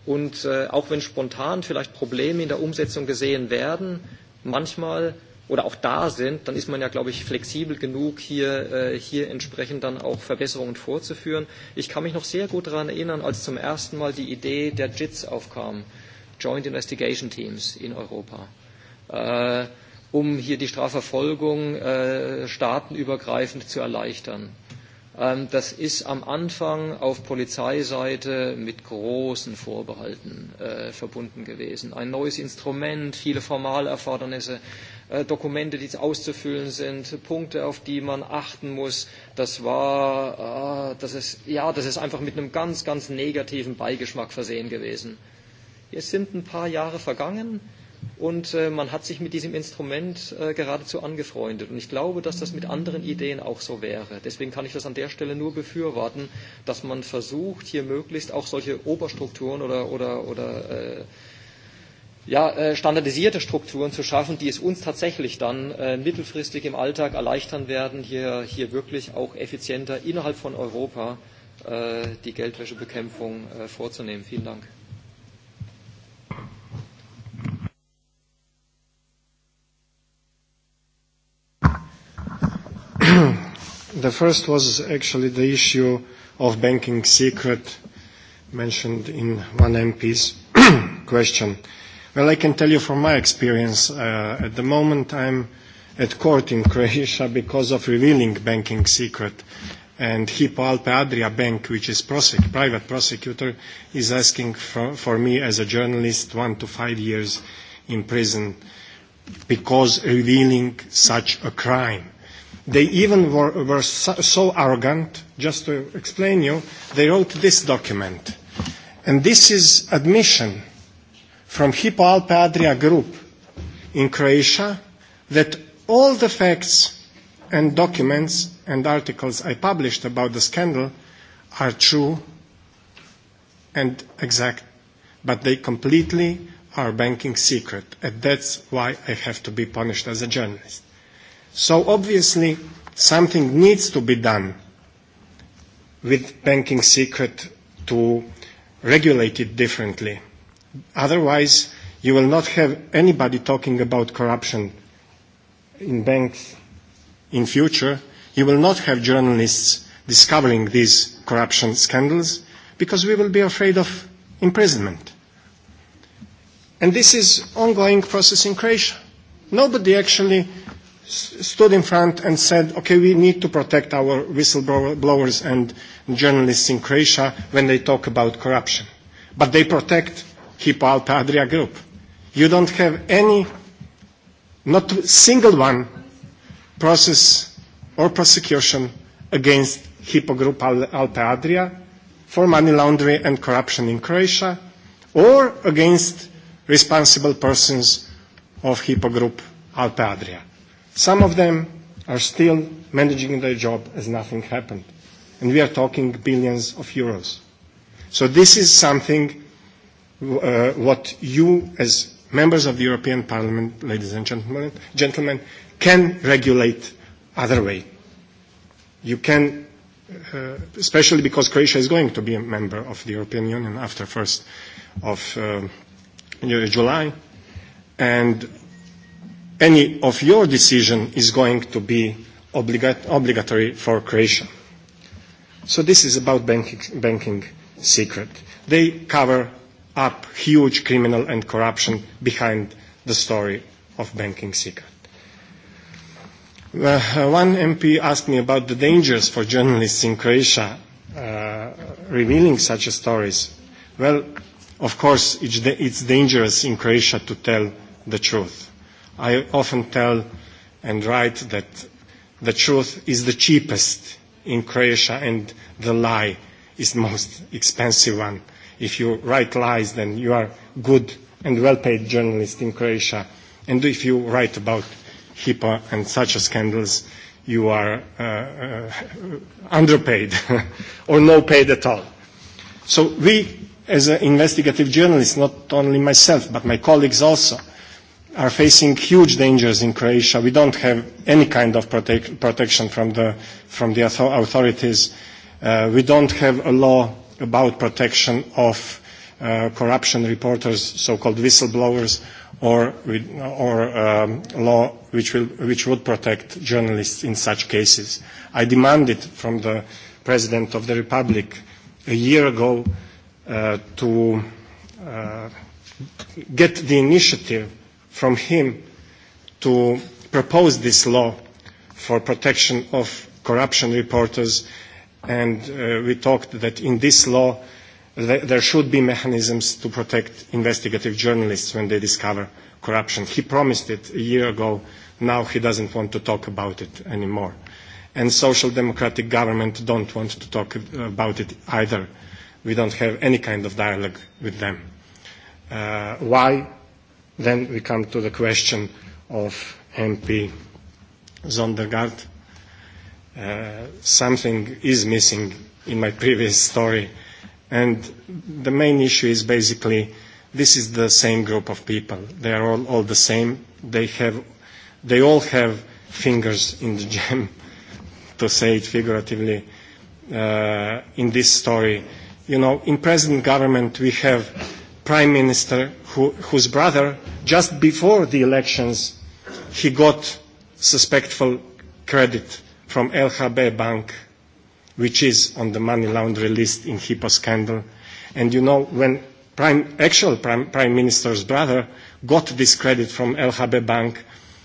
Und äh, auch wenn spontan vielleicht Probleme in der Umsetzung gesehen werden, manchmal oder auch da sind, dann ist man ja, glaube ich, flexibel genug, hier, äh, hier entsprechend dann auch Verbesserungen vorzuführen. Ich kann mich noch sehr gut daran erinnern, als zum ersten Mal die Idee der JITs aufkam. Joint Investigation Teams in Europa, äh, um hier die Strafverfolgung äh, staatenübergreifend zu erleichtern. Ähm, das ist am Anfang auf Polizeiseite mit großen Vorbehalten äh, verbunden gewesen. Ein neues Instrument, viele Formalerfordernisse, äh, Dokumente, die auszufüllen sind, Punkte, auf die man achten muss. Das war, äh, das ist, ja, das ist einfach mit einem ganz, ganz negativen Beigeschmack versehen gewesen. Es sind ein paar Jahre vergangen und äh, man hat sich mit diesem Instrument äh, geradezu angefreundet. Und ich glaube, dass das mit anderen Ideen auch so wäre. Deswegen kann ich das an der Stelle nur befürworten, dass man versucht, hier möglichst auch solche Oberstrukturen oder, oder, oder äh, ja, äh, standardisierte Strukturen zu schaffen, die es uns tatsächlich dann äh, mittelfristig im Alltag erleichtern werden, hier, hier wirklich auch effizienter innerhalb von Europa äh, die Geldwäschebekämpfung äh, vorzunehmen. Vielen Dank. The first was actually the issue of banking secret mentioned in one MP's [CLEARS THROAT] question. Well, I can tell you from my experience, uh, at the moment I'm at court in [LAUGHS] Croatia because of revealing banking secret. And Hippo Alpe Adria Bank, which is prosec- private prosecutor, is asking for, for me as a journalist one to five years in prison because revealing such a crime. They even were, were so, so arrogant, just to explain you, they wrote this document. And this is admission from Hippo Alpe Adria Group in Croatia that all the facts and documents and articles I published about the scandal are true and exact, but they completely are banking secret, and that's why I have to be punished as a journalist. So obviously, something needs to be done with banking secret to regulate it differently. Otherwise, you will not have anybody talking about corruption in banks in future. You will not have journalists discovering these corruption scandals because we will be afraid of imprisonment. And this is ongoing process in Croatia. Nobody actually stood in front and said, okay, we need to protect our whistleblowers and journalists in Croatia when they talk about corruption. But they protect Hypo Alta Adria Group. You don't have any, not a single one, process or prosecution against Hypo Group Alta Adria for money laundering and corruption in Croatia or against responsible persons of Hypo Group Alta Adria. Some of them are still managing their job as nothing happened. And we are talking billions of euros. So this is something uh, what you as members of the European Parliament, ladies and gentlemen, gentlemen can regulate other way. You can, uh, especially because Croatia is going to be a member of the European Union after 1st of uh, July, and any of your decision is going to be obligat obligatory for Croatia. So this is about banking, banking secret. They cover up huge criminal and corruption behind the story of banking secret. Uh, one MP asked me about the dangers for journalists in Croatia uh, revealing such stories. Well, of course, it's, da it's dangerous in Croatia to tell the truth i often tell and write that the truth is the cheapest in Croatia and the lie is the most expensive one. If you write lies, then you are good and well-paid journalist in Croatia. And if you write about HIPAA and such scandals, you are uh, uh, underpaid [LAUGHS] or no paid at all. So we, as an investigative journalist, not only myself, but my colleagues also, are facing huge dangers in Croatia. We don't have any kind of protect, protection from the, from the authorities. Uh, we don't have a law about protection of uh, corruption reporters, so-called whistleblowers, or, or um, law which, will, which would protect journalists in such cases. I demanded from the President of the Republic a year ago uh, to uh, get the initiative from him to propose this law for protection of corruption reporters. And uh, we talked that in this law th there should be mechanisms to protect investigative journalists when they discover corruption. He promised it a year ago. Now he doesn't want to talk about it anymore. And social democratic government don't want to talk about it either. We don't have any kind of dialogue with them. Uh, why? Then we come to the question of MP Zondergaard. Uh, something is missing in my previous story. And the main issue is basically this is the same group of people. They are all, all the same. They, have, they all have fingers in the jam, [LAUGHS] to say it figuratively, uh, in this story. You know, in present government we have prime minister who, whose brother, just before the elections, he got suspectful credit from LHB Bank, which is on the money laundry list in Hippo scandal. And you know, when prime, actual prime, prime minister's brother got this credit from LHB Bank,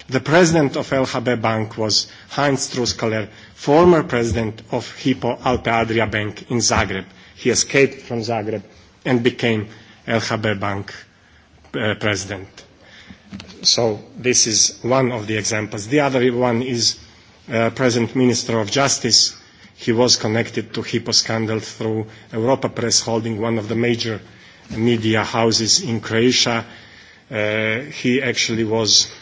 the president of LHB Bank was Heinz Truskaller, former president of Hippo Alpe Adria Bank in Zagreb. He escaped from Zagreb and became LHB Bank Uh, president. So this is one of the examples. The other one is uh, present Minister of Justice. He was connected to Hippo scandal through Europa Press Holding, one of the major media houses in Croatia. Uh, he actually was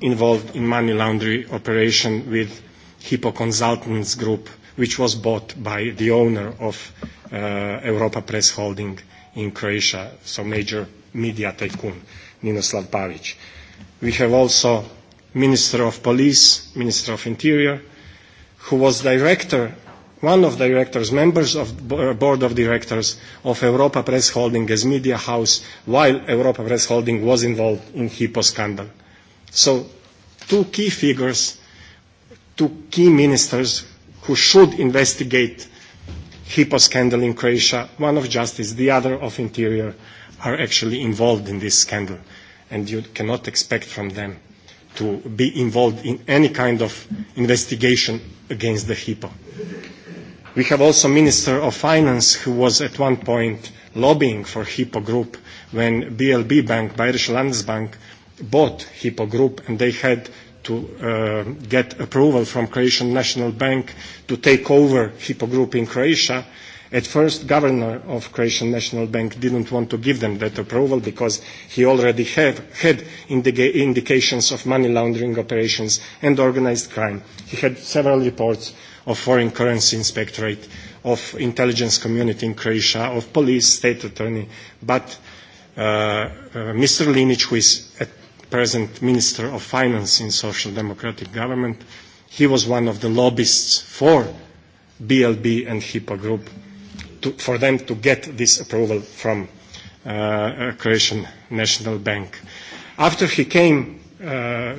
involved in money laundry operation with Hippo Consultants Group, which was bought by the owner of uh, Europa Press Holding in Croatia, so major media tycoon, Ninoslav Pavic. We have also Minister of Police, Minister of Interior, who was director, one of directors, members of board of directors of Europa Press Holding as media house, while Europa Press Holding was involved in Hippo scandal. So two key figures, two key ministers who should investigate Hippo scandal in Croatia, one of justice, the other of interior, are actually involved in this scandal. And you cannot expect from them to be involved in any kind of investigation against the HIPAA. We have also Minister of Finance who was at one point lobbying for Hippo Group when BLB Bank, Bayerische Landesbank, bought Hippo Group and they had to uh, get approval from Croatian National Bank to take over Hippo Group in Croatia At first, governor of Croatian National Bank didn't want to give them that approval because he already have, had indica indications of money laundering operations and organized crime. He had several reports of foreign currency inspectorate, of intelligence community in Croatia, of police, state attorney. But uh, uh, Mr. Linic, who is at present Minister of Finance in Social Democratic Government, he was one of the lobbyists for BLB and HIPAA Group to, for them to get this approval from uh, uh Croatian National Bank. After he came uh, uh,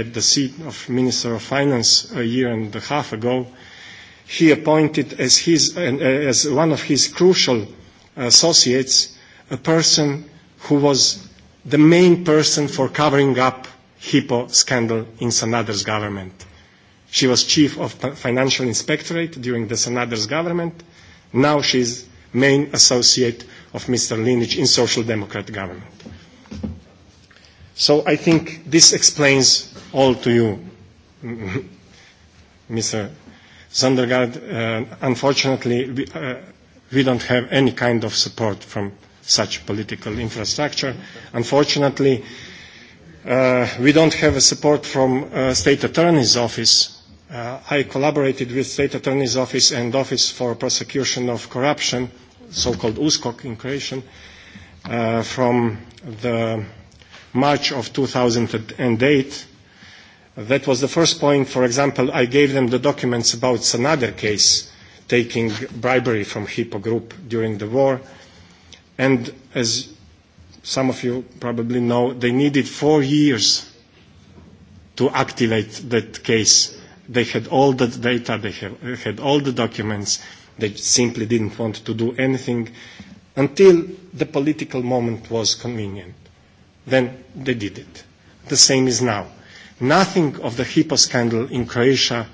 at the seat of Minister of Finance a year and a half ago, he appointed as, his, uh, as one of his crucial associates a person who was the main person for covering up Hippo scandal in Sanader's government. She was chief of financial inspectorate during the Sanader's government. Now she's main associate of Mr. Linich in social democrat government. So I think this explains all to you, [LAUGHS] Mr. Zondergaard. Uh, unfortunately, we, uh, we don't have any kind of support from such political infrastructure. Unfortunately, uh, we don't have a support from uh, state attorney's office Uh, I collaborated with State Attorney's Office and Office for Prosecution of Corruption, so-called USKOK in Croatian, uh, from the March of 2008. That was the first point. For example, I gave them the documents about Sanader case, taking bribery from Hippo Group during the war. And as some of you probably know, they needed four years to activate that case They had all the data, they had all the documents. They simply didn't want to do anything until the political moment was convenient. Then they did it. The same is now. Nothing of the Hippo scandal in Croatia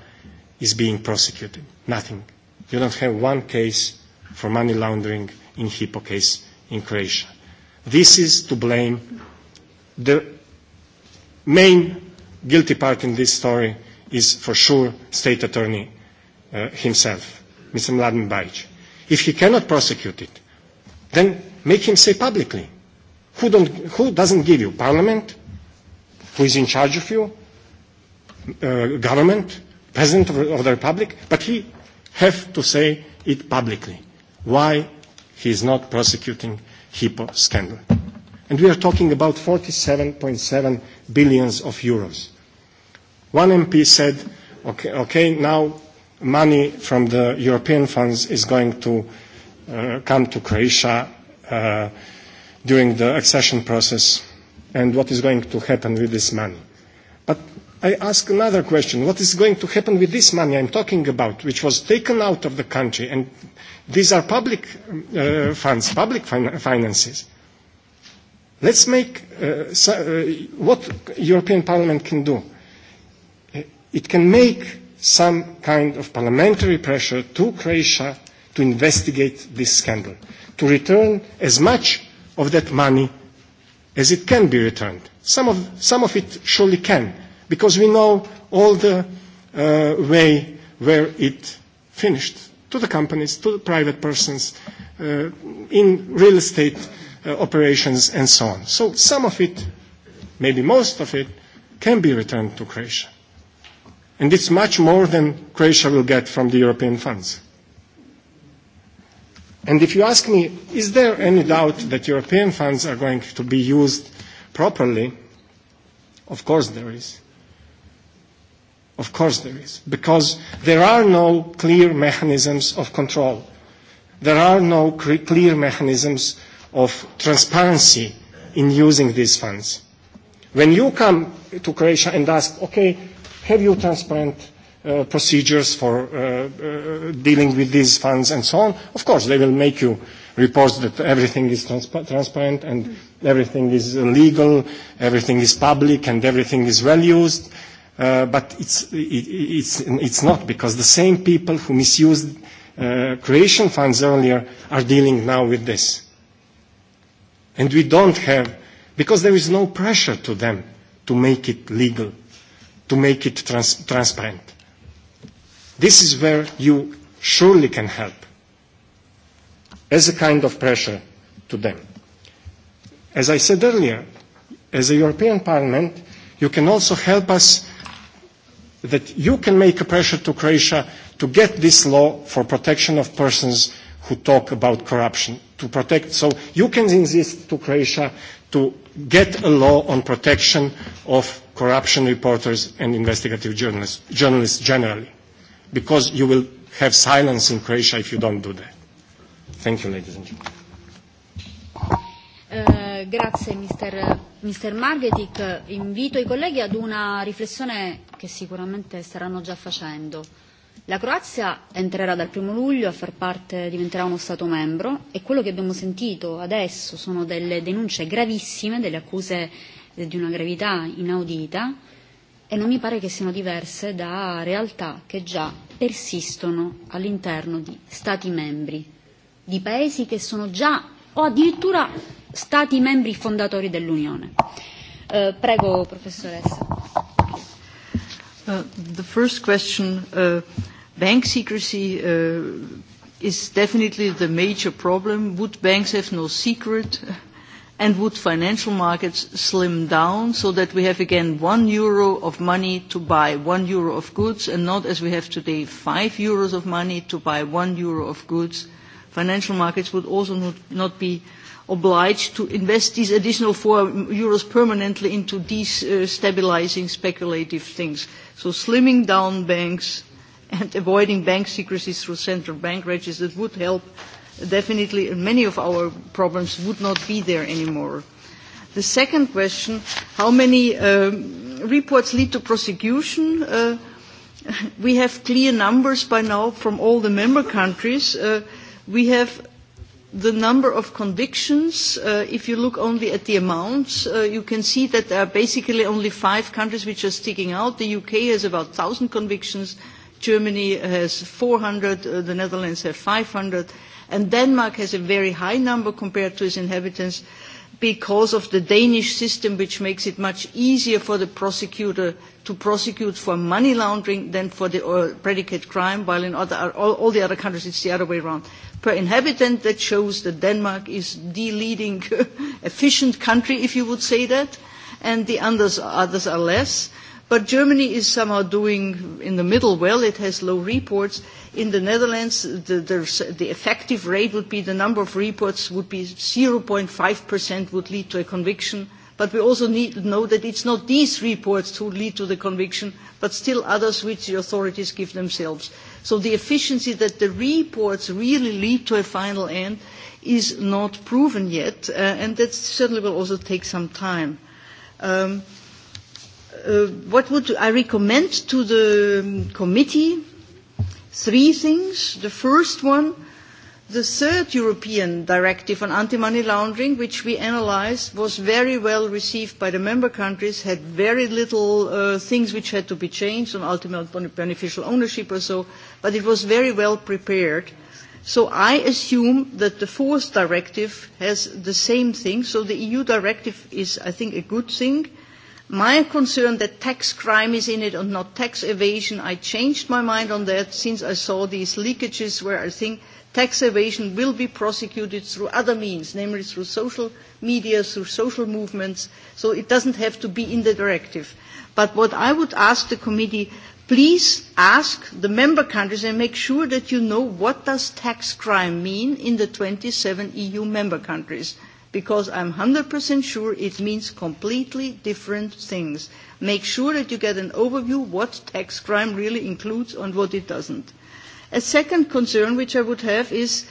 is being prosecuted. Nothing. You don't have one case for money laundering in Hippo case in Croatia. This is to blame the main guilty part in this story is for sure state attorney uh, himself, Mr. Mladen Bajic. If he cannot prosecute it, then make him say publicly, who, don't, who doesn't give you? Parliament? Who is in charge of you? Uh, government? President of, of the Republic? But he have to say it publicly. Why he is not prosecuting HIPPO scandal. And we are talking about 47.7 billions of euros. One MP said, okay, okay now money from the European funds is going to uh, come to Croatia uh, during the accession process and what is going to happen with this money. But I ask another question. What is going to happen with this money I'm talking about, which was taken out of the country? And these are public uh, funds, public fin- finances. Let's make uh, so, uh, what European Parliament can do it can make some kind of parliamentary pressure to Croatia to investigate this scandal, to return as much of that money as it can be returned. Some of, some of it surely can, because we know all the uh, way where it finished, to the companies, to the private persons, uh, in real estate uh, operations and so on. So some of it, maybe most of it, can be returned to Croatia. And it's much more than Croatia will get from the European funds. And if you ask me, is there any doubt that European funds are going to be used properly? Of course there is. Of course there is. Because there are no clear mechanisms of control. There are no clear mechanisms of transparency in using these funds. When you come to Croatia and ask, okay, have you transparent uh, procedures for uh, uh, dealing with these funds and so on? Of course, they will make you reports that everything is transpa- transparent and everything is legal, everything is public, and everything is well used. Uh, but it's, it, it's, it's not because the same people who misused uh, creation funds earlier are dealing now with this. And we don't have, because there is no pressure to them to make it legal to make it trans transparent. This is where you surely can help as a kind of pressure to them. As I said earlier, as a European Parliament, you can also help us that you can make a pressure to Croatia to get this law for protection of persons who talk about corruption, to protect. So you can insist to Croatia to get a law on protection of corruption reporters and investigative journalists, journalists generally, because you will have silence in Croatia if you don't do that. Thank you, ladies and gentlemen. Eh, grazie Mr. Mr. Margetic, invito i colleghi ad una riflessione che sicuramente staranno già facendo. La Croazia entrerà dal 1 luglio a far parte, diventerà uno Stato membro e quello che abbiamo sentito adesso sono delle denunce gravissime, delle accuse di una gravità inaudita e non mi pare che siano diverse da realtà che già persistono all'interno di Stati membri, di paesi che sono già o addirittura Stati membri fondatori dell'Unione. Uh, prego, professoressa. Uh, the first question, uh, bank secrecy uh, is definitely the major problem. Would banks have no secret? and would financial markets slim down so that we have again one euro of money to buy one euro of goods and not as we have today five euros of money to buy one euro of goods? Financial markets would also not, not be obliged to invest these additional four euros permanently into destabilising uh, speculative things. So slimming down banks and [LAUGHS] avoiding bank secrecy through central bank registers would help definitely many of our problems would not be there anymore. The second question, how many um, reports lead to prosecution? Uh, we have clear numbers by now from all the member countries. Uh, we have the number of convictions. Uh, if you look only at the amounts, uh, you can see that there are basically only five countries which are sticking out. The UK has about 1,000 convictions. Germany has 400. Uh, the Netherlands have 500 And Denmark has a very high number compared to its inhabitants because of the Danish system, which makes it much easier for the prosecutor to prosecute for money laundering than for the uh, predicate crime, while in other, all, all the other countries it's the other way around. Per inhabitant, that shows that Denmark is the leading [LAUGHS] efficient country, if you would say that, and the others, others are less. But Germany is somehow doing in the middle well. It has low reports. In the Netherlands, the, the, the effective rate would be the number of reports would be 0.5% would lead to a conviction. But we also need to know that it's not these reports who lead to the conviction, but still others which the authorities give themselves. So the efficiency that the reports really lead to a final end is not proven yet, uh, and that certainly will also take some time. Um, uh, what would I recommend to the um, committee? Three things. The first one, the third European directive on anti-money laundering, which we analysed, was very well received by the member countries, had very little uh, things which had to be changed on ultimate beneficial ownership or so, but it was very well prepared. So I assume that the fourth directive has the same thing. So the EU directive is, I think, a good thing my concern that tax crime is in it and not tax evasion, I changed my mind on that since I saw these leakages where I think tax evasion will be prosecuted through other means, namely through social media, through social movements, so it doesn't have to be in the directive. But what I would ask the committee, please ask the member countries and make sure that you know what does tax crime mean in the 27 EU member countries because I'm 100% sure it means completely different things. Make sure that you get an overview what tax crime really includes and what it doesn't. A second concern which I would have is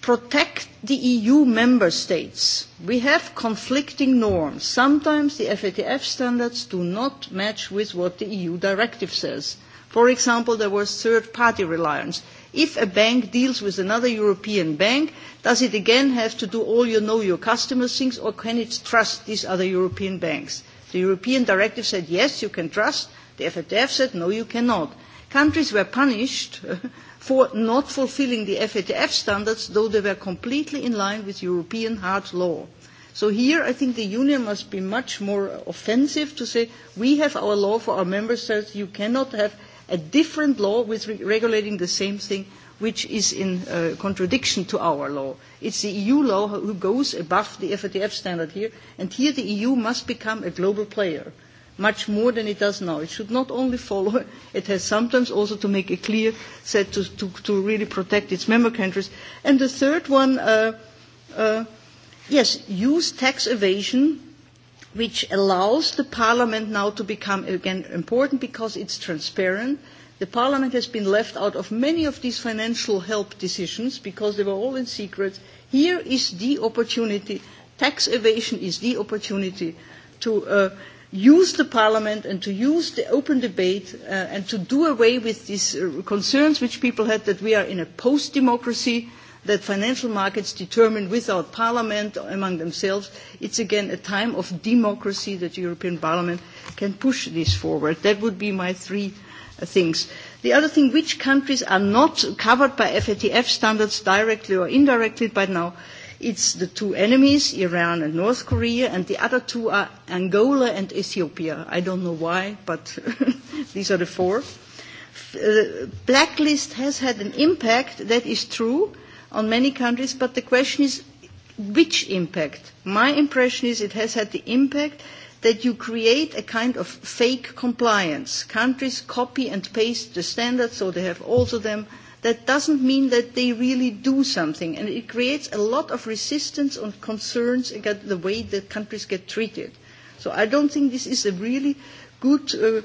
protect the EU member states. We have conflicting norms. Sometimes the FATF standards do not match with what the EU directive says. For example, there was third-party reliance. If a bank deals with another European bank, does it again have to do all your know your customer things or can it trust these other European banks? The European directive said yes, you can trust. The FATF said no, you cannot. Countries were punished [LAUGHS] for not fulfilling the FATF standards, though they were completely in line with European hard law. So here I think the Union must be much more offensive to say we have our law for our member states, you cannot have a different law with re regulating the same thing which is in uh, contradiction to our law. It's the EU law who goes above the FATF standard here, and here the EU must become a global player, much more than it does now. It should not only follow, [LAUGHS] it has sometimes also to make a clear set to, to, to really protect its member countries. And the third one, uh, uh, yes, use tax evasion which allows the parliament now to become again important because it's transparent. The parliament has been left out of many of these financial help decisions because they were all in secret. Here is the opportunity. Tax evasion is the opportunity to uh, use the parliament and to use the open debate uh, and to do away with these uh, concerns which people had that we are in a post-democracy uh, that financial markets determine without parliament among themselves. It's again a time of democracy that European Parliament can push this forward. That would be my three uh, things. The other thing, which countries are not covered by FATF standards directly or indirectly by now, it's the two enemies, Iran and North Korea, and the other two are Angola and Ethiopia. I don't know why, but [LAUGHS] these are the four. Uh, blacklist has had an impact, that is true, on many countries, but the question is which impact? My impression is it has had the impact that you create a kind of fake compliance. Countries copy and paste the standards, so they have also them. That doesn't mean that they really do something, and it creates a lot of resistance and concerns about the way that countries get treated. So I don't think this is a really good uh,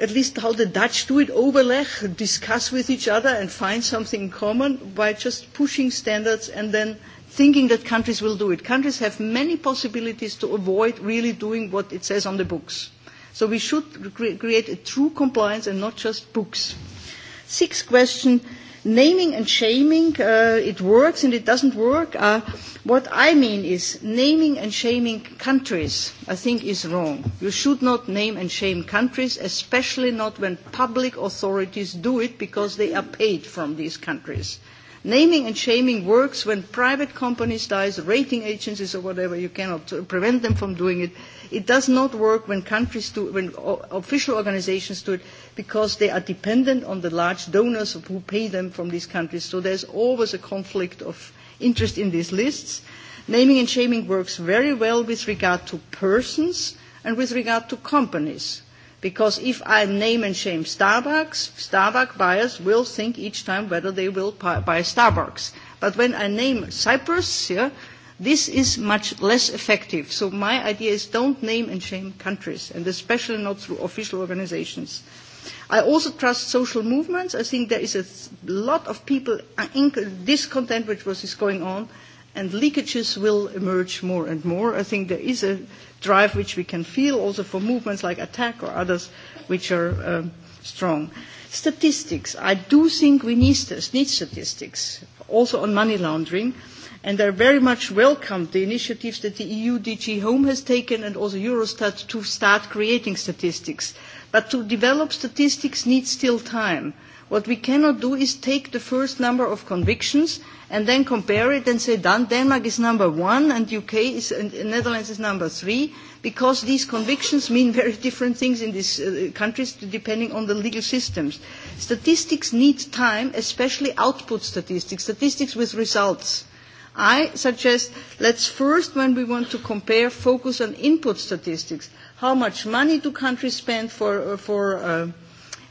at least how the Dutch do it, overleg, discuss with each other and find something in common by just pushing standards and then thinking that countries will do it. Countries have many possibilities to avoid really doing what it says on the books. So we should cre create a true compliance and not just books. Sixth question, naming and shaming, uh, it works and it doesn't work. Uh, what I mean is naming and shaming countries, I think, is wrong. You should not name and shame countries, especially not when public authorities do it because they are paid from these countries. Naming and shaming works when private companies die, rating agencies or whatever, you cannot prevent them from doing it. It does not work when countries do, when official organizations do it, because they are dependent on the large donors who pay them from these countries. So there's always a conflict of interest in these lists. Naming and shaming works very well with regard to persons and with regard to companies. Because if I name and shame Starbucks, Starbucks buyers will think each time whether they will buy Starbucks. But when I name Cyprus, yeah, This is much less effective. So my idea is don't name and shame countries, and especially not through official organizations. I also trust social movements. I think there is a lot of people uh, discontent with what is going on, and leakages will emerge more and more. I think there is a drive which we can feel also for movements like ATTAC or others which are um, strong. Statistics. I do think we need, need statistics, also on money laundering. Uh, and I very much welcome the initiatives that the EU DG Home has taken and also Eurostat to start creating statistics. But to develop statistics needs still time. What we cannot do is take the first number of convictions and then compare it and say Dan- Denmark is number one and UK is, and Netherlands is number three because these convictions mean [LAUGHS] very different things in these uh, countries depending on the legal systems. Statistics need time, especially output statistics, statistics with results i suggest let's first, when we want to compare, focus on input statistics. How much money do countries spend for, uh, for uh,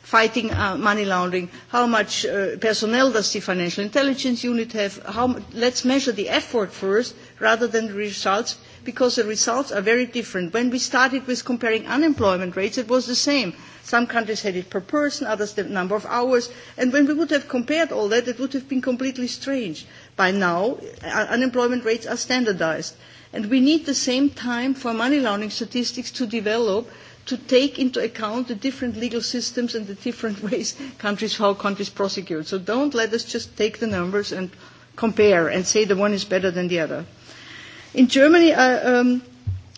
fighting uh, money laundering? How much uh, personnel does the financial intelligence unit have? How, let's measure the effort first rather than the results because the results are very different. When we started with comparing unemployment rates, it was the same. Some countries had it per person, others the number of hours. And when we would have compared all that, it would have been completely strange by now uh, unemployment rates are standardized. And we need the same time for money laundering statistics to develop to take into account the different legal systems and the different [LAUGHS] ways countries, how countries prosecute. So don't let us just take the numbers and compare and say the one is better than the other. In Germany, uh, um,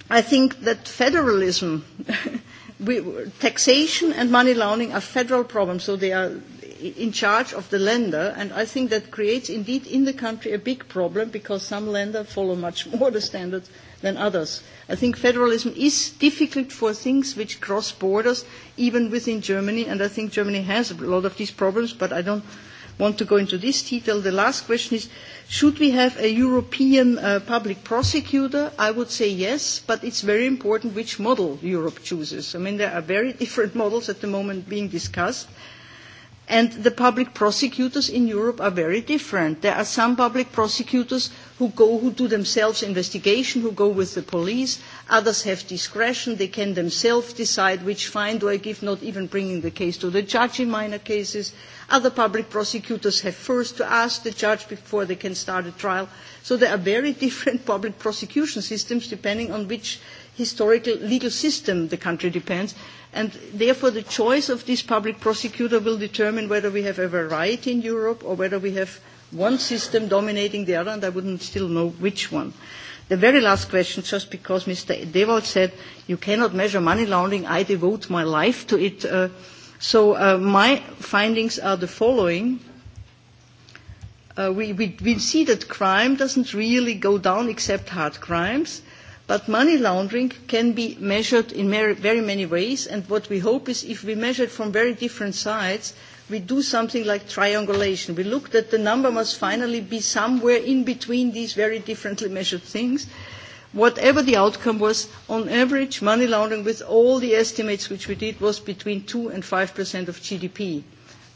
I think that federalism, [LAUGHS] we, taxation and money laundering are federal problems, so they are in charge of the lender, and I think that creates indeed in the country a big problem because some lenders follow much [LAUGHS] more the standards than others. I think federalism is difficult for things which cross borders, even within Germany, and I think Germany has a lot of these problems, but I don't want to go into this detail. The last question is, should we have a European uh, public prosecutor? I would say yes, but it's very important which model Europe chooses. I mean, there are very [LAUGHS] different models at the moment being discussed. And the public prosecutors in Europe are very different. There are some public prosecutors who go, who do themselves investigation, who go with the police. Others have discretion. They can themselves decide which fine do I give, not even bringing the case to the judge in minor cases. Other public prosecutors have first to ask the judge before they can start a trial. So there are very [LAUGHS] different public prosecution systems depending on which historical legal system the country depends, and therefore the choice of this public prosecutor will determine whether we have a variety in Europe or whether we have one system dominating the other, and I wouldn't still know which one. The very last question, just because Mr. Devold said you cannot measure money laundering, I devote my life to it. Uh, so uh, my findings are the following. Uh, we, we, we see that crime doesn't really go down except hard crimes. But money laundering can be measured in very many ways, and what we hope is if we measure it from very different sides, we do something like triangulation. We look that the number must finally be somewhere in between these very differently measured things. Whatever the outcome was, on average, money laundering with all the estimates which we did was between 2 and 5 percent of GDP.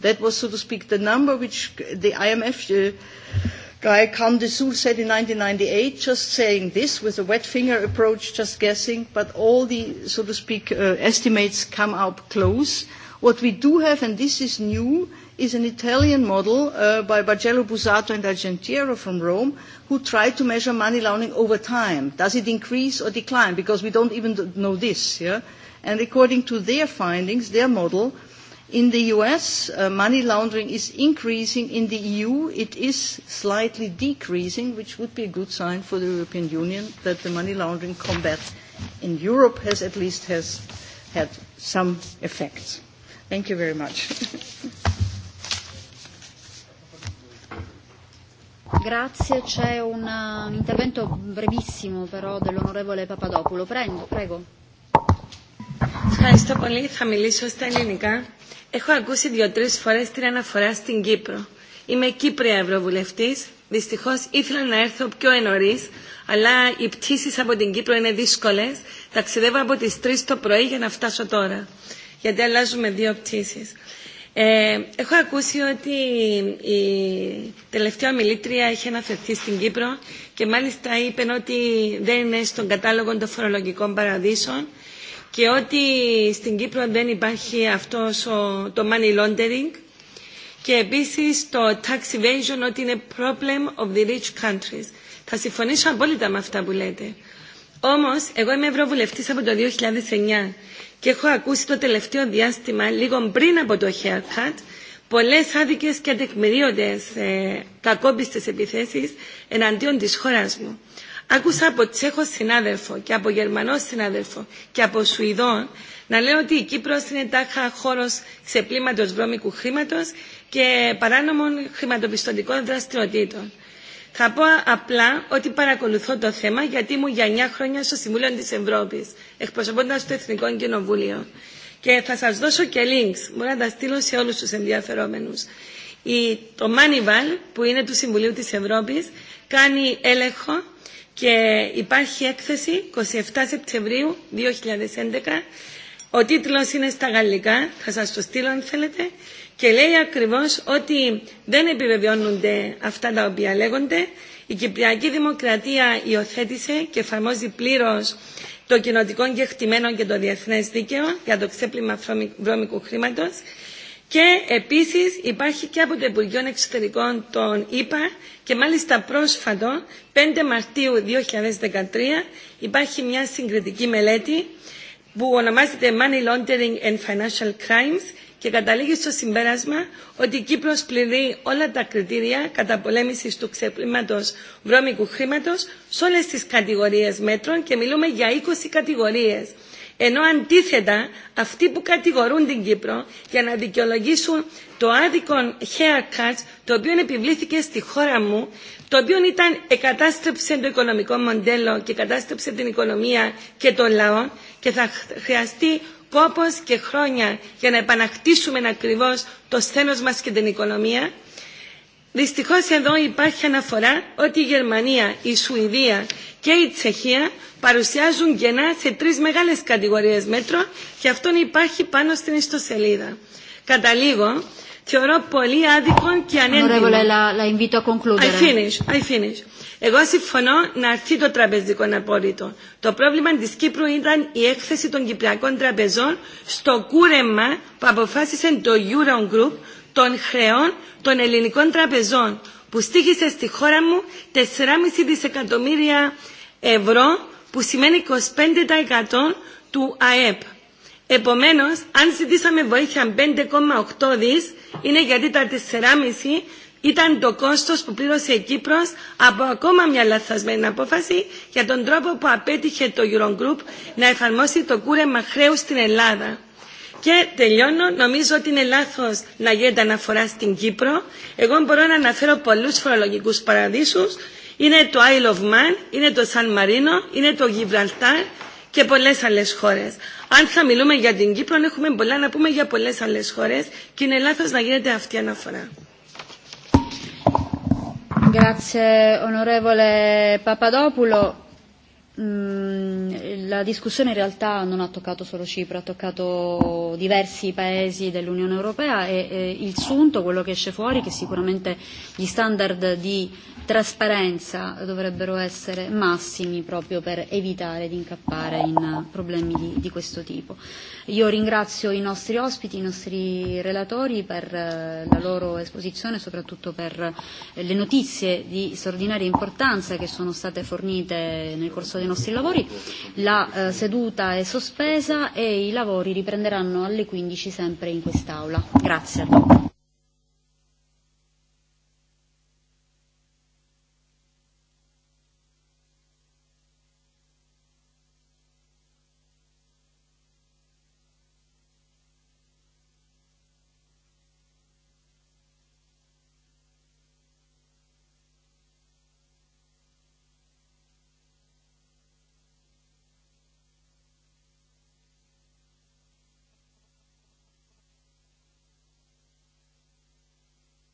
That was, so to speak, the number which the IMF uh, Guy Khan de Soul said in 1998, just saying this with a wet finger approach, just guessing, but all the, so to speak, uh, estimates come up close. What we do have, and this is new, is an Italian model uh, by Bargello Busato and Argentiero from Rome, who tried to measure money laundering over time. Does it increase or decline? Because we don't even know this. Yeah? And according to their findings, their model, In the US, uh, money laundering is increasing. In the EU, it is slightly decreasing, which would be a good sign for the European Union that the money laundering combat in Europe has at least has had some effects. Thank you very much. [LAUGHS] Grazie, c'è un, uh, un intervento brevissimo però dell'onorevole Papadopoulou. Prego. prego. Ευχαριστώ πολύ. Θα μιλήσω στα ελληνικά. Έχω ακούσει δύο-τρεις φορές την αναφορά στην Κύπρο. Είμαι Κύπρια Ευρωβουλευτής. Δυστυχώς ήθελα να έρθω πιο ενωρίς, αλλά οι πτήσει από την Κύπρο είναι δύσκολες. Ταξιδεύω από τις 3 το πρωί για να φτάσω τώρα, γιατί αλλάζουμε δύο πτήσεις. Ε, έχω ακούσει ότι η τελευταία μιλήτρια είχε αναφερθεί στην Κύπρο και μάλιστα είπε ότι δεν είναι στον κατάλογο των φορολογικών παραδείσων και ότι στην Κύπρο δεν υπάρχει αυτό το money laundering και επίσης το tax evasion ότι είναι problem of the rich countries. Θα συμφωνήσω απόλυτα με αυτά που λέτε. Όμως, εγώ είμαι ευρωβουλευτής από το 2009 και έχω ακούσει το τελευταίο διάστημα, λίγο πριν από το haircut, πολλές άδικες και ατεκμηρίωτες ε, κακόπιστες επιθέσεις εναντίον της χώρας μου. Άκουσα από Τσέχο συνάδελφο και από Γερμανό συνάδελφο και από Σουηδών να λέω ότι η Κύπρο είναι τάχα χώρο ξεπλήματο βρώμικου χρήματο και παράνομων χρηματοπιστωτικών δραστηριοτήτων. Θα πω απλά ότι παρακολουθώ το θέμα γιατί ήμουν για 9 χρόνια στο Συμβούλιο τη Ευρώπη, εκπροσωπώντα το Εθνικό Κοινοβούλιο. Και θα σα δώσω και links, μπορώ να τα στείλω σε όλου του ενδιαφερόμενου. το Manival, που είναι του Συμβουλίου τη Ευρώπη, κάνει έλεγχο και υπάρχει έκθεση 27 Σεπτεμβρίου 2011. Ο τίτλος είναι στα γαλλικά, θα σας το στείλω αν θέλετε, και λέει ακριβώς ότι δεν επιβεβαιώνονται αυτά τα οποία λέγονται. Η Κυπριακή Δημοκρατία υιοθέτησε και εφαρμόζει πλήρως το κοινοτικό κεκτημένο και το διεθνές δίκαιο για το ξέπλυμα βρώμικου χρήματος. Και επίσης υπάρχει και από το Υπουργείο Εξωτερικών των ΗΠΑ και μάλιστα πρόσφατο 5 Μαρτίου 2013 υπάρχει μια συγκριτική μελέτη που ονομάζεται Money Laundering and Financial Crimes και καταλήγει στο συμπέρασμα ότι η Κύπρος πληρεί όλα τα κριτήρια καταπολέμησης του ξεπλήματος βρώμικου χρήματος σε όλες τις κατηγορίες μέτρων και μιλούμε για 20 κατηγορίες. Ενώ αντίθετα αυτοί που κατηγορούν την Κύπρο για να δικαιολογήσουν το άδικο haircut το οποίο επιβλήθηκε στη χώρα μου, το οποίο ήταν εκατάστρεψε το οικονομικό μοντέλο και κατάστρεψε την οικονομία και τον λαό και θα χρειαστεί κόπος και χρόνια για να επανακτήσουμε ακριβώς το σθένος μας και την οικονομία, Δυστυχώς εδώ υπάρχει αναφορά ότι η Γερμανία, η Σουηδία και η Τσεχία παρουσιάζουν κενά σε τρεις μεγάλες κατηγορίες μέτρων και αυτό υπάρχει πάνω στην ιστοσελίδα. Καταλήγω, θεωρώ πολύ άδικο και ανέντιμο. I finish, I finish. Εγώ συμφωνώ να αρθεί το τραπεζικό απόρριτο. Το πρόβλημα της Κύπρου ήταν η έκθεση των Κυπριακών τραπεζών στο κούρεμα που αποφάσισε το Eurogroup των χρεών των ελληνικών τραπεζών που στήχησε στη χώρα μου 4,5 δισεκατομμύρια ευρώ που σημαίνει 25% του ΑΕΠ. Επομένως, αν ζητήσαμε βοήθεια 5,8 δις, είναι γιατί τα 4,5 ήταν το κόστος που πλήρωσε η Κύπρος από ακόμα μια λαθασμένη απόφαση για τον τρόπο που απέτυχε το Eurogroup να εφαρμόσει το κούρεμα χρέους στην Ελλάδα. Και τελειώνω, νομίζω ότι είναι λάθος να γίνεται αναφορά στην Κύπρο. Εγώ μπορώ να αναφέρω πολλούς φορολογικούς παραδείσους. Είναι το Isle of Man, είναι το Σαν Μαρίνο, είναι το Γιβραλτάρ και πολλές άλλες χώρες. Αν θα μιλούμε για την Κύπρο, έχουμε πολλά να πούμε για πολλές άλλες χώρες και είναι λάθος να γίνεται αυτή η αναφορά. Grazie onorevole Papadopoulou. Mm, la discussione in realtà non ha toccato solo Cipro, ha toccato diversi paesi dell'Unione Europea e, e il sunto, quello che esce fuori, che sicuramente gli standard di trasparenza dovrebbero essere massimi proprio per evitare di incappare in eh, problemi di, di questo tipo. Io ringrazio i nostri ospiti, i nostri relatori per eh, la loro esposizione e soprattutto per eh, le notizie di straordinaria importanza che sono state fornite nel corso dei nostri lavori. La eh, seduta è sospesa e i lavori riprenderanno alle 15 sempre in quest'Aula. Grazie a tutti.